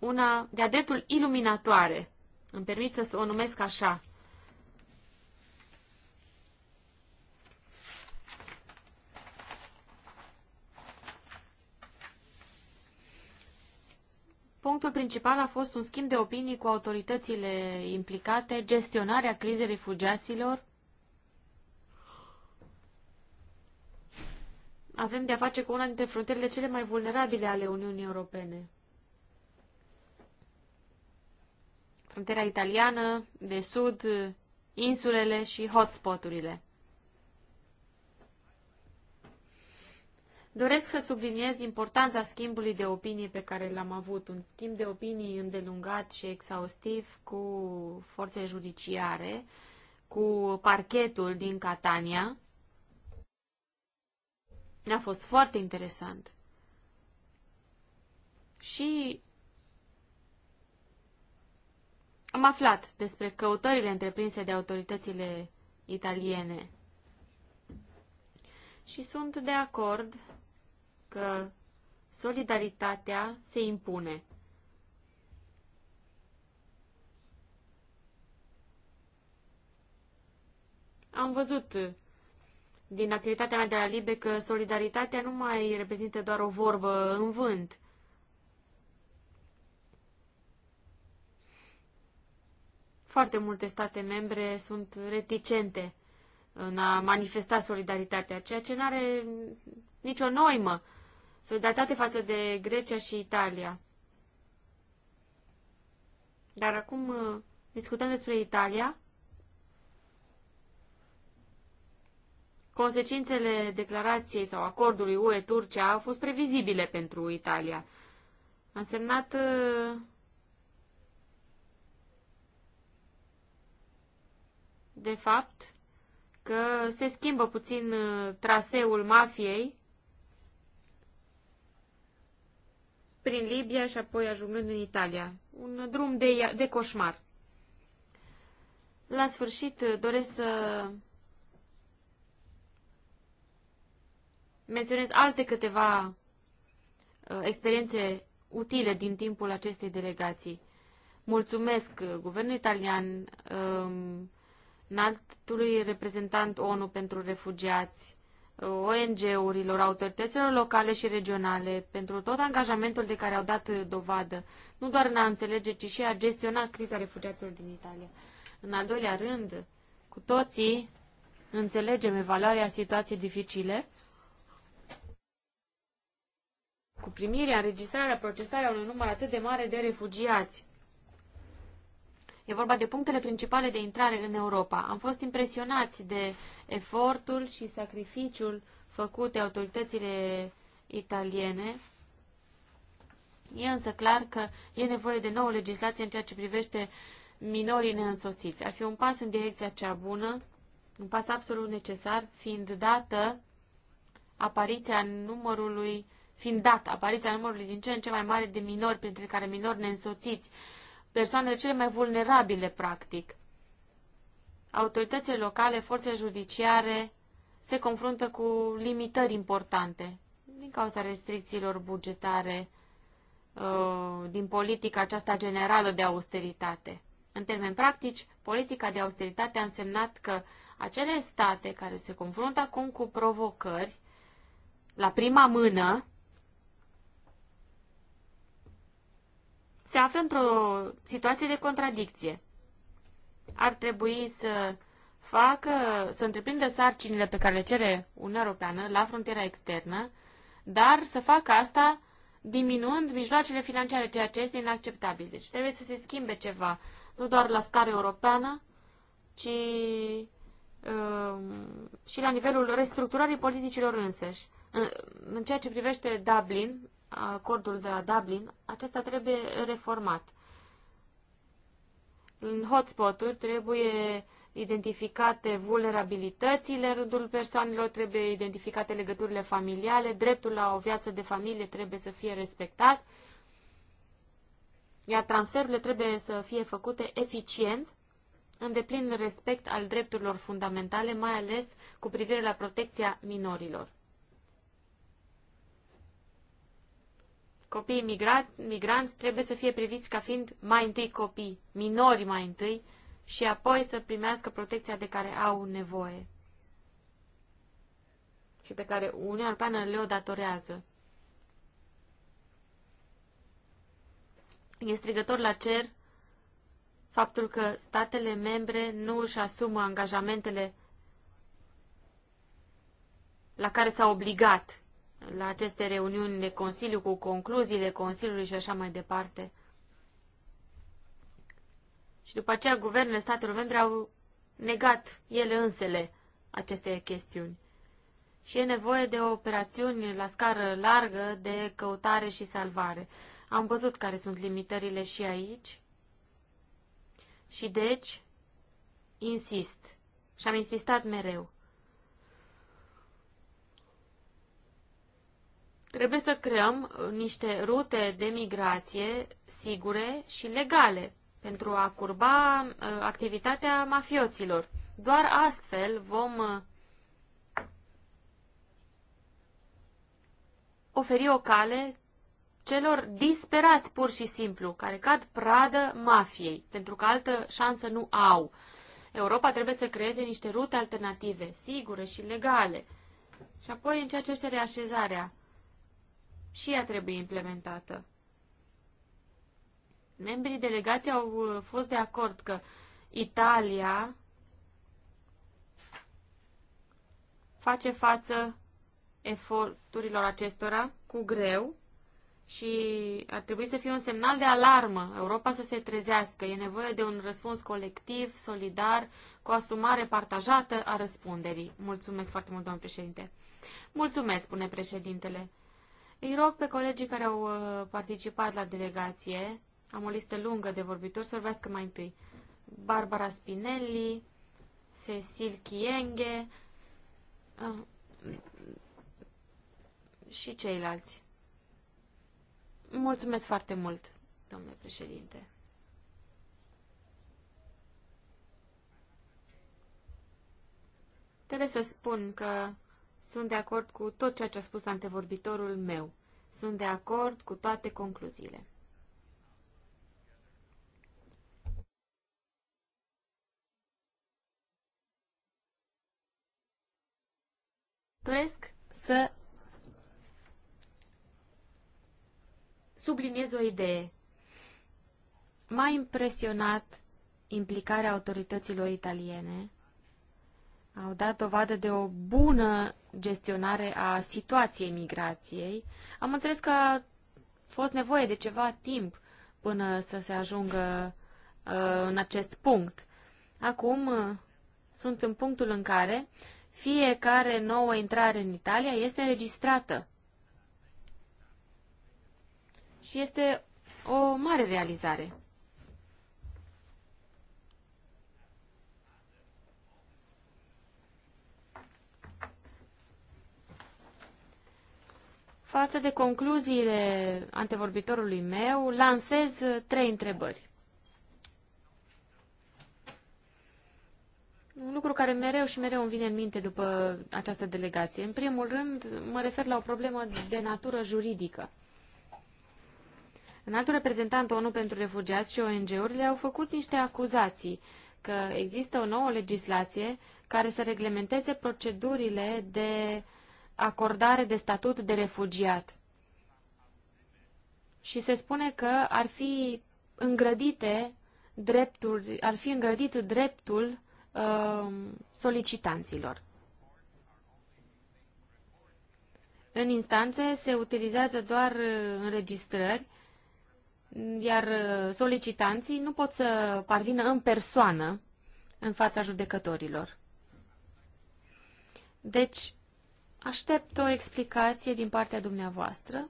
una de-a dreptul iluminatoare. Îmi permit să o numesc așa. Punctul principal a fost un schimb de opinii cu autoritățile implicate, gestionarea crizei refugiaților. Avem de-a face cu una dintre frontierele cele mai vulnerabile ale Uniunii Europene. Frontiera italiană, de sud, insulele și hotspoturile. Doresc să subliniez importanța schimbului de opinii pe care l-am avut, un schimb de opinii îndelungat și exhaustiv cu forțe judiciare, cu parchetul din Catania. A fost foarte interesant. Și am aflat despre căutările întreprinse de autoritățile italiene. Și sunt de acord că solidaritatea se impune. Am văzut din activitatea mea de la Libe că solidaritatea nu mai reprezintă doar o vorbă în vânt. Foarte multe state membre sunt reticente în a manifesta solidaritatea, ceea ce nu are nicio noimă solidaritate față de Grecia și Italia. Dar acum uh, discutăm despre Italia. Consecințele declarației sau acordului UE-Turcia au fost previzibile pentru Italia. A însemnat uh, de fapt că se schimbă puțin uh, traseul mafiei prin Libia și apoi ajungând în Italia. Un drum de, de coșmar. La sfârșit, uh, doresc să menționez alte câteva uh, experiențe utile din timpul acestei delegații. Mulțumesc uh, guvernul italian, um, înaltului reprezentant ONU pentru refugiați, ONG-urilor, autorităților locale și regionale pentru tot angajamentul de care au dat dovadă, nu doar în a înțelege, ci și a gestiona criza refugiaților din Italia. În al doilea rând, cu toții înțelegem evaluarea situației dificile, cu primirea, înregistrarea, procesarea unui număr atât de mare de refugiați. E vorba de punctele principale de intrare în Europa. Am fost impresionați de efortul și sacrificiul făcut de autoritățile italiene. E însă clar că e nevoie de nouă legislație în ceea ce privește minorii neînsoțiți. Ar fi un pas în direcția cea bună, un pas absolut necesar, fiind dată apariția numărului, fiind dat apariția numărului din ce în ce mai mare de minori, printre care minori neînsoțiți, persoanele cele mai vulnerabile, practic. Autoritățile locale, forțe judiciare se confruntă cu limitări importante din cauza restricțiilor bugetare uh, din politica aceasta generală de austeritate. În termeni practici, politica de austeritate a însemnat că acele state care se confruntă acum cu provocări la prima mână se află într-o situație de contradicție. Ar trebui să facă, să întreprindă sarcinile pe care le cere Uniunea Europeană la frontiera externă, dar să facă asta diminuând mijloacele financiare, ceea ce este inacceptabil. Deci trebuie să se schimbe ceva, nu doar la scară europeană, ci um, și la nivelul restructurării politicilor însăși. în ceea ce privește Dublin, acordul de la Dublin, acesta trebuie reformat. În hotspot-uri trebuie identificate vulnerabilitățile în rândul persoanelor, trebuie identificate legăturile familiale, dreptul la o viață de familie trebuie să fie respectat, iar transferurile trebuie să fie făcute eficient, în deplin respect al drepturilor fundamentale, mai ales cu privire la protecția minorilor. copiii migrat, migranți trebuie să fie priviți ca fiind mai întâi copii, minori mai întâi, și apoi să primească protecția de care au nevoie și pe care Uniunea Europeană le-o datorează. E strigător la cer faptul că statele membre nu își asumă angajamentele la care s-au obligat la aceste reuniuni de Consiliu cu concluziile Consiliului și așa mai departe. Și după aceea guvernele statelor membre au negat ele însele aceste chestiuni. Și e nevoie de operațiuni la scară largă de căutare și salvare. Am văzut care sunt limitările și aici. Și deci, insist. Și am insistat mereu. Trebuie să creăm niște rute de migrație sigure și legale pentru a curba uh, activitatea mafioților. Doar astfel vom uh, oferi o cale celor disperați pur și simplu, care cad pradă mafiei, pentru că altă șansă nu au. Europa trebuie să creeze niște rute alternative, sigure și legale. Și apoi, în ceea ce este reașezarea, și ea trebuie implementată. Membrii delegației au uh, fost de acord că Italia face față eforturilor acestora cu greu și ar trebui să fie un semnal de alarmă. Europa să se trezească. E nevoie de un răspuns colectiv, solidar, cu o asumare partajată a răspunderii. Mulțumesc foarte mult, domnul președinte. Mulțumesc, spune președintele. Îi rog pe colegii care au uh, participat la delegație, am o listă lungă de vorbitori, să vorbească mai întâi. Barbara Spinelli, Cecil Chienghe uh, și ceilalți. Mulțumesc foarte mult, domnule președinte. Trebuie să spun că sunt de acord cu tot ceea ce a spus antevorbitorul meu. Sunt de acord cu toate concluziile. Doresc să subliniez o idee. M-a impresionat implicarea autorităților italiene au dat dovadă de o bună gestionare a situației migrației. Am înțeles că a fost nevoie de ceva timp până să se ajungă uh, în acest punct. Acum uh, sunt în punctul în care fiecare nouă intrare în Italia este înregistrată. Și este o mare realizare. Față de concluziile antevorbitorului meu, lansez uh, trei întrebări. Un lucru care mereu și mereu îmi vine în minte după această delegație. În primul rând, mă refer la o problemă de natură juridică. În altul reprezentant ONU pentru refugiați și ONG-urile au făcut niște acuzații că există o nouă legislație care să reglementeze procedurile de uh, acordare de statut de refugiat. Și se spune că ar fi îngrădite dreptul, ar fi îngrădit dreptul uh, solicitanților. În instanțe se utilizează doar uh, înregistrări, iar uh, solicitanții nu pot să parvină în persoană în fața judecătorilor. Deci, Aștept o explicație din partea dumneavoastră.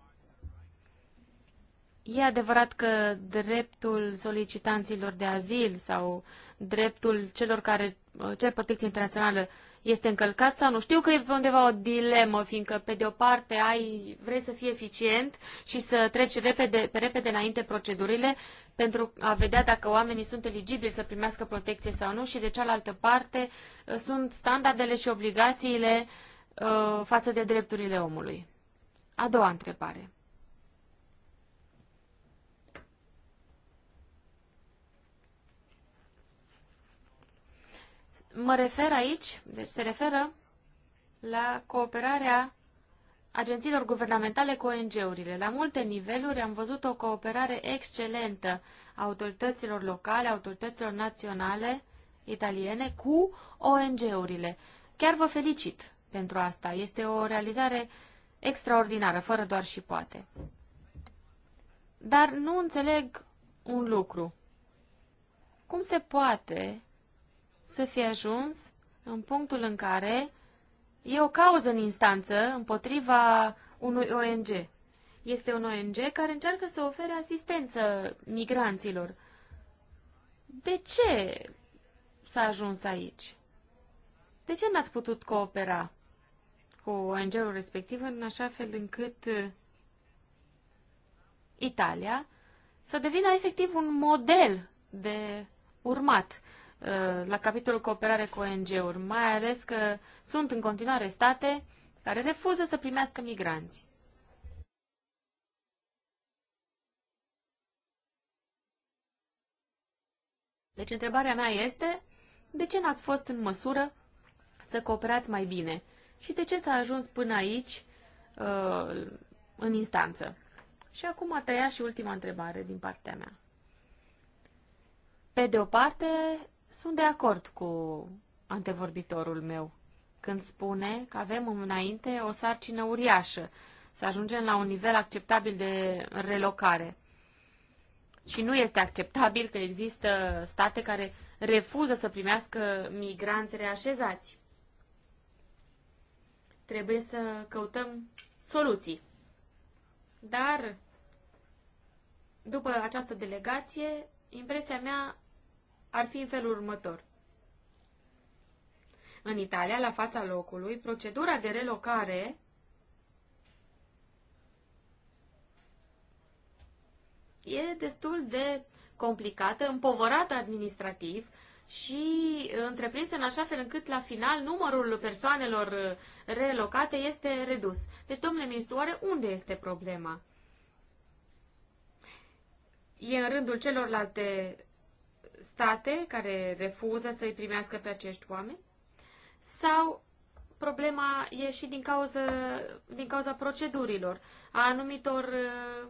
E adevărat că dreptul solicitanților de azil sau dreptul celor care cer protecție internațională este încălcat sau nu. Știu că e pe undeva o dilemă, fiindcă pe de o parte ai, vrei să fii eficient și să treci repede, pe repede înainte procedurile pentru a vedea dacă oamenii sunt eligibili să primească protecție sau nu și de cealaltă parte sunt standardele și obligațiile uh, Uh, față de drepturile omului? A doua întrebare. Mă refer aici, deci se referă la cooperarea agențiilor guvernamentale cu ONG-urile. La multe niveluri am văzut o cooperare excelentă a autorităților locale, autorităților naționale italiene cu ONG-urile. Chiar vă felicit! pentru asta. Este o realizare extraordinară, fără doar și poate. Dar nu înțeleg un lucru. Cum se poate să fie ajuns în punctul în care e o cauză în instanță împotriva unui ONG? Este un ONG care încearcă să ofere asistență migranților. De ce s-a ajuns aici? De ce n-ați putut coopera? cu ONG-ul respectiv în așa fel încât uh, Italia să devină efectiv un model de urmat uh, la capitolul cooperare cu ONG-uri, mai ales că sunt în continuare state care refuză să primească migranți. Deci întrebarea mea este, de ce n-ați fost în măsură să cooperați mai bine? și de ce s-a ajuns până aici uh, în instanță. Și acum a treia și ultima întrebare din partea mea. Pe de o parte, sunt de acord cu antevorbitorul meu când spune că avem înainte o sarcină uriașă să ajungem la un nivel acceptabil de relocare. Și nu este acceptabil că există state care refuză să primească migranți reașezați. Trebuie să căutăm soluții. Dar, după această delegație, impresia mea ar fi în felul următor. În Italia, la fața locului, procedura de relocare e destul de complicată, împovărată administrativ, și uh, întreprinse în așa fel încât la final numărul persoanelor uh, relocate este redus. Deci, domnule ministru, oare unde este problema? E în rândul celorlalte state care refuză să-i primească pe acești oameni? Sau problema e și din cauza, din cauza procedurilor, a anumitor uh,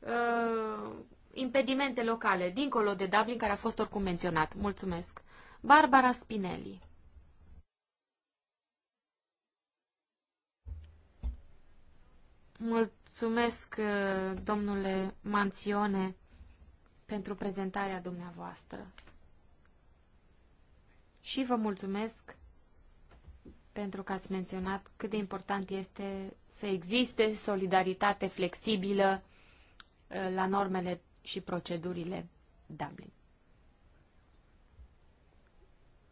uh, impedimente locale, dincolo de Dublin, care a fost oricum menționat. Mulțumesc. Barbara Spinelli. Mulțumesc, uh, domnule Manțione, pentru prezentarea dumneavoastră. Și vă mulțumesc pentru că ați menționat cât de important este să existe solidaritate flexibilă uh, la normele și procedurile Dublin.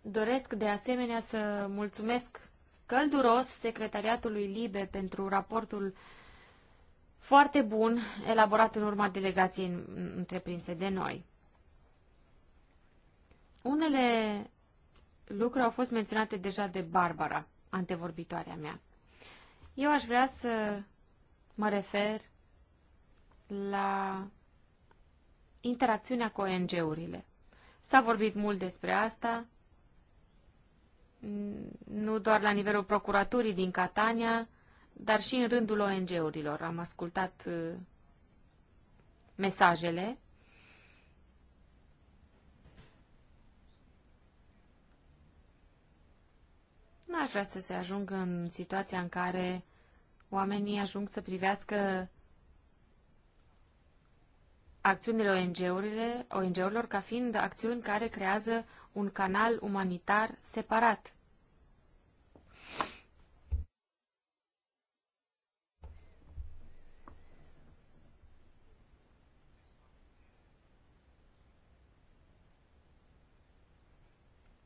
Doresc de asemenea să mulțumesc călduros secretariatului LIBE pentru raportul foarte bun elaborat în urma delegației întreprinse de noi. Unele lucruri au fost menționate deja de Barbara, antevorbitoarea mea. Eu aș vrea să mă refer la interacțiunea cu ONG-urile. S-a vorbit mult despre asta, nu doar la nivelul procuraturii din Catania, dar și în rândul ONG-urilor. Am ascultat uh, mesajele. N-aș vrea să se ajungă în situația în care oamenii ajung să privească acțiunile ONG-urilor, ONG-urilor ca fiind acțiuni care creează un canal umanitar separat.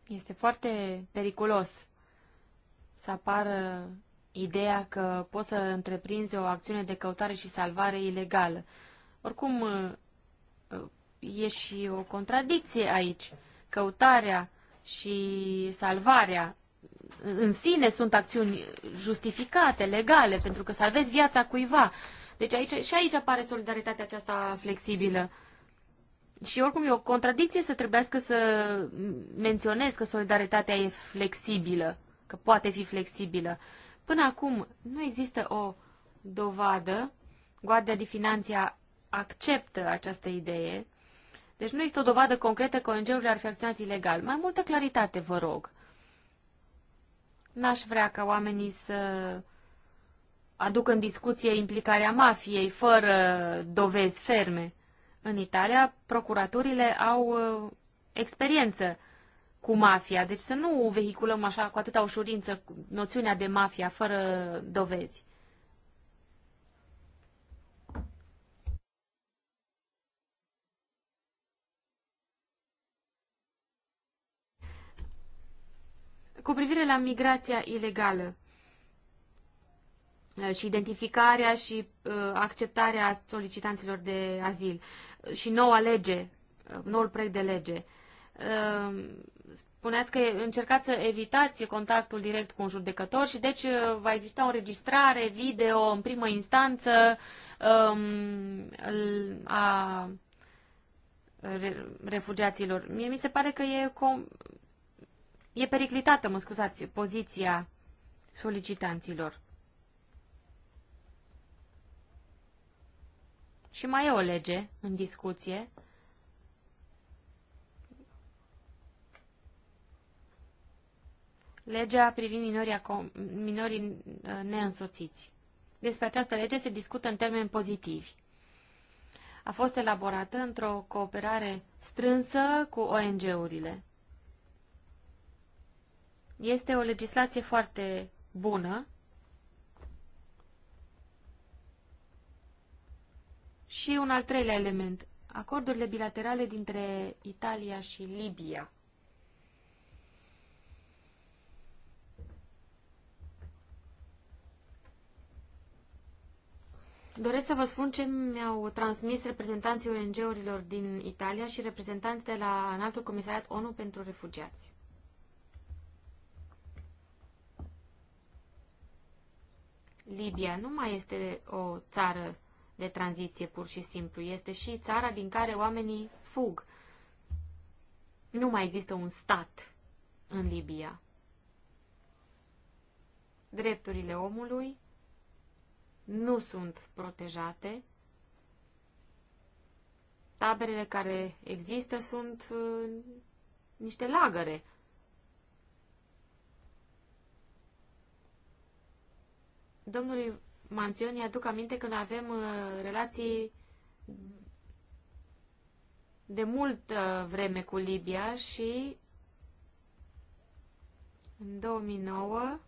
Este foarte periculos să apară ideea că poți să întreprinzi o acțiune de căutare și salvare ilegală. Oricum, e și o contradicție aici. Căutarea și salvarea în sine sunt acțiuni justificate, legale, pentru că salvezi viața cuiva. Deci aici, și aici apare solidaritatea aceasta flexibilă. Și oricum e o contradicție să trebuiască să menționez că solidaritatea e flexibilă, că poate fi flexibilă. Până acum nu există o dovadă, Guardia de Finanția acceptă această idee. Deci nu este o dovadă concretă că ONG-urile ar fi acționat ilegal. Mai multă claritate, vă rog. N-aș vrea ca oamenii să aducă în discuție implicarea mafiei fără dovezi ferme. În Italia, procuraturile au uh, experiență cu mafia, deci să nu vehiculăm așa cu atâta ușurință noțiunea de mafia fără dovezi. Cu privire la migrația ilegală uh, și identificarea și uh, acceptarea solicitanților de azil uh, și noua lege, noul proiect de lege, spuneați că încercați să evitați contactul direct cu un judecător și deci va exista o înregistrare video în primă instanță um, a refugiaților. Mie mi se pare că e com- e periclitată, mă scuzați, poziția solicitanților. Și mai e o lege în discuție. Legea privind minorii, minorii uh, neînsoțiți. Despre această lege se discută în termeni pozitivi. A fost elaborată într-o cooperare strânsă cu ONG-urile. Este o legislație foarte bună și un al treilea element, acordurile bilaterale dintre Italia și Libia. Doresc să vă spun ce mi-au transmis reprezentanții ONG-urilor din Italia și reprezentanții de la Înaltul Comisariat ONU pentru Refugiați. Libia nu mai este o țară de tranziție pur și simplu, este și țara din care oamenii fug. Nu mai există un stat în Libia. Drepturile omului nu sunt protejate. Taberele care există sunt uh, niște lagăre Domnului Manționi, aduc aminte când avem uh, relații de multă vreme cu Libia și în 2009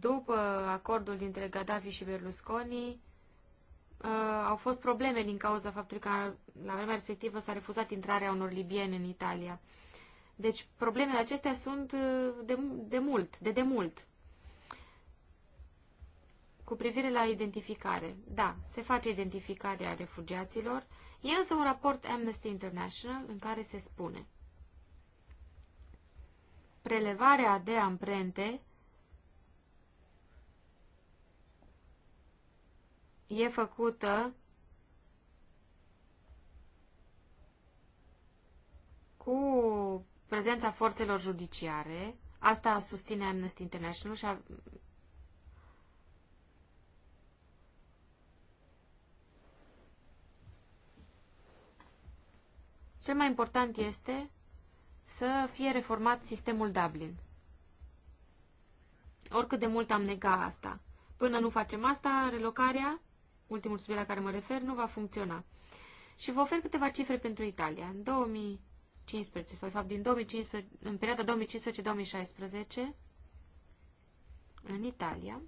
după acordul dintre Gaddafi și Berlusconi uh, au fost probleme din cauza faptului că la vremea respectivă s-a refuzat intrarea unor libieni în Italia. Deci problemele acestea sunt uh, de, de mult, de demult. Cu privire la identificare, da, se face identificarea refugiaților, e însă un raport Amnesty International în care se spune prelevarea de amprente e făcută cu prezența forțelor judiciare. Asta susține Amnesty International și a... Cel mai important este să fie reformat sistemul Dublin. Oricât de mult am negat asta. Până nu facem asta, relocarea ultimul subiect la care mă refer, nu va funcționa. Și vă ofer câteva cifre pentru Italia. În 2015, sau de fapt din 2015, în perioada 2015-2016, în Italia,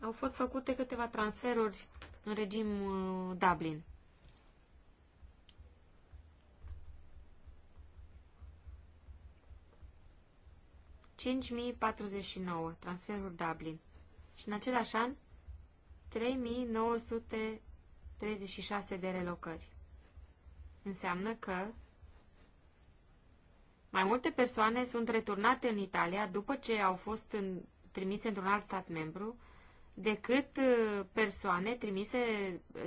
au fost făcute câteva transferuri în regim uh, Dublin. ...5.049 transferuri Dublin și în același an 3936 de relocări. Înseamnă că mai multe persoane sunt returnate în Italia după ce au fost în, trimise într-un alt stat membru decât uh, persoane trimise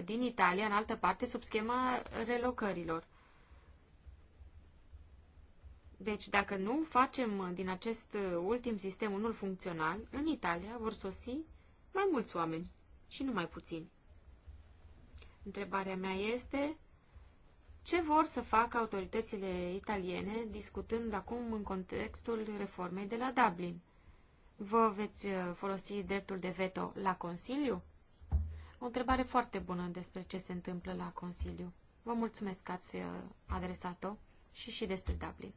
din Italia în altă parte sub schema relocărilor. Deci, dacă nu facem uh, din acest uh, ultim sistem unul funcțional, în Italia vor sosi mai mulți oameni și nu mai puțini. Întrebarea mea este ce vor să facă autoritățile italiene discutând acum în contextul reformei de la Dublin? Vă veți uh, folosi dreptul de veto la Consiliu? O întrebare foarte bună despre ce se întâmplă la Consiliu. Vă mulțumesc că ați adresat-o și și despre Dublin.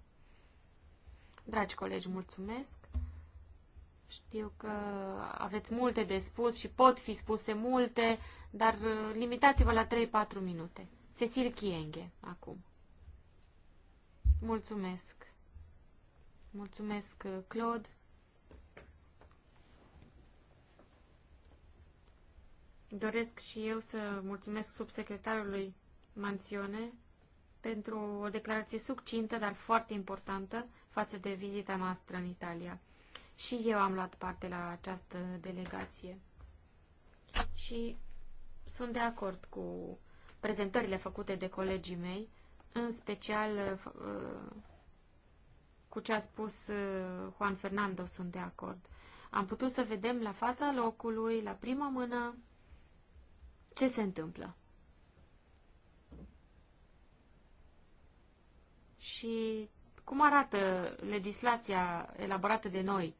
Dragi colegi, mulțumesc. Știu că aveți multe de spus și pot fi spuse multe, dar uh, limitați-vă la 3-4 minute. Cecil Chienghe, acum. Mulțumesc. Mulțumesc, uh, Claude. Doresc și eu să mulțumesc subsecretarului Manțione pentru o declarație succintă, dar foarte importantă față de vizita noastră în Italia. Și eu am luat parte la această delegație. Și sunt de acord cu prezentările făcute de colegii mei, în special uh, uh, cu ce a spus uh, Juan Fernando sunt de acord. Am putut să vedem la fața locului, la prima mână, ce se întâmplă. Și cum arată legislația elaborată de noi?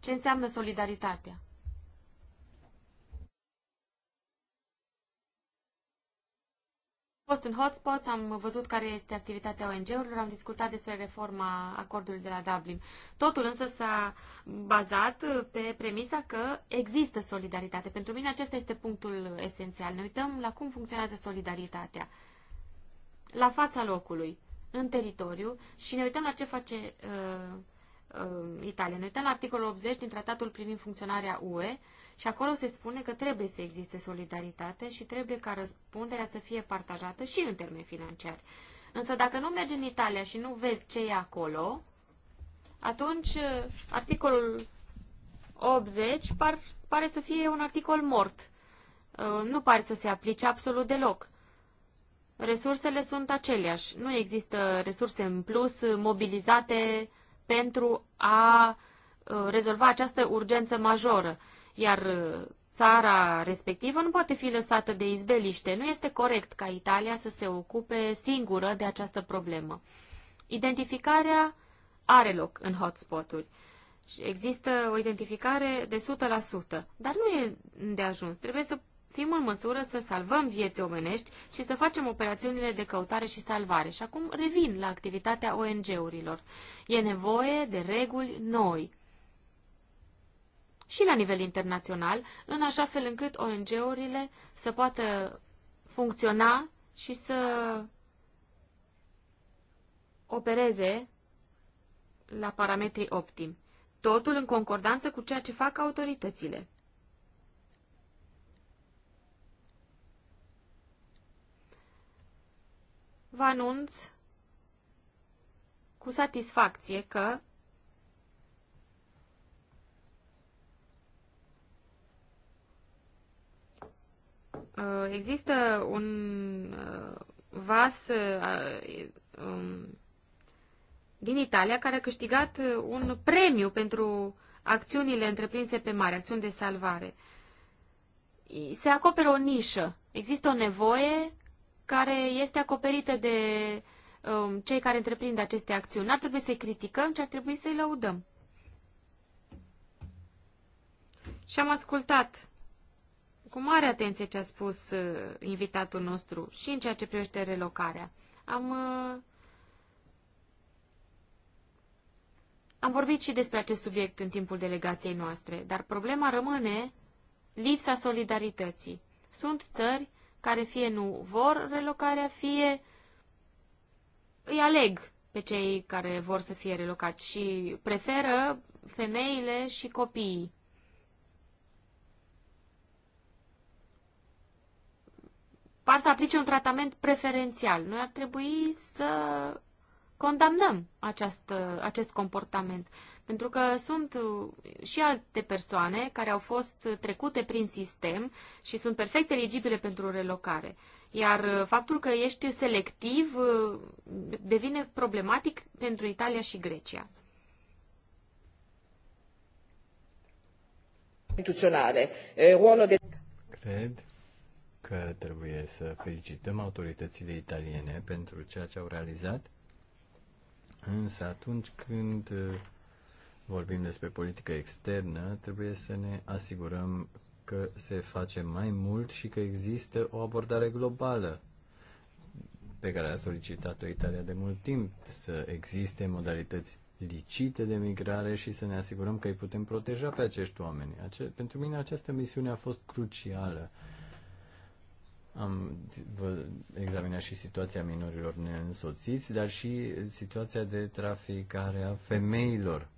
Ce înseamnă solidaritatea? Am fost în hotspots, am văzut care este activitatea ONG-urilor, am discutat despre reforma acordului de la Dublin. Totul însă s-a bazat pe premisa că există solidaritate. Pentru mine acesta este punctul esențial. Ne uităm la cum funcționează solidaritatea la fața locului, în teritoriu, și ne uităm la ce face uh, uh, Italia. Ne uităm la articolul 80 din tratatul privind funcționarea UE și acolo se spune că trebuie să existe solidaritate și trebuie ca răspunderea să fie partajată și în termeni financiari. Însă dacă nu mergi în Italia și nu vezi ce e acolo, atunci uh, articolul 80 par, pare să fie un articol mort. Uh, nu pare să se aplice absolut deloc resursele sunt aceleași. Nu există resurse în plus mobilizate pentru a uh, rezolva această urgență majoră. Iar uh, țara respectivă nu poate fi lăsată de izbeliște. Nu este corect ca Italia să se ocupe singură de această problemă. Identificarea are loc în hotspot-uri. Există o identificare de 100%, dar nu e de ajuns. Trebuie să fim în măsură să salvăm vieți omenești și să facem operațiunile de căutare și salvare. Și acum revin la activitatea ONG-urilor. E nevoie de reguli noi și la nivel internațional, în așa fel încât ONG-urile să poată funcționa și să opereze la parametrii optimi. Totul în concordanță cu ceea ce fac autoritățile. vă anunț cu satisfacție că uh, există un uh, vas uh, um, din Italia care a câștigat un premiu pentru acțiunile întreprinse pe mare, acțiuni de salvare. Se acoperă o nișă. Există o nevoie care este acoperită de um, cei care întreprind aceste acțiuni. N-ar trebui să-i criticăm, ci ar trebui să-i lăudăm. Și am ascultat cu mare atenție ce a spus uh, invitatul nostru și în ceea ce privește relocarea. Am, uh, am vorbit și despre acest subiect în timpul delegației noastre, dar problema rămâne lipsa solidarității. Sunt țări care fie nu vor relocarea, fie îi aleg pe cei care vor să fie relocați și preferă femeile și copiii. Par să aplice un tratament preferențial. Noi ar trebui să condamnăm această, acest comportament. Pentru că sunt uh, și alte persoane care au fost trecute prin sistem și sunt perfect eligibile pentru relocare. Iar uh, faptul că ești selectiv uh, devine problematic pentru Italia și Grecia. Instituționale. de... Cred că trebuie să felicităm autoritățile italiene pentru ceea ce au realizat, însă atunci când vorbim despre politică externă, trebuie să ne asigurăm că se face mai mult și că există o abordare globală pe care a solicitat-o Italia de mult timp, să existe modalități licite de migrare și să ne asigurăm că îi putem proteja pe acești oameni. Ace- pentru mine această misiune a fost crucială. Am examinat și situația minorilor neînsoțiți, dar și situația de traficare a femeilor.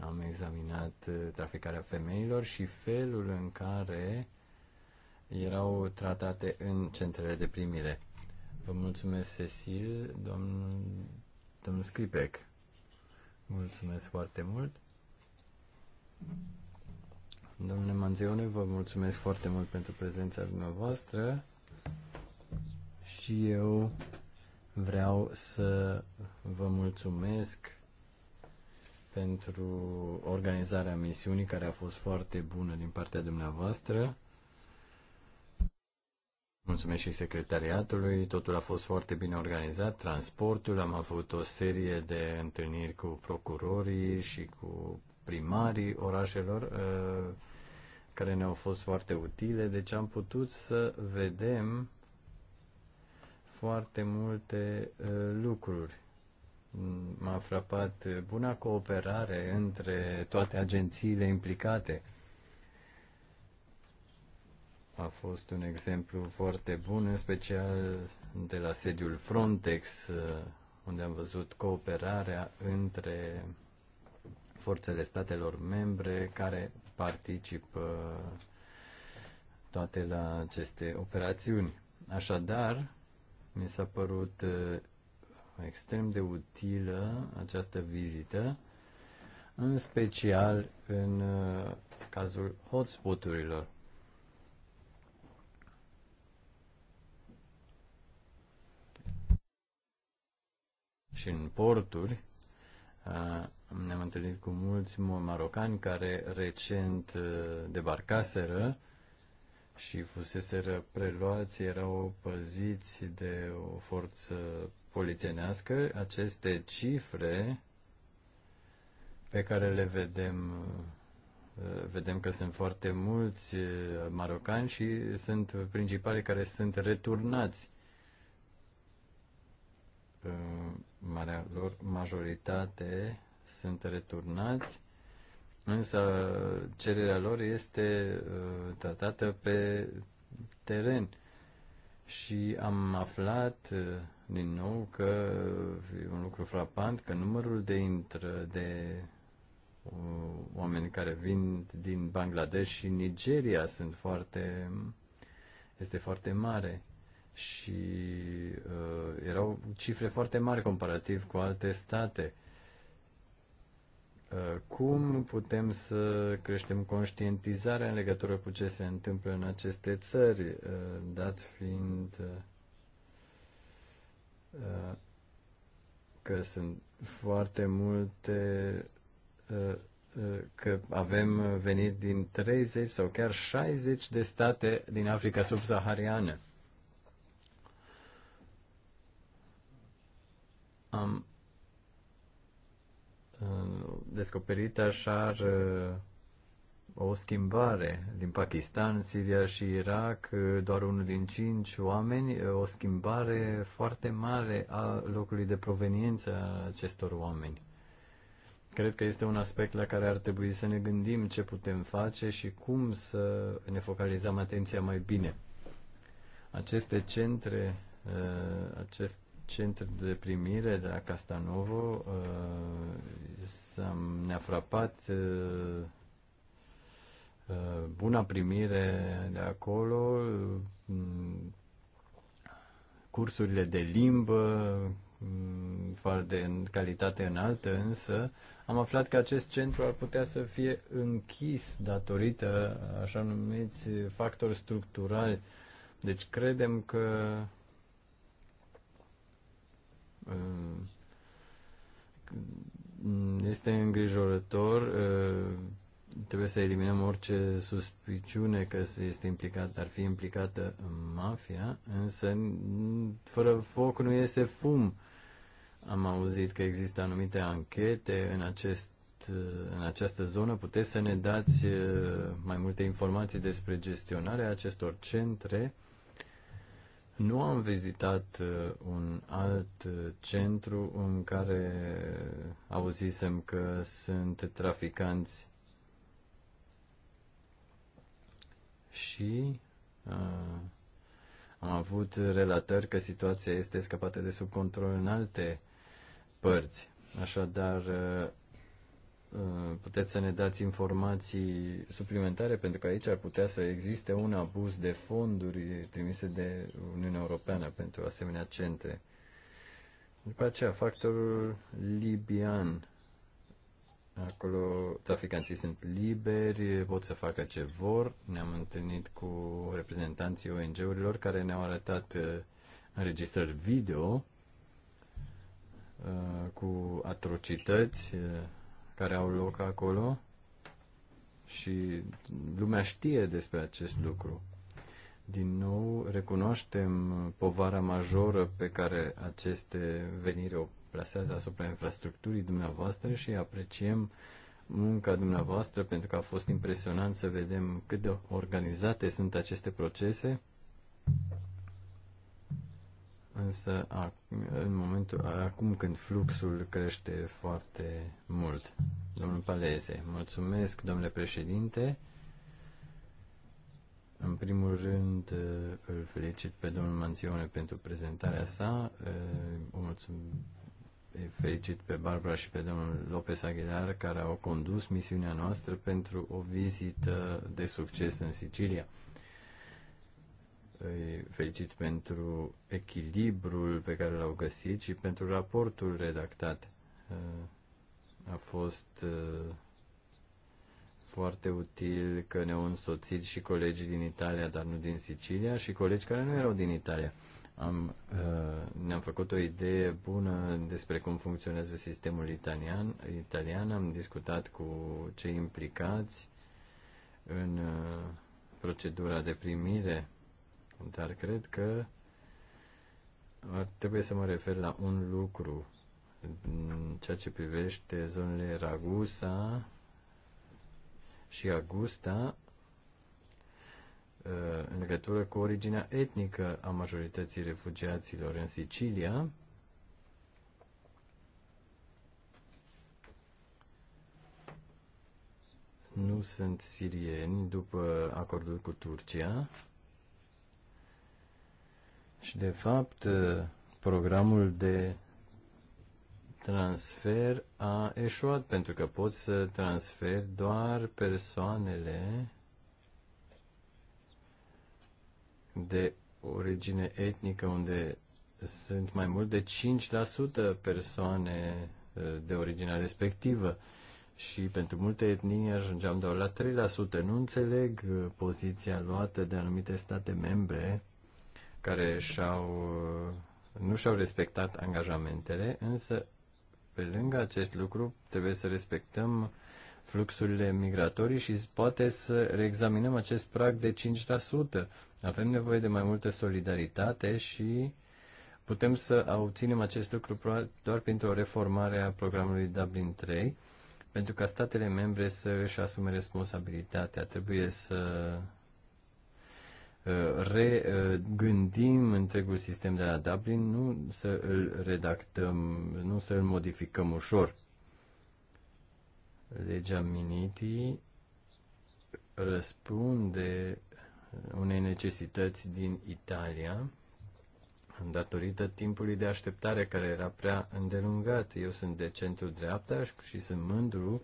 Am examinat uh, traficarea femeilor și felul în care erau tratate în centrele de primire. Vă mulțumesc, Cecil, domnul, domnul Scripec. Mulțumesc foarte mult. Domnule Manzione, vă mulțumesc foarte mult pentru prezența dumneavoastră și eu vreau să vă mulțumesc pentru organizarea misiunii, care a fost foarte bună din partea dumneavoastră. Mulțumesc și secretariatului, totul a fost foarte bine organizat, transportul, am avut o serie de întâlniri cu procurorii și cu primarii orașelor uh, care ne-au fost foarte utile, deci am putut să vedem foarte multe uh, lucruri m-a frapat buna cooperare între toate agențiile implicate. A fost un exemplu foarte bun, în special de la sediul Frontex, unde am văzut cooperarea între forțele statelor membre care participă toate la aceste operațiuni. Așadar, mi s-a părut extrem de utilă această vizită, în special în uh, cazul hotspoturilor. Și în porturi uh, ne-am întâlnit cu mulți marocani care recent uh, debarcaseră și fuseseră preluați, erau păziți de o forță polițienească, aceste cifre pe care le vedem, uh, vedem că sunt foarte mulți uh, marocani și sunt principalii care sunt returnați. Uh, marea lor majoritate sunt returnați, însă cererea lor este tratată pe teren. Și am aflat din nou că e un lucru frapant că numărul de intră de uh, oameni care vin din Bangladesh și Nigeria sunt foarte este foarte mare și uh, erau cifre foarte mari comparativ cu alte state. Uh, cum putem să creștem conștientizarea în legătură cu ce se întâmplă în aceste țări, uh, dat fiind uh, Uh, că sunt foarte multe, uh, uh, că avem venit din 30 sau chiar 60 de state din Africa subsahariană. Am descoperit așar o schimbare din Pakistan, Siria și Irak, doar unul din cinci oameni, o schimbare foarte mare a locului de proveniență a acestor oameni. Cred că este un aspect la care ar trebui să ne gândim ce putem face și cum să ne focalizăm atenția mai bine. Aceste centre, uh, acest centru de primire de la Castanovo uh, ne-a frapat uh, Uh, buna primire de acolo, mm, cursurile de limbă, mm, foarte în calitate înaltă, însă am aflat că acest centru ar putea să fie închis datorită așa numiți factori structurali. Deci credem că mm, este îngrijorător uh, trebuie să eliminăm orice suspiciune că se este implicat, ar fi implicată în mafia, însă fără foc nu iese fum. Am auzit că există anumite anchete în, acest, în această zonă. Puteți să ne dați uh, mai multe informații despre gestionarea acestor centre. Nu am vizitat uh, un alt centru în care auzisem că sunt traficanți și uh, am avut relatări că situația este scăpată de sub control în alte părți. Așadar, uh, uh, puteți să ne dați informații suplimentare, pentru că aici ar putea să existe un abuz de fonduri trimise de Uniunea Europeană pentru asemenea centre. După aceea, factorul libian Acolo traficanții sunt liberi, pot să facă ce vor. Ne-am întâlnit cu reprezentanții ONG-urilor care ne-au arătat uh, înregistrări video uh, cu atrocități uh, care au loc acolo și lumea știe despre acest lucru. Din nou, recunoaștem povara majoră pe care aceste veniri o plasează asupra infrastructurii dumneavoastră și apreciem munca dumneavoastră pentru că a fost impresionant să vedem cât de organizate sunt aceste procese. Însă a, în momentul acum când fluxul crește foarte mult. Domnul Paleze, mulțumesc, domnule președinte. În primul rând, îl felicit pe domnul Manțione pentru prezentarea sa. O mulțumesc felicit pe Barbara și pe domnul Lopez Aguilar care au condus misiunea noastră pentru o vizită de succes în Sicilia. Îi felicit pentru echilibrul pe care l-au găsit și pentru raportul redactat. Uh, a fost uh, foarte util că ne-au însoțit și colegii din Italia, dar nu din Sicilia, și colegi care nu erau din Italia. Am, uh, ne-am făcut o idee bună despre cum funcționează sistemul italian. italian. Am discutat cu cei implicați în uh, procedura de primire, dar cred că ar trebui să mă refer la un lucru în ceea ce privește zonele Ragusa și Augusta. Uh, în legătură cu originea etnică a majorității refugiaților în Sicilia, nu sunt sirieni după acordul cu Turcia. Și, de fapt, uh, programul de transfer a eșuat pentru că poți să transferi doar persoanele de origine etnică, unde sunt mai mult de 5% persoane uh, de originea respectivă și pentru multe etnii ajungeam doar la 3%. Nu înțeleg uh, poziția luată de anumite state membre care și-au, uh, nu și-au respectat angajamentele, însă pe lângă acest lucru trebuie să respectăm fluxurile migratorii și poate să reexaminăm acest prag de avem nevoie de mai multă solidaritate și putem să obținem acest lucru doar printr-o reformare a programului Dublin 3, pentru ca statele membre să își asume responsabilitatea. Trebuie să uh, regândim întregul sistem de la Dublin, nu să îl redactăm, nu să îl modificăm ușor. Legea Miniti răspunde unei necesități din Italia, datorită timpului de așteptare care era prea îndelungat. Eu sunt de centru dreapta și sunt mândru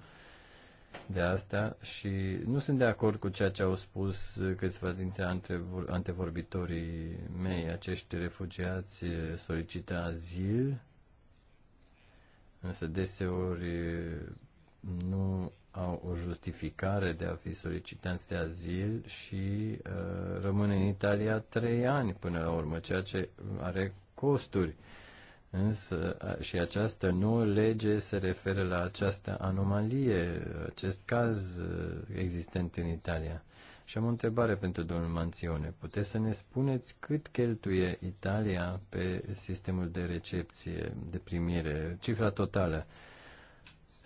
de asta și nu sunt de acord cu ceea ce au spus câțiva dintre antevorbitorii mei. Acești refugiați solicită azil, însă deseori nu au o justificare de a fi solicitanți de azil și uh, rămân în Italia trei ani până la urmă, ceea ce are costuri. Însă și această nouă lege se referă la această anomalie, acest caz uh, existent în Italia. Și am o întrebare pentru domnul Manțione. Puteți să ne spuneți cât cheltuie Italia pe sistemul de recepție, de primire, cifra totală?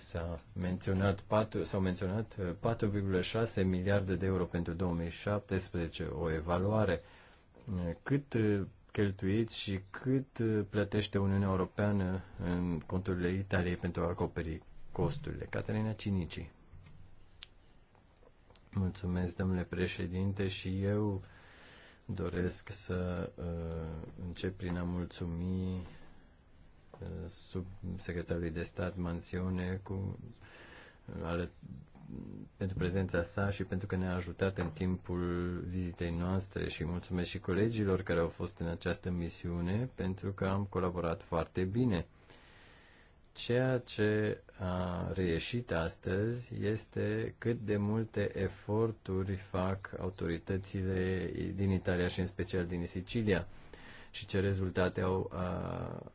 S-a menționat 4, s-au menționat 4,6 uh, miliarde de euro pentru 2017, o evaluare. Uh, cât uh, cheltuiți și cât plătește Uniunea Europeană în conturile Italiei pentru a acoperi costurile? Caterina Cinici. Mulțumesc, domnule președinte, și eu doresc să uh, încep prin a mulțumi Eh, subsecretarului de stat Mansione cu, ale, pentru prezența sa și pentru că ne-a ajutat în timpul vizitei noastre și mulțumesc și colegilor care au fost în această misiune pentru că am colaborat foarte bine. Ceea ce a reieșit astăzi este cât de multe eforturi fac autoritățile din Italia și în special din Sicilia și ce rezultate au a,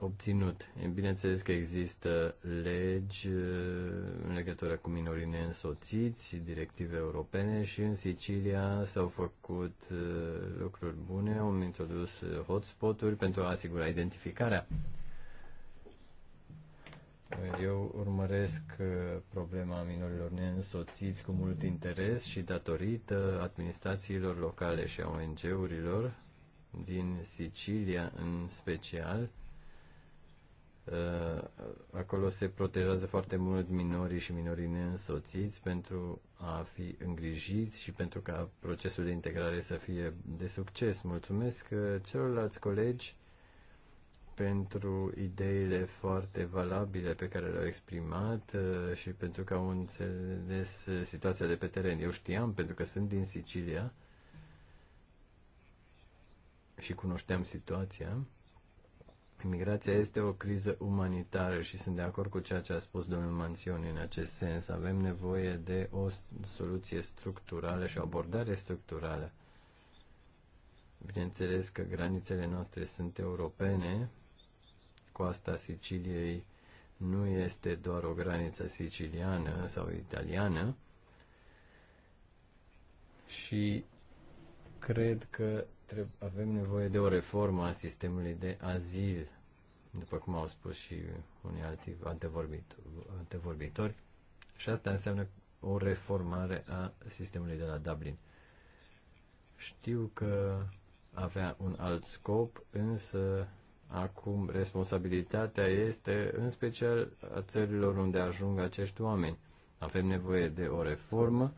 obținut. Bineînțeles că există legi în legătură cu minorii neînsoțiți, directive europene și în Sicilia s-au făcut lucruri bune, au introdus hotspot-uri pentru a asigura identificarea. Eu urmăresc problema minorilor neînsoțiți cu mult interes și datorită administrațiilor locale și a ONG-urilor din Sicilia în special, Uh, acolo se protejează foarte mult minorii și minorii neînsoțiți pentru a fi îngrijiți și pentru ca procesul de integrare să fie de succes. Mulțumesc uh, celorlalți colegi pentru ideile foarte valabile pe care le-au exprimat uh, și pentru că au înțeles situația de pe teren. Eu știam, pentru că sunt din Sicilia și cunoșteam situația. Migrația mm. este o criză umanitară și sunt de acord cu ceea ce a spus domnul Manțion în acest sens. Avem nevoie de o soluție structurală și o abordare structurală. Bineînțeles că granițele noastre sunt europene. Coasta Siciliei nu este doar o graniță siciliană sau italiană. Și cred că avem nevoie de o reformă a sistemului de azil, după cum au spus și unii alți antevorbitori, și asta înseamnă o reformare a sistemului de la Dublin. Știu că avea un alt scop, însă acum responsabilitatea este în special a țărilor unde ajung acești oameni. Avem nevoie de o reformă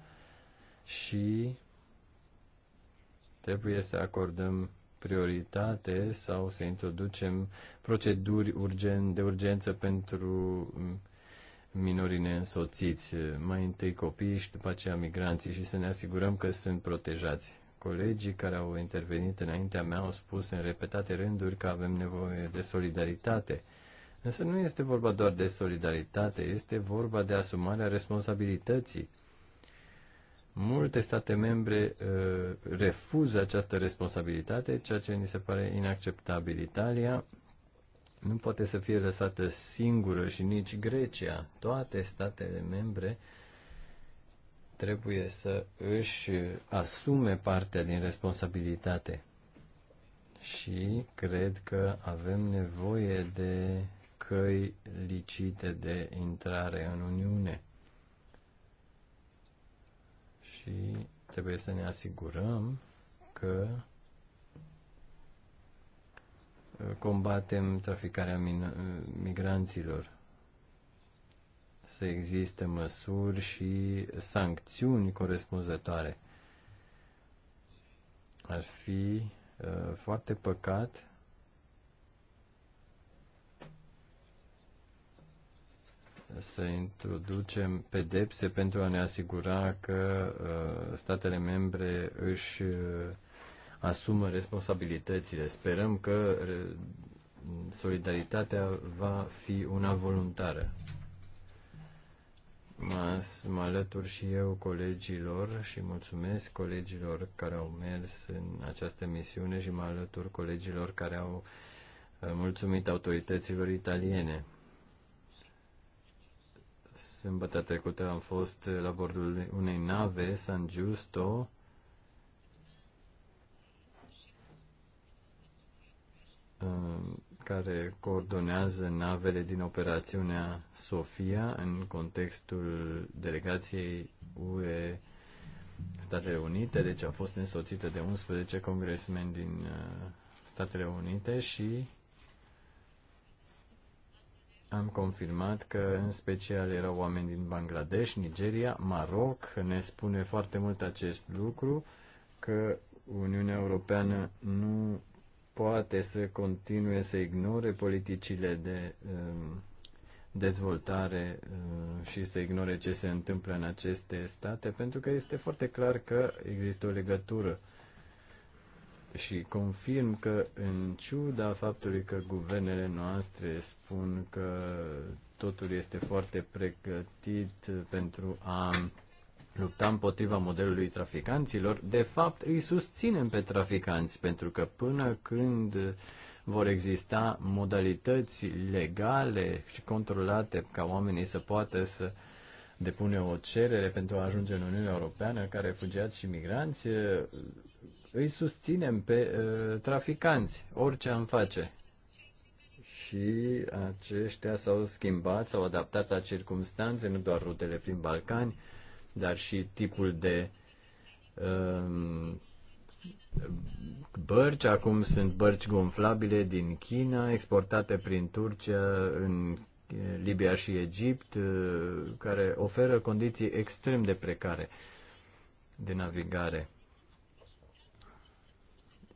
și Trebuie să acordăm prioritate sau să introducem proceduri urgen, de urgență pentru minorii neînsoțiți, mai întâi copiii și după aceea migranții și să ne asigurăm că sunt protejați. Colegii care au intervenit înaintea mea au spus în repetate rânduri că avem nevoie de solidaritate. Însă nu este vorba doar de solidaritate, este vorba de asumarea responsabilității Multe state membre uh, refuză această responsabilitate, ceea ce ni se pare inacceptabil. Italia nu poate să fie lăsată singură și nici Grecia. Toate statele membre trebuie să își asume partea din responsabilitate. Și cred că avem nevoie de căi licite de intrare în Uniune și trebuie să ne asigurăm că uh, combatem traficarea uh, migranților. Să existe măsuri și sancțiuni corespunzătoare. Ar fi uh, foarte păcat să introducem pedepse pentru a ne asigura că uh, statele membre își uh, asumă responsabilitățile. Sperăm că re, solidaritatea va fi una voluntară. Mă, mă alătur și eu colegilor și mulțumesc colegilor care au mers în această misiune și mă alătur colegilor care au uh, mulțumit autorităților italiene. Sâmbătă trecută am fost la bordul unei nave, San Giusto, care coordonează navele din operațiunea Sofia în contextul delegației UE Statele Unite, deci a fost însoțită de 11 congresmeni din uh, Statele Unite și am confirmat că în special erau oameni din Bangladesh, Nigeria, Maroc. Ne spune foarte mult acest lucru că Uniunea Europeană nu poate să continue să ignore politicile de um, dezvoltare uh, și să ignore ce se întâmplă în aceste state, pentru că este foarte clar că există o legătură și confirm că în ciuda faptului că guvernele noastre spun că totul este foarte pregătit pentru a lupta împotriva modelului traficanților, de fapt îi susținem pe traficanți, pentru că până când vor exista modalități legale și controlate ca oamenii să poată să depune o cerere pentru a ajunge în Uniunea Europeană, ca refugiați și migranți, îi susținem pe uh, traficanți, orice am face. Și aceștia s-au schimbat, s-au adaptat la circumstanțe, nu doar rutele prin Balcani, dar și tipul de uh, bărci. Acum sunt bărci gonflabile din China, exportate prin Turcia în Libia și Egipt, uh, care oferă condiții extrem de precare de navigare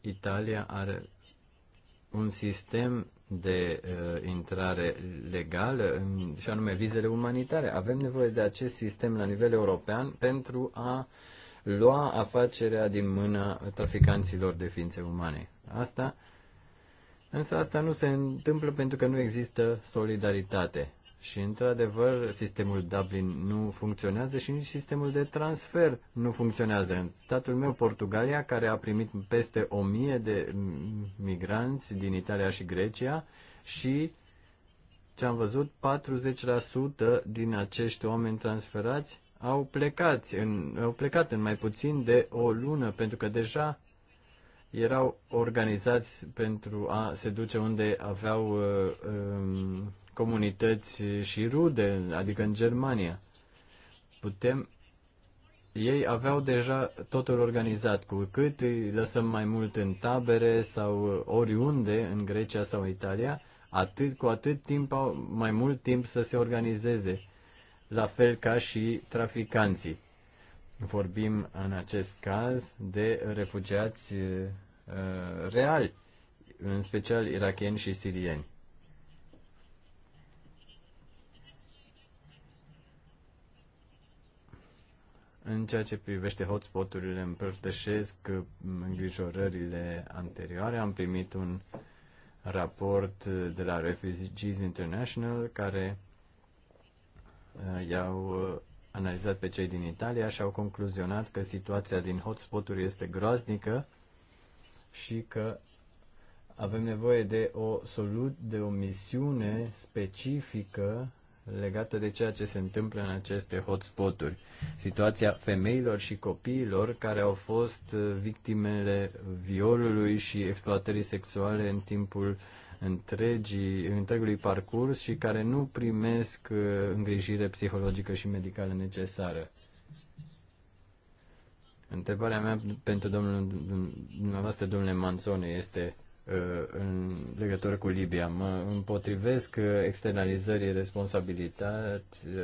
Italia are un sistem de uh, intrare legală, în, și anume vizele umanitare. Avem nevoie de acest sistem la nivel european pentru a lua afacerea din mâna traficanților de ființe umane. Asta, însă asta nu se întâmplă pentru că nu există solidaritate. Și, într-adevăr, sistemul Dublin nu funcționează și nici sistemul de transfer nu funcționează. În statul meu, Portugalia, care a primit peste o mie de migranți din Italia și Grecia și, ce am văzut, 40% din acești oameni transferați au plecat, în, au plecat în mai puțin de o lună, pentru că deja erau organizați pentru a se duce unde aveau uh, um, comunități și rude, adică în Germania. Putem ei aveau deja totul organizat, cu cât îi lăsăm mai mult în tabere sau oriunde în Grecia sau Italia, atât cu atât timp au mai mult timp să se organizeze, la fel ca și traficanții. Vorbim în acest caz de refugiați uh, reali, în special irakieni și sirieni. În ceea ce privește hotspoturile, împărtășesc uh, îngrijorările anterioare. Am primit un raport uh, de la Refugees International care uh, i-au analizat pe cei din Italia și au concluzionat că situația din hotspoturi este groaznică și că avem nevoie de o, solu- de o misiune specifică legată de ceea ce se întâmplă în aceste hotspoturi. Situația femeilor și copiilor care au fost uh, victimele violului și exploatării sexuale în timpul întregii, întregului parcurs și care nu primesc uh, îngrijire psihologică și medicală necesară. Întrebarea mea pentru domnul, dumneavoastră, domnule Manzone, este Uh, în legătură cu Libia. Mă împotrivesc uh, externalizării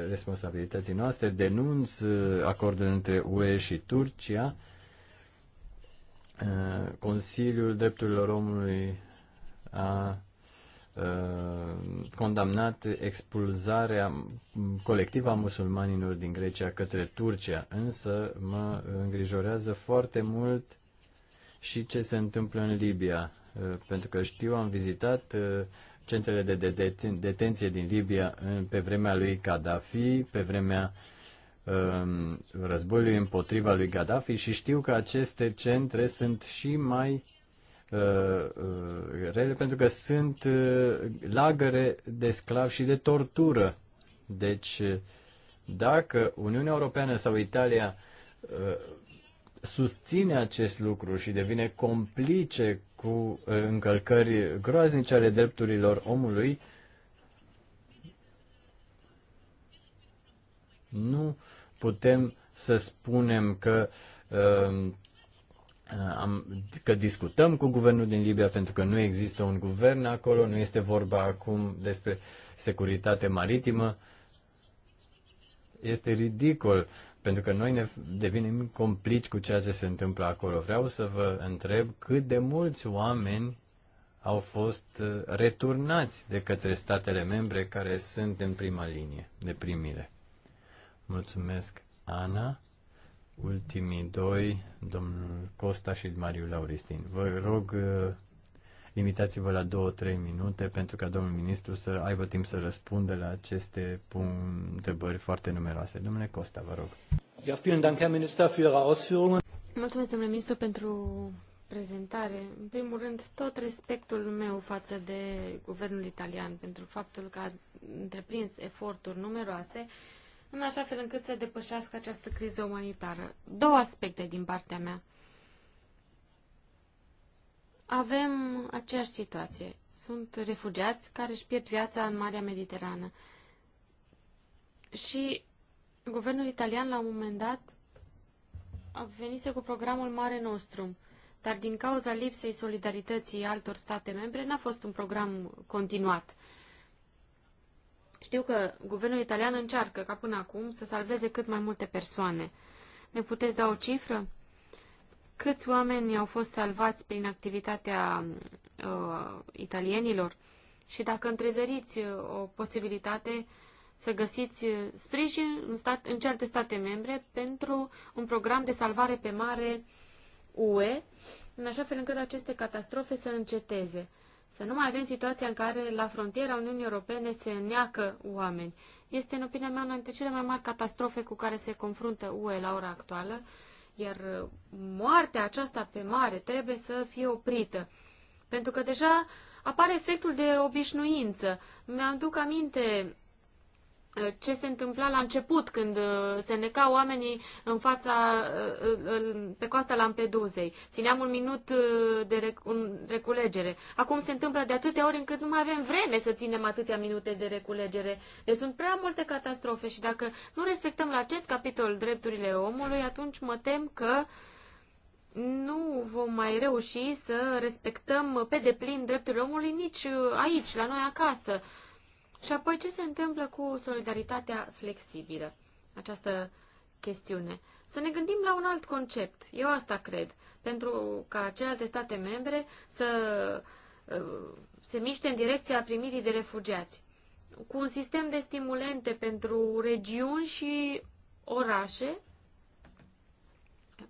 responsabilității noastre, denunț uh, acordul între UE și Turcia, Consiliul Drepturilor Omului a condamnat expulzarea colectivă a musulmanilor din Grecia către Turcia, însă mă îngrijorează foarte mult și ce se întâmplă în Libia Uh, pentru că știu, am vizitat uh, centrele de detenție din Libia uh, pe vremea lui Gaddafi, pe vremea um, războiului împotriva lui Gaddafi și știu că aceste centre sunt și mai rele pentru că sunt lagăre de sclav și de tortură. Deci, dacă Uniunea Europeană sau Italia susține acest lucru și devine complice cu uh, încălcări groaznice ale drepturilor omului, nu putem să spunem că um, uh, că discutăm cu guvernul din Libia pentru că nu există un guvern acolo, nu este vorba acum despre securitate maritimă. Este ridicol. Pentru că noi ne devenim complici cu ceea ce se întâmplă acolo. Vreau să vă întreb cât de mulți oameni au fost uh, returnați de către statele membre care sunt în prima linie de primire. Mulțumesc, Ana. Ultimii doi, domnul Costa și Mariu Lauristin. Vă rog uh, Limitați-vă la 2-3 minute pentru ca domnul ministru să aibă timp să răspundă la aceste întrebări foarte numeroase. Domnule Costa, vă rog. Ja, vielen Dank, Herr Minister, für Ihre Ausführungen. Mulțumesc, domnule ministru, pentru prezentare. În primul rând, tot respectul meu față de guvernul italian pentru faptul că a întreprins eforturi numeroase în așa fel încât să depășească această criză umanitară. Două aspecte din partea mea avem aceeași situație. Sunt refugiați care își pierd viața în Marea Mediterană. Și guvernul italian, la un moment dat, a venit cu programul Mare Nostrum, dar din cauza lipsei solidarității altor state membre, n-a fost un program continuat. Știu că guvernul italian încearcă, ca până acum, să salveze cât mai multe persoane. Ne puteți da o cifră? Câți oameni au fost salvați prin activitatea uh, italienilor? Și dacă întrezăriți uh, o posibilitate să găsiți uh, sprijin în, stat, în celelalte state membre pentru un program de salvare pe mare UE, în așa fel încât aceste catastrofe să înceteze. Să nu mai avem situația în care la frontiera Uniunii Europene se neacă oameni. Este, în opinia mea, una dintre cele mai mari catastrofe cu care se confruntă UE la ora actuală iar uh, moartea aceasta pe mare trebuie să fie oprită. Pentru că deja apare efectul de obișnuință. Mi-am duc aminte Uh, ce se întâmpla la început când uh, se necau oamenii în fața, uh, pe coasta Lampedusei. Țineam un minut de reculegere. Acum se întâmplă de atâtea ori încât nu mai avem vreme să ținem atâtea minute de reculegere. Deci sunt prea multe catastrofe și dacă nu respectăm la acest capitol drepturile omului, atunci mă tem că nu vom mai reuși să respectăm pe deplin drepturile omului nici aici, la noi acasă și apoi ce se întâmplă cu solidaritatea flexibilă? Această chestiune. Să ne gândim la un alt concept. Eu asta cred. Pentru ca celelalte state membre să ă, se miște în direcția primirii de refugiați. Cu un sistem de stimulente pentru regiuni și orașe,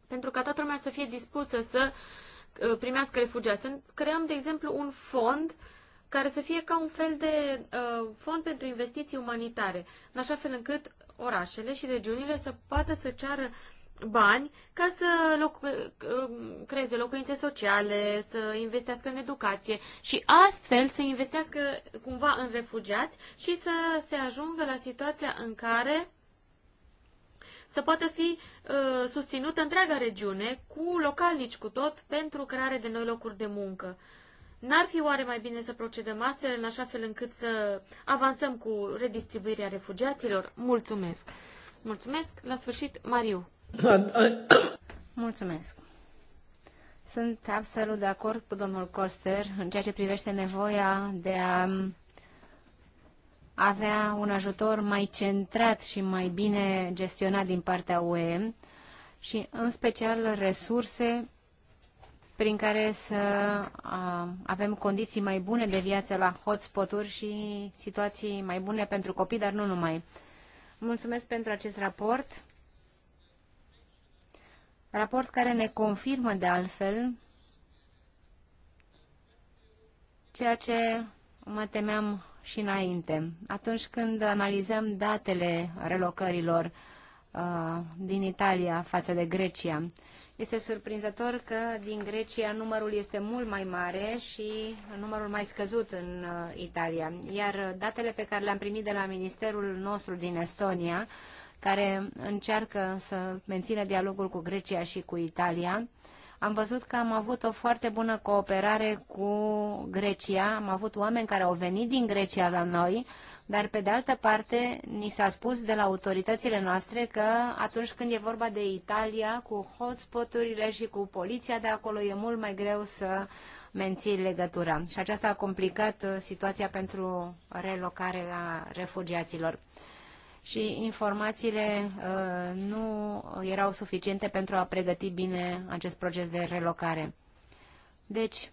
pentru ca toată lumea să fie dispusă să ă, primească refugiați. Să creăm, de exemplu, un fond uh, care să fie ca un fel de uh, fond pentru investiții umanitare, în așa fel încât orașele și regiunile să poată să ceară bani ca să locu- uh, creeze locuințe sociale, să investească în educație și astfel să investească cumva în refugiați și să se ajungă la situația în care să poată fi uh, susținută întreaga regiune cu localnici cu tot pentru creare de noi locuri de muncă. Uh, N-ar fi oare mai bine să procedăm astfel, în așa fel încât să avansăm cu redistribuirea refugiaților? Mulțumesc! Mulțumesc! La sfârșit, Mariu. Mulțumesc! Sunt absolut de acord cu domnul Coster în ceea ce privește nevoia de a avea un ajutor mai centrat și mai bine gestionat din partea UE și în special resurse prin care să avem condiții mai bune de viață la hotspot-uri și situații mai bune pentru copii, dar nu numai. Mulțumesc pentru acest raport. Raport care ne confirmă de altfel ceea ce mă temeam și înainte. Atunci când analizăm datele relocărilor uh, din Italia față de Grecia este surprinzător că din Grecia numărul este mult mai mare și numărul mai scăzut în uh, Italia. Iar datele pe care le-am primit de la ministerul nostru din Estonia, care încearcă să mențină dialogul cu Grecia și cu Italia, am văzut că am avut o foarte bună cooperare cu Grecia, am avut oameni care au venit din Grecia la noi, dar, pe de altă parte, ni s-a spus de la autoritățile noastre că atunci când e vorba de Italia, cu hotspoturile și cu poliția de acolo, e mult mai greu să menții legătura. Și aceasta a complicat uh, situația pentru relocarea refugiaților și informațiile uh, nu erau suficiente pentru a pregăti bine acest proces de relocare. Deci,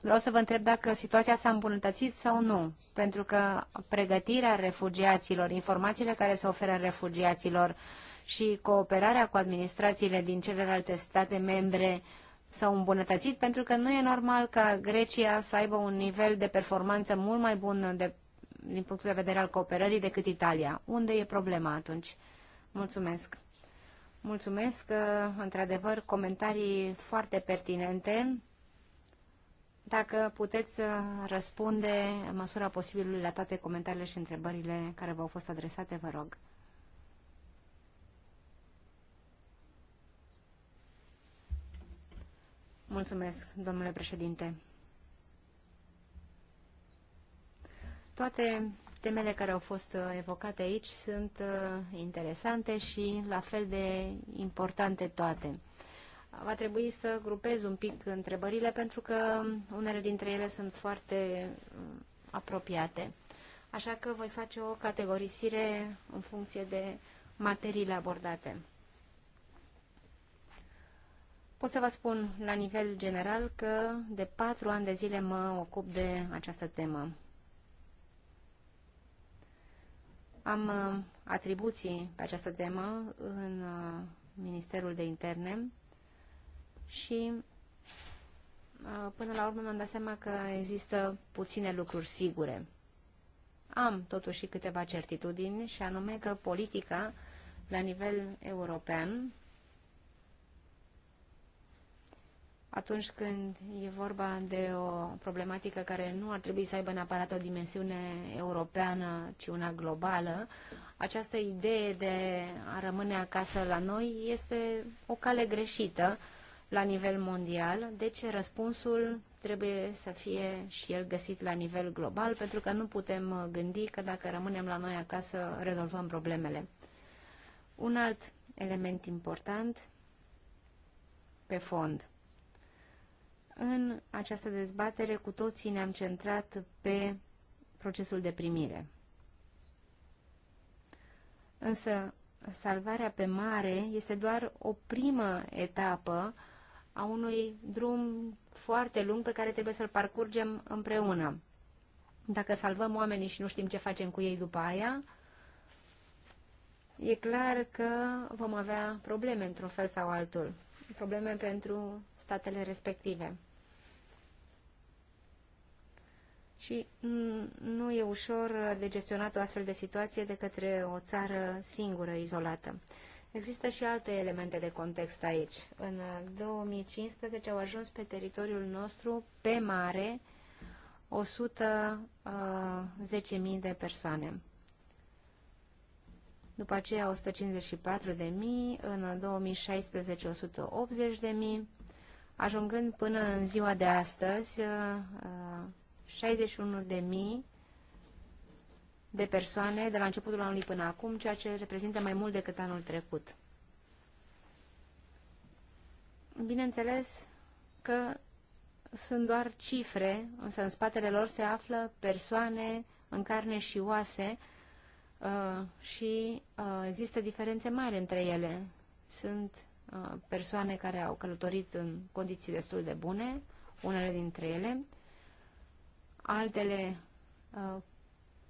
Vreau să vă întreb dacă situația s-a îmbunătățit sau nu, pentru că pregătirea refugiaților, informațiile care se oferă refugiaților și cooperarea cu administrațiile din celelalte state membre s-au îmbunătățit, pentru că nu e normal ca Grecia să aibă un nivel de performanță mult mai bun de, din punctul de vedere al cooperării decât Italia. Unde e problema atunci? Mulțumesc! Mulțumesc, uh, într-adevăr, comentarii foarte pertinente dacă puteți răspunde în măsura posibilului la toate comentariile și întrebările care v-au fost adresate, vă rog. Mulțumesc, domnule președinte. Toate temele care au fost uh, evocate aici sunt uh, interesante și la fel de importante toate va trebui să grupez un pic întrebările pentru că unele dintre ele sunt foarte mm, apropiate. Așa că voi face o categorisire în funcție de materiile abordate. Pot să vă spun la nivel general că de patru ani de zile mă ocup de această temă. Am uh, atribuții pe această temă în uh, Ministerul de Interne și uh, până la urmă mi-am dat seama că există puține lucruri sigure. Am totuși câteva certitudini și anume că politica la nivel european atunci când e vorba de o problematică care nu ar trebui să aibă neapărat o dimensiune europeană, ci una globală, această idee de a rămâne acasă la noi este o cale greșită la nivel mondial, deci răspunsul trebuie să fie și el găsit la nivel global, pentru că nu putem uh, gândi că dacă rămânem la noi acasă rezolvăm problemele. Un alt element important pe fond. În această dezbatere cu toții ne-am centrat pe procesul de primire. Însă salvarea pe mare este doar o primă etapă a unui drum foarte lung pe care trebuie să-l parcurgem împreună. Dacă salvăm oamenii și nu știm ce facem cu ei după aia, e clar că vom avea probleme într-un fel sau altul. Probleme pentru statele respective. Și nu e ușor de gestionat o astfel de situație de către o țară singură, izolată. Există și alte elemente de context aici. În 2015 uh, au ajuns pe teritoriul nostru, pe mare, 110.000 uh, de persoane. După aceea 154.000, în 2016 uh, 180.000, ajungând până în ziua de astăzi 61.000 de persoane de la începutul anului până acum, ceea ce reprezintă mai mult decât anul trecut. Bineînțeles că sunt doar cifre, însă în spatele lor se află persoane în carne și oase uh, și uh, există diferențe mari între ele. Sunt uh, persoane care au călătorit în condiții destul de bune, unele dintre ele, altele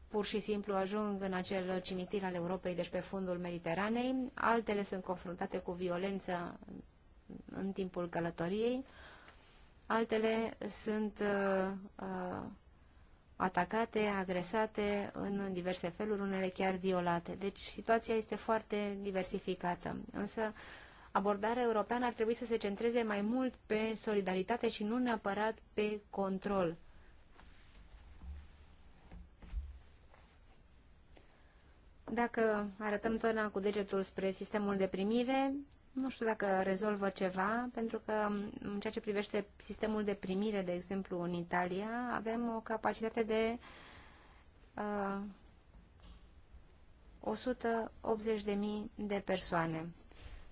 pur și simplu ajung în acel cimitir al Europei, deci pe fundul Mediteranei, altele sunt confruntate cu violență în timpul călătoriei, altele sunt uh, uh, atacate, agresate în diverse feluri, unele chiar violate. Deci situația este foarte diversificată. Însă abordarea europeană ar trebui să se centreze mai mult pe solidaritate și nu neapărat pe control Dacă arătăm totdeauna cu degetul spre sistemul de primire, nu știu dacă rezolvă ceva, pentru că mm, în ceea ce privește sistemul de primire, de exemplu, în Italia, avem o capacitate de uh, 180.000 de persoane.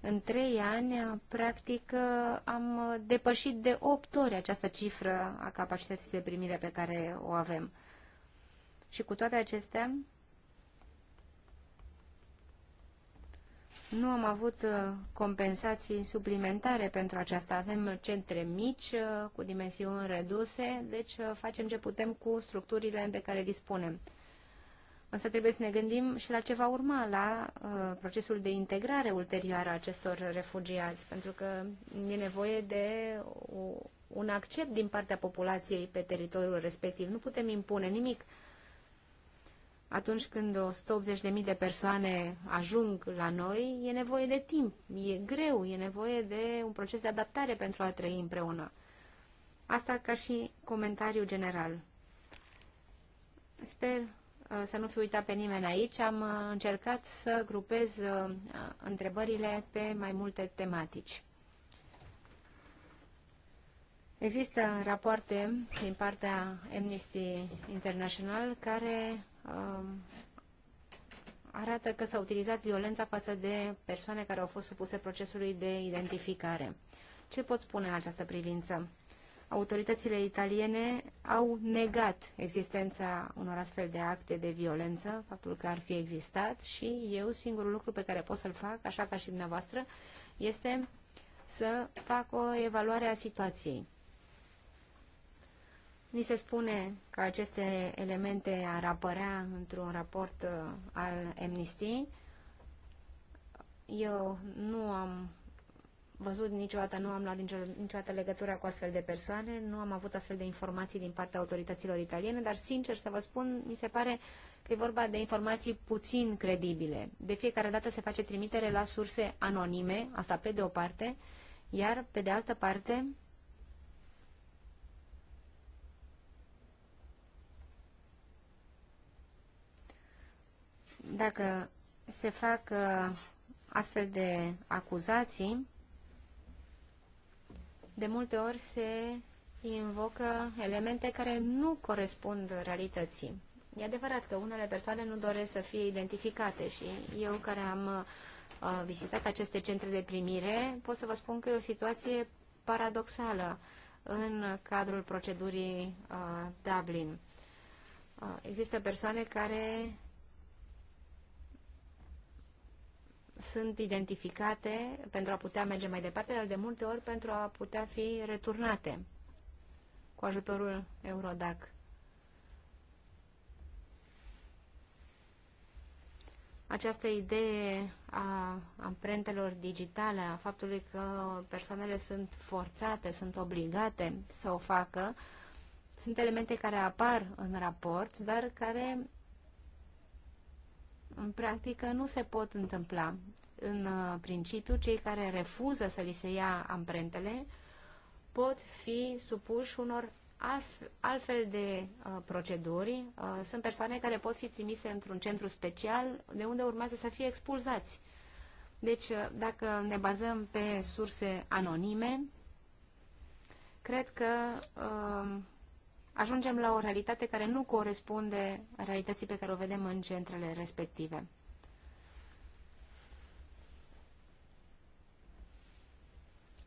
În trei ani, practic, uh, am depășit de 8 ori această cifră a capacității de primire pe care o avem. Și cu toate acestea, Nu am avut uh, compensații suplimentare pentru aceasta. Avem centre mici, uh, cu dimensiuni reduse, deci uh, facem ce putem cu structurile de care dispunem. Însă trebuie să ne gândim și la ce va urma, la uh, procesul de integrare ulterioară a acestor refugiați, pentru că e nevoie de o, un accept din partea populației pe teritoriul respectiv. Nu putem impune nimic uh, atunci când 180.000 de persoane ajung la noi, e nevoie de timp, e greu, e nevoie de un proces de adaptare pentru a trăi împreună. Asta ca și comentariu general. Sper uh, să nu fi uitat pe nimeni aici. Am uh, încercat să grupez uh, întrebările pe mai multe tematici. Există rapoarte din partea Amnesty International care Um, arată că s-a utilizat violența față de persoane care au fost supuse procesului de identificare. Ce pot spune în această privință? Autoritățile italiene au negat existența unor astfel de acte de violență, faptul că ar fi existat și eu singurul lucru pe care pot să-l fac, așa ca și dumneavoastră, este să fac o evaluare a situației. Ni se spune că aceste elemente ar apărea într-un raport uh, al Amnesty. Eu nu am văzut niciodată, nu am luat niciodată legătura cu astfel de persoane, nu am avut astfel de informații din partea autorităților italiene, dar sincer să vă spun, mi se pare că e vorba de informații puțin credibile. De fiecare dată se face trimitere la surse anonime, asta pe de o parte, iar pe de altă parte dacă se fac uh, astfel de acuzații, de multe ori se invocă elemente care nu corespund realității. E adevărat că unele persoane nu doresc să fie identificate și eu care am uh, vizitat aceste centre de primire, pot să vă spun că e o situație paradoxală în cadrul procedurii uh, Dublin. Există persoane care sunt identificate pentru a putea merge mai departe, dar de multe ori pentru a putea fi returnate cu ajutorul Eurodac. Această idee a amprentelor digitale, a faptului că persoanele sunt forțate, sunt obligate să o facă, sunt elemente care apar în raport, dar care în practică nu se pot întâmpla. În uh, principiu, cei care refuză să li se ia amprentele pot fi supuși unor altfel de uh, proceduri. Uh, sunt persoane care pot fi trimise într-un centru special de unde urmează să fie expulzați. Deci, uh, dacă ne bazăm pe surse anonime, cred că uh, ajungem la o realitate care nu corespunde realității pe care o vedem în centrele respective.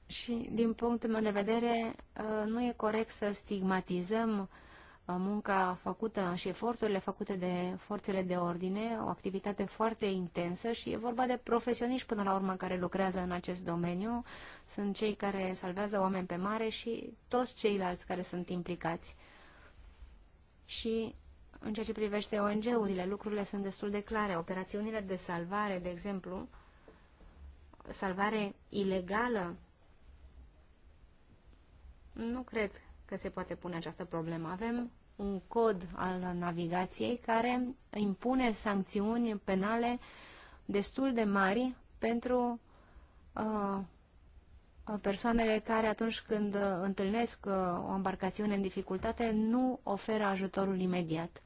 Și, din punctul meu de vedere, uh, nu e corect să stigmatizăm uh, munca făcută și eforturile făcute de forțele de ordine, o activitate foarte intensă și e vorba de profesioniști până la urmă care lucrează în acest domeniu, sunt cei care salvează oameni pe mare și toți ceilalți care sunt implicați și în ceea ce privește ONG-urile, lucrurile sunt destul de clare. Operațiunile de salvare, de exemplu, salvare ilegală, nu cred că se poate pune această problemă. Avem un cod al navigației care impune sancțiuni penale destul de mari pentru uh, persoanele care atunci când uh, întâlnesc uh, o embarcațiune în dificultate nu oferă ajutorul imediat.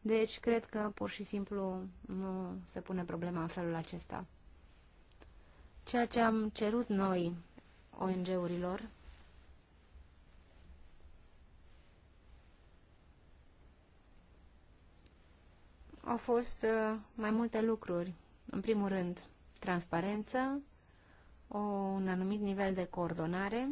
Deci cred că pur și simplu nu se pune problema în felul acesta. Ceea ce am cerut noi ONG-urilor au fost uh, mai multe lucruri. În primul rând, transparență, o un anumit nivel de coordonare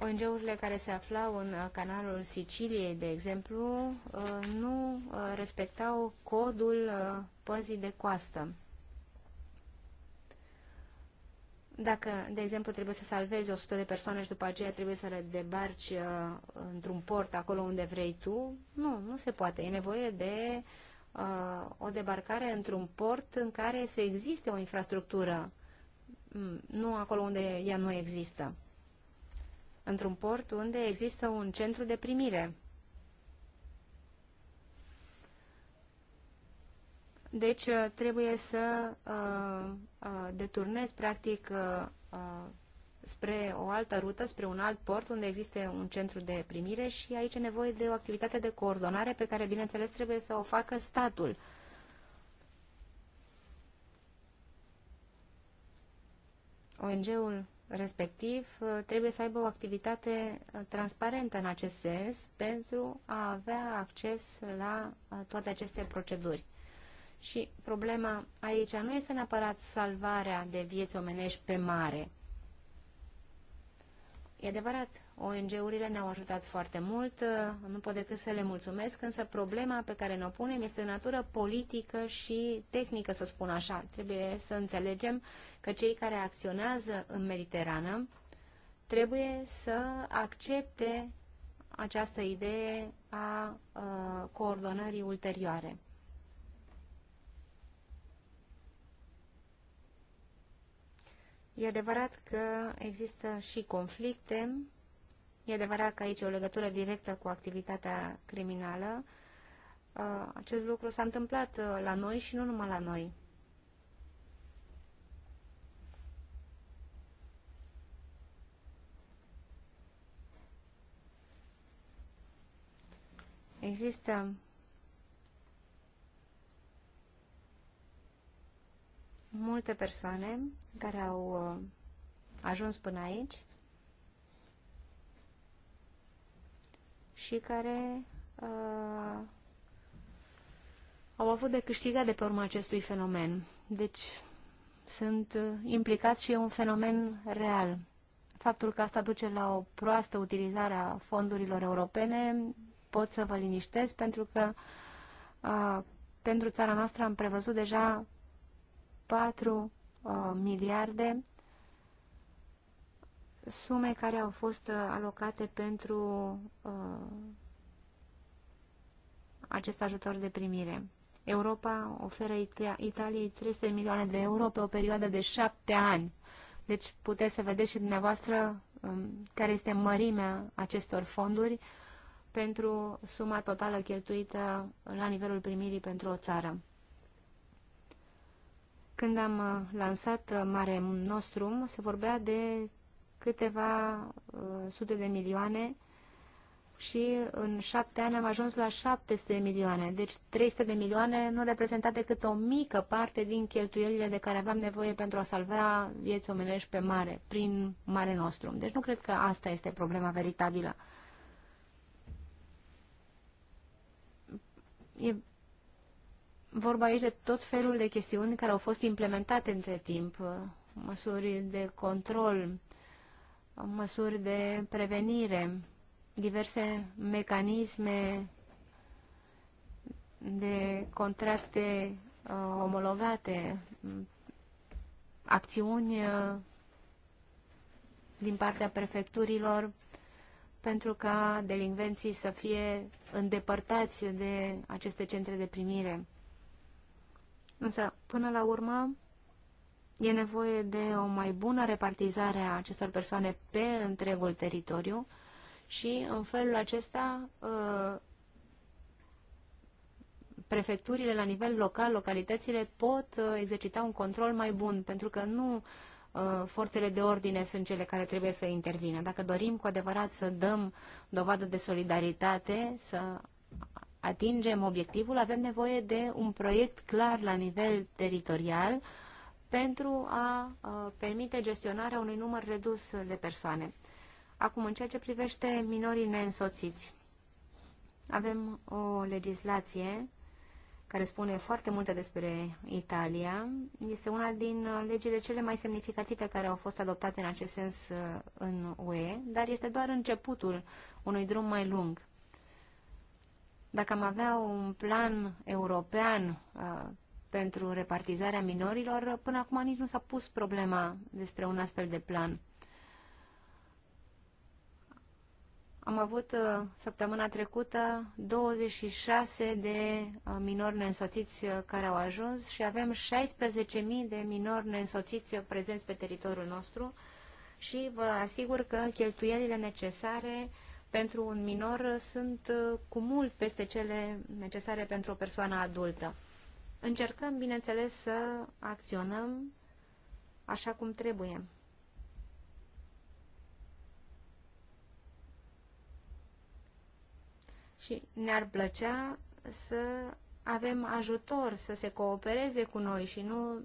ONG-urile care se aflau în uh, canalul Siciliei, de exemplu, uh, nu uh, respectau codul păzii de coastă. Dacă, de exemplu, trebuie să salvezi 100 de persoane și după aceea trebuie să le debarci într-un port acolo unde vrei tu, nu, nu se poate. E nevoie de Uh, o debarcare într-un port în care să existe o infrastructură, mm, nu acolo unde ea nu există. Într-un port unde există un centru de primire. Deci uh, trebuie să uh, uh, deturnezi, practic, uh, uh, spre o altă rută, spre un alt port unde există un centru de primire și aici e nevoie de o activitate de coordonare pe care, bineînțeles, trebuie să o facă statul. ONG-ul respectiv uh, trebuie să aibă o activitate uh, transparentă în acest sens pentru a avea acces la uh, toate aceste proceduri. Și problema aici nu este neapărat salvarea de vieți omenești pe mare, E adevărat, ONG-urile ne-au ajutat foarte mult, nu pot decât să le mulțumesc, însă problema pe care ne-o punem este de natură politică și tehnică, să spun așa. Trebuie să înțelegem că cei care acționează în Mediterană trebuie să accepte această idee a, a uh, coordonării ulterioare. E adevărat că există și conflicte, e adevărat că aici e o legătură directă cu activitatea criminală. Uh, acest lucru s-a întâmplat uh, la noi și nu numai la noi. Există multe persoane care au uh, ajuns până aici și care uh, au avut de câștigat de pe urma acestui fenomen. Deci sunt uh, implicați și e un fenomen real. Faptul că asta duce la o proastă utilizare a fondurilor europene pot să vă liniștesc pentru că uh, pentru țara noastră am prevăzut deja 4 uh, miliarde sume care au fost uh, alocate pentru uh, acest ajutor de primire. Europa oferă Ita Italiei 300 de milioane de euro pe o perioadă de șapte ani. Deci puteți să vedeți și dumneavoastră um, care este mărimea acestor fonduri pentru suma totală cheltuită la nivelul primirii pentru o țară. Când am uh, lansat uh, Mare Nostrum, se vorbea de câteva uh, sute de milioane și în șapte ani am ajuns la 700 de milioane. Deci 300 de milioane nu reprezenta decât o mică parte din cheltuielile de care aveam nevoie pentru a salva vieți omenești pe mare, prin Mare Nostrum. Deci nu cred că asta este problema veritabilă. E vorba aici de tot felul de chestiuni care au fost implementate între timp, măsuri de control, măsuri de prevenire, diverse mecanisme de contracte uh, omologate, acțiuni uh, din partea prefecturilor pentru ca delinvenții să fie îndepărtați de aceste centre de primire. Însă, până la urmă, e nevoie de o mai bună repartizare a acestor persoane pe întregul teritoriu și, în felul acesta, ă, prefecturile la nivel local, localitățile, pot ă, exercita un control mai bun, pentru că nu ă, forțele de ordine sunt cele care trebuie să intervină. Dacă dorim cu adevărat să dăm dovadă de solidaritate, să atingem obiectivul, avem nevoie de un proiect clar la nivel teritorial pentru a permite gestionarea unui număr redus de persoane. Acum, în ceea ce privește minorii neînsoțiți, avem o legislație care spune foarte multe despre Italia. Este una din legile cele mai semnificative care au fost adoptate în acest sens uh, în UE, dar este doar începutul unui drum mai lung. Dacă am avea un plan european uh, pentru repartizarea minorilor, uh, până acum nici nu s-a pus problema despre un astfel de plan. Am avut uh, săptămâna trecută 26 de minori neînsoțiți care au ajuns și avem 16.000 de minori neînsoțiți prezenți pe teritoriul nostru și vă asigur că cheltuielile necesare uh, pentru un minor sunt uh, cu mult peste cele necesare pentru o persoană adultă. Încercăm, bineînțeles, să acționăm așa cum trebuie. Și ne-ar plăcea să avem ajutor, să se coopereze cu noi și nu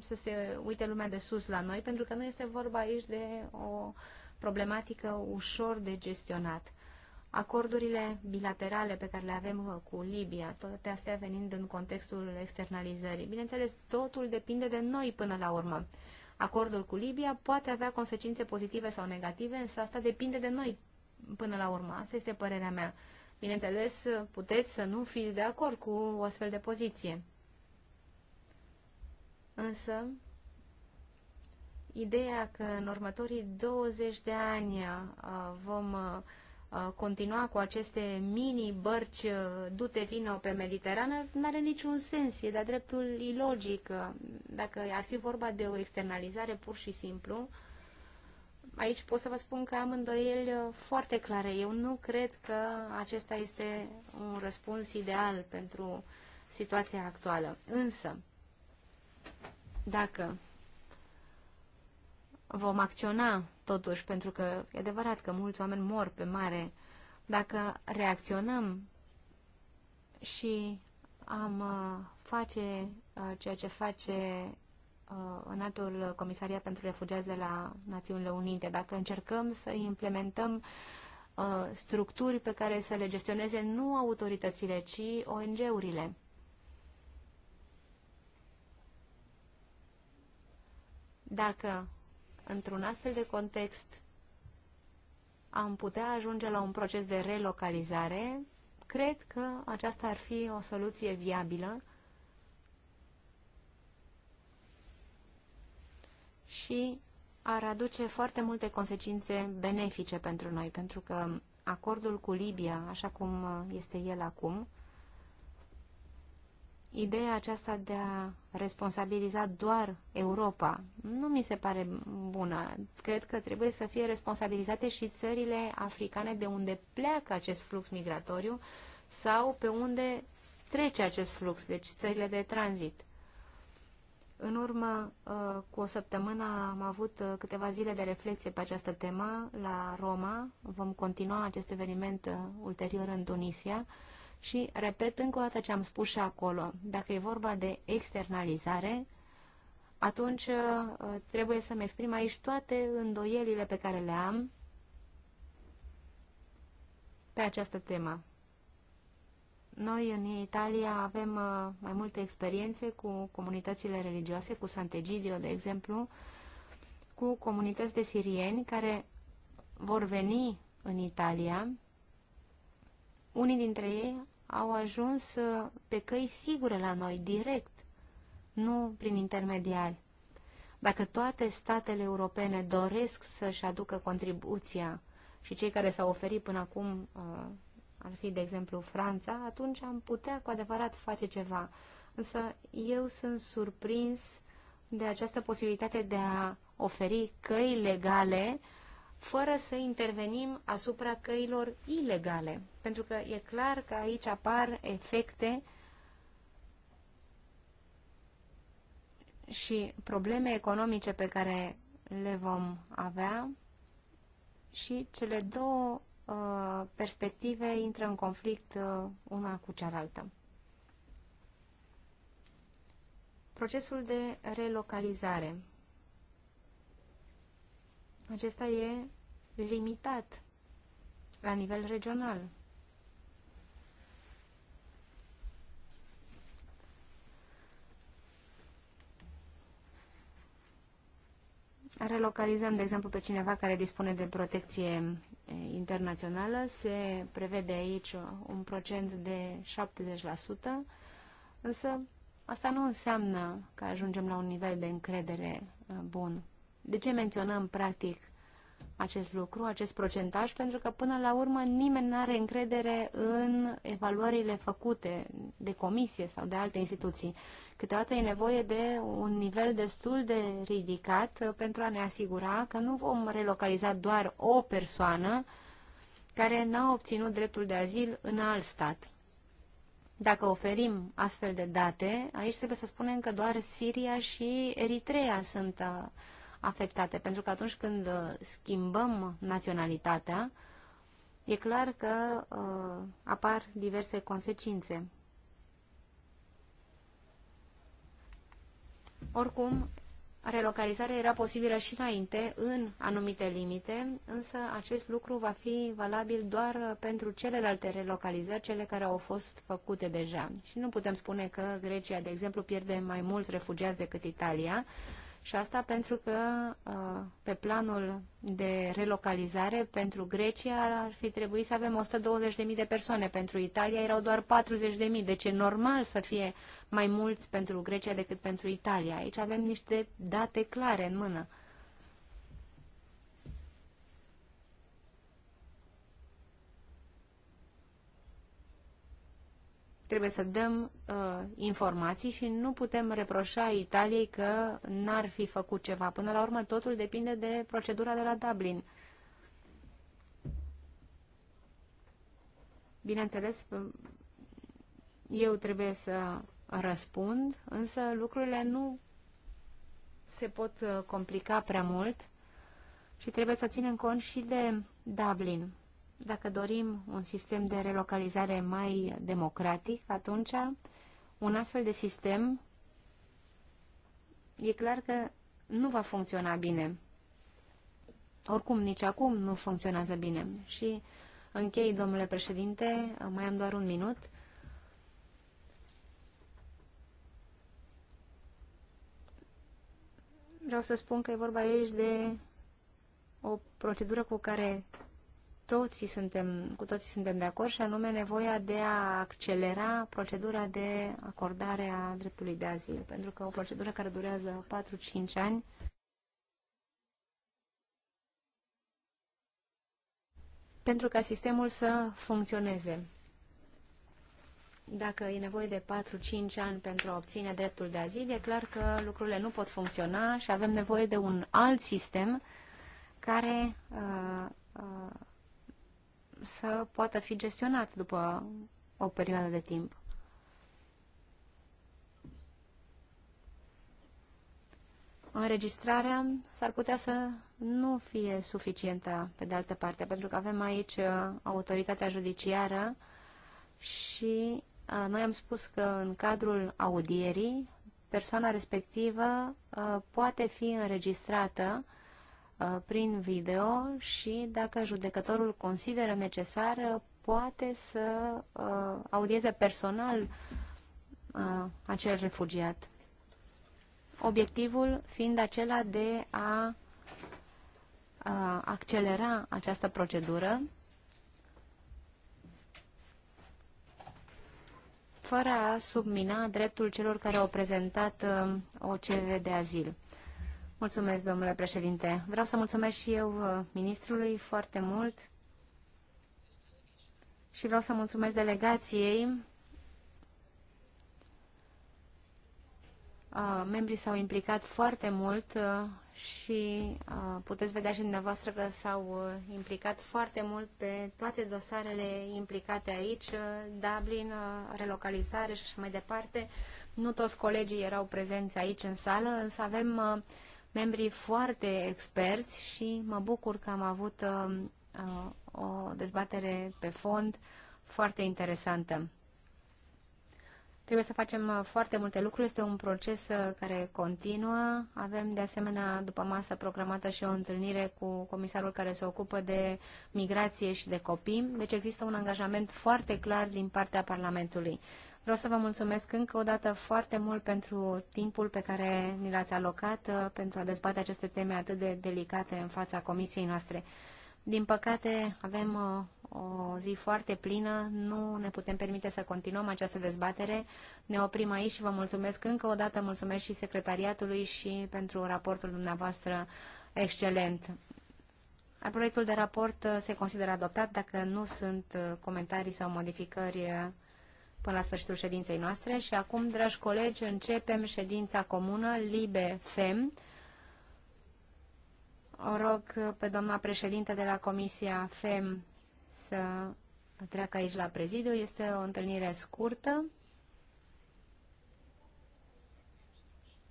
să se uite lumea de sus la noi, pentru că nu este vorba aici de o uh, problematică ușor de gestionat. Acordurile bilaterale pe care le avem uh, cu Libia, toate astea venind în contextul externalizării. Bineînțeles, totul depinde de noi până la urmă. Acordul cu Libia poate avea consecințe pozitive sau negative, însă asta depinde de noi până la urmă. Asta este părerea mea. Bineînțeles, uh, puteți să nu fiți de acord cu o astfel de poziție. Însă, Ideea că în următorii 20 de ani uh, vom uh, uh, continua cu aceste mini-bărci dute vină pe Mediterană nu are niciun sens, e de-a dreptul ilogic. Dacă ar fi vorba de o externalizare pur și simplu, aici pot să vă spun că am îndoieli foarte clare. Eu nu cred că acesta este un răspuns ideal pentru situația actuală. Însă, dacă vom acționa totuși, pentru că e adevărat că mulți oameni mor pe mare, dacă reacționăm și am uh, face uh, ceea ce face uh, înaltul comisariat pentru refugiați de la Națiunile Unite, dacă încercăm să implementăm structuri pe care să le gestioneze nu autoritățile, ci ONG-urile. Dacă într-un astfel de context, am putea ajunge la un proces de relocalizare, cred că aceasta ar fi o soluție viabilă și ar aduce foarte multe consecințe benefice pentru noi, pentru că acordul cu Libia, așa cum este el acum, ideea aceasta de a responsabiliza doar Europa nu mi se pare bună. Cred că trebuie să fie responsabilizate și țările africane de unde pleacă acest flux migratoriu sau pe unde trece acest flux, deci țările de tranzit. În urmă, uh, cu o săptămână, am avut uh, câteva zile de reflexie pe această temă la Roma. Vom continua acest eveniment uh, ulterior în Tunisia și repet încă o dată ce am spus și acolo. Dacă e vorba de externalizare, atunci uh, trebuie să-mi exprim aici toate îndoielile pe care le am pe această temă. Noi în Italia avem uh, mai multe experiențe cu comunitățile religioase, cu Sant'Egidio, de exemplu, cu comunități de sirieni care vor veni în Italia unii dintre ei au ajuns uh, pe căi sigure la noi, direct, nu prin intermediari. Dacă toate statele europene doresc să-și aducă contribuția și cei care s-au oferit până acum uh, ar fi, de exemplu, Franța, atunci am putea cu adevărat face ceva. Însă eu sunt surprins de această posibilitate de a oferi căi legale uh, fără să intervenim asupra căilor ilegale. Pentru că e clar că aici apar efecte și probleme economice pe care le vom avea și cele două uh, perspective intră în conflict uh, una cu cealaltă. Procesul de relocalizare acesta e limitat la nivel regional. relocalizăm, de exemplu, pe cineva care dispune de protecție internațională, se prevede aici un procent de 70%, însă asta nu înseamnă că ajungem la un nivel de încredere bun de ce menționăm practic acest lucru, acest procentaj? Pentru că până la urmă nimeni nu are încredere în evaluările făcute de comisie sau de alte instituții. Câteodată e nevoie de un nivel destul de ridicat uh, pentru a ne asigura că nu vom relocaliza doar o persoană care n-a obținut dreptul de azil în alt stat. Dacă oferim astfel de date, aici trebuie să spunem că doar Siria și Eritrea sunt uh, afectate. Pentru că atunci când uh, schimbăm naționalitatea, e clar că uh, apar diverse consecințe. Oricum, relocalizarea era posibilă și înainte, în anumite limite, însă acest lucru va fi valabil doar uh, pentru celelalte relocalizări, cele care au fost făcute deja. Și nu putem spune că Grecia, de exemplu, pierde mai mulți refugiați decât Italia, uh, și asta pentru că uh, pe planul de relocalizare pentru Grecia ar fi trebuit să avem 120.000 de persoane, pentru Italia erau doar 40.000, deci e normal să fie mai mulți pentru Grecia decât pentru Italia. Aici avem niște date clare în mână. Trebuie să dăm uh, informații și nu putem reproșa Italiei că n-ar fi făcut ceva. Până la urmă, totul depinde de procedura de la Dublin. Bineînțeles, eu trebuie să răspund, însă lucrurile nu se pot uh, complica prea mult și trebuie să ținem cont și de Dublin. Dacă dorim un sistem de relocalizare mai democratic, atunci un astfel de sistem e clar că nu va funcționa bine. Oricum, nici acum nu funcționează bine. Și închei, domnule președinte, mai am doar un minut. Vreau să spun că e vorba aici de o procedură cu care toții suntem, cu toții suntem de acord și anume nevoia de a accelera procedura de acordare a dreptului de azil, pentru că o procedură care durează 4-5 ani pentru ca sistemul să funcționeze. Dacă e nevoie de 4-5 ani pentru a obține dreptul de azil, e clar că lucrurile nu pot funcționa și avem nevoie de un alt sistem care uh, uh, să poată fi gestionat după o perioadă de timp. Înregistrarea s-ar putea să nu fie suficientă, pe de altă parte, pentru că avem aici uh, autoritatea judiciară și uh, noi am spus că în cadrul audierii persoana respectivă uh, poate fi înregistrată Uh, prin video și dacă judecătorul consideră necesar, poate să uh, audieze personal uh, acel refugiat. Obiectivul fiind acela de a accelera această procedură fără a submina dreptul celor care au prezentat o cerere de azil. Mulțumesc, domnule președinte. Vreau să mulțumesc și eu uh, ministrului foarte mult și vreau să mulțumesc delegației. Uh, membrii s-au implicat foarte mult uh, și puteți vedea și dumneavoastră că s-au implicat foarte mult pe toate dosarele implicate aici, Dublin, relocalizare și așa mai departe. Nu toți colegii erau prezenți aici în sală, însă avem uh, membrii foarte experți și mă bucur că am avut um, uh, o dezbatere pe fond foarte interesantă. Trebuie să facem uh, foarte multe lucruri, este un proces uh, care continuă. Avem de asemenea după masă programată și o întâlnire cu comisarul care se ocupă de migrație și de copii. Deci există un angajament foarte clar din partea Parlamentului. Vreau să vă mulțumesc încă o dată foarte mult pentru timpul pe care ni l-ați alocat uh, pentru a dezbate aceste teme atât de delicate în fața comisiei noastre. Din păcate, avem uh, o zi foarte plină, nu ne putem permite să continuăm această dezbatere. Ne oprim aici și vă mulțumesc încă o dată, mulțumesc și secretariatului și pentru raportul dumneavoastră excelent. Proiectul de raport uh, se consideră adoptat dacă nu sunt comentarii sau modificări până la sfârșitul ședinței noastre și acum, dragi colegi, începem ședința comună LIBE-FEM. O rog pe doamna președinte de la Comisia FEM să treacă aici la prezidiu. Este o întâlnire scurtă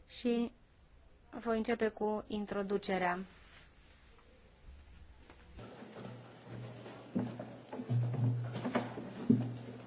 și voi începe cu introducerea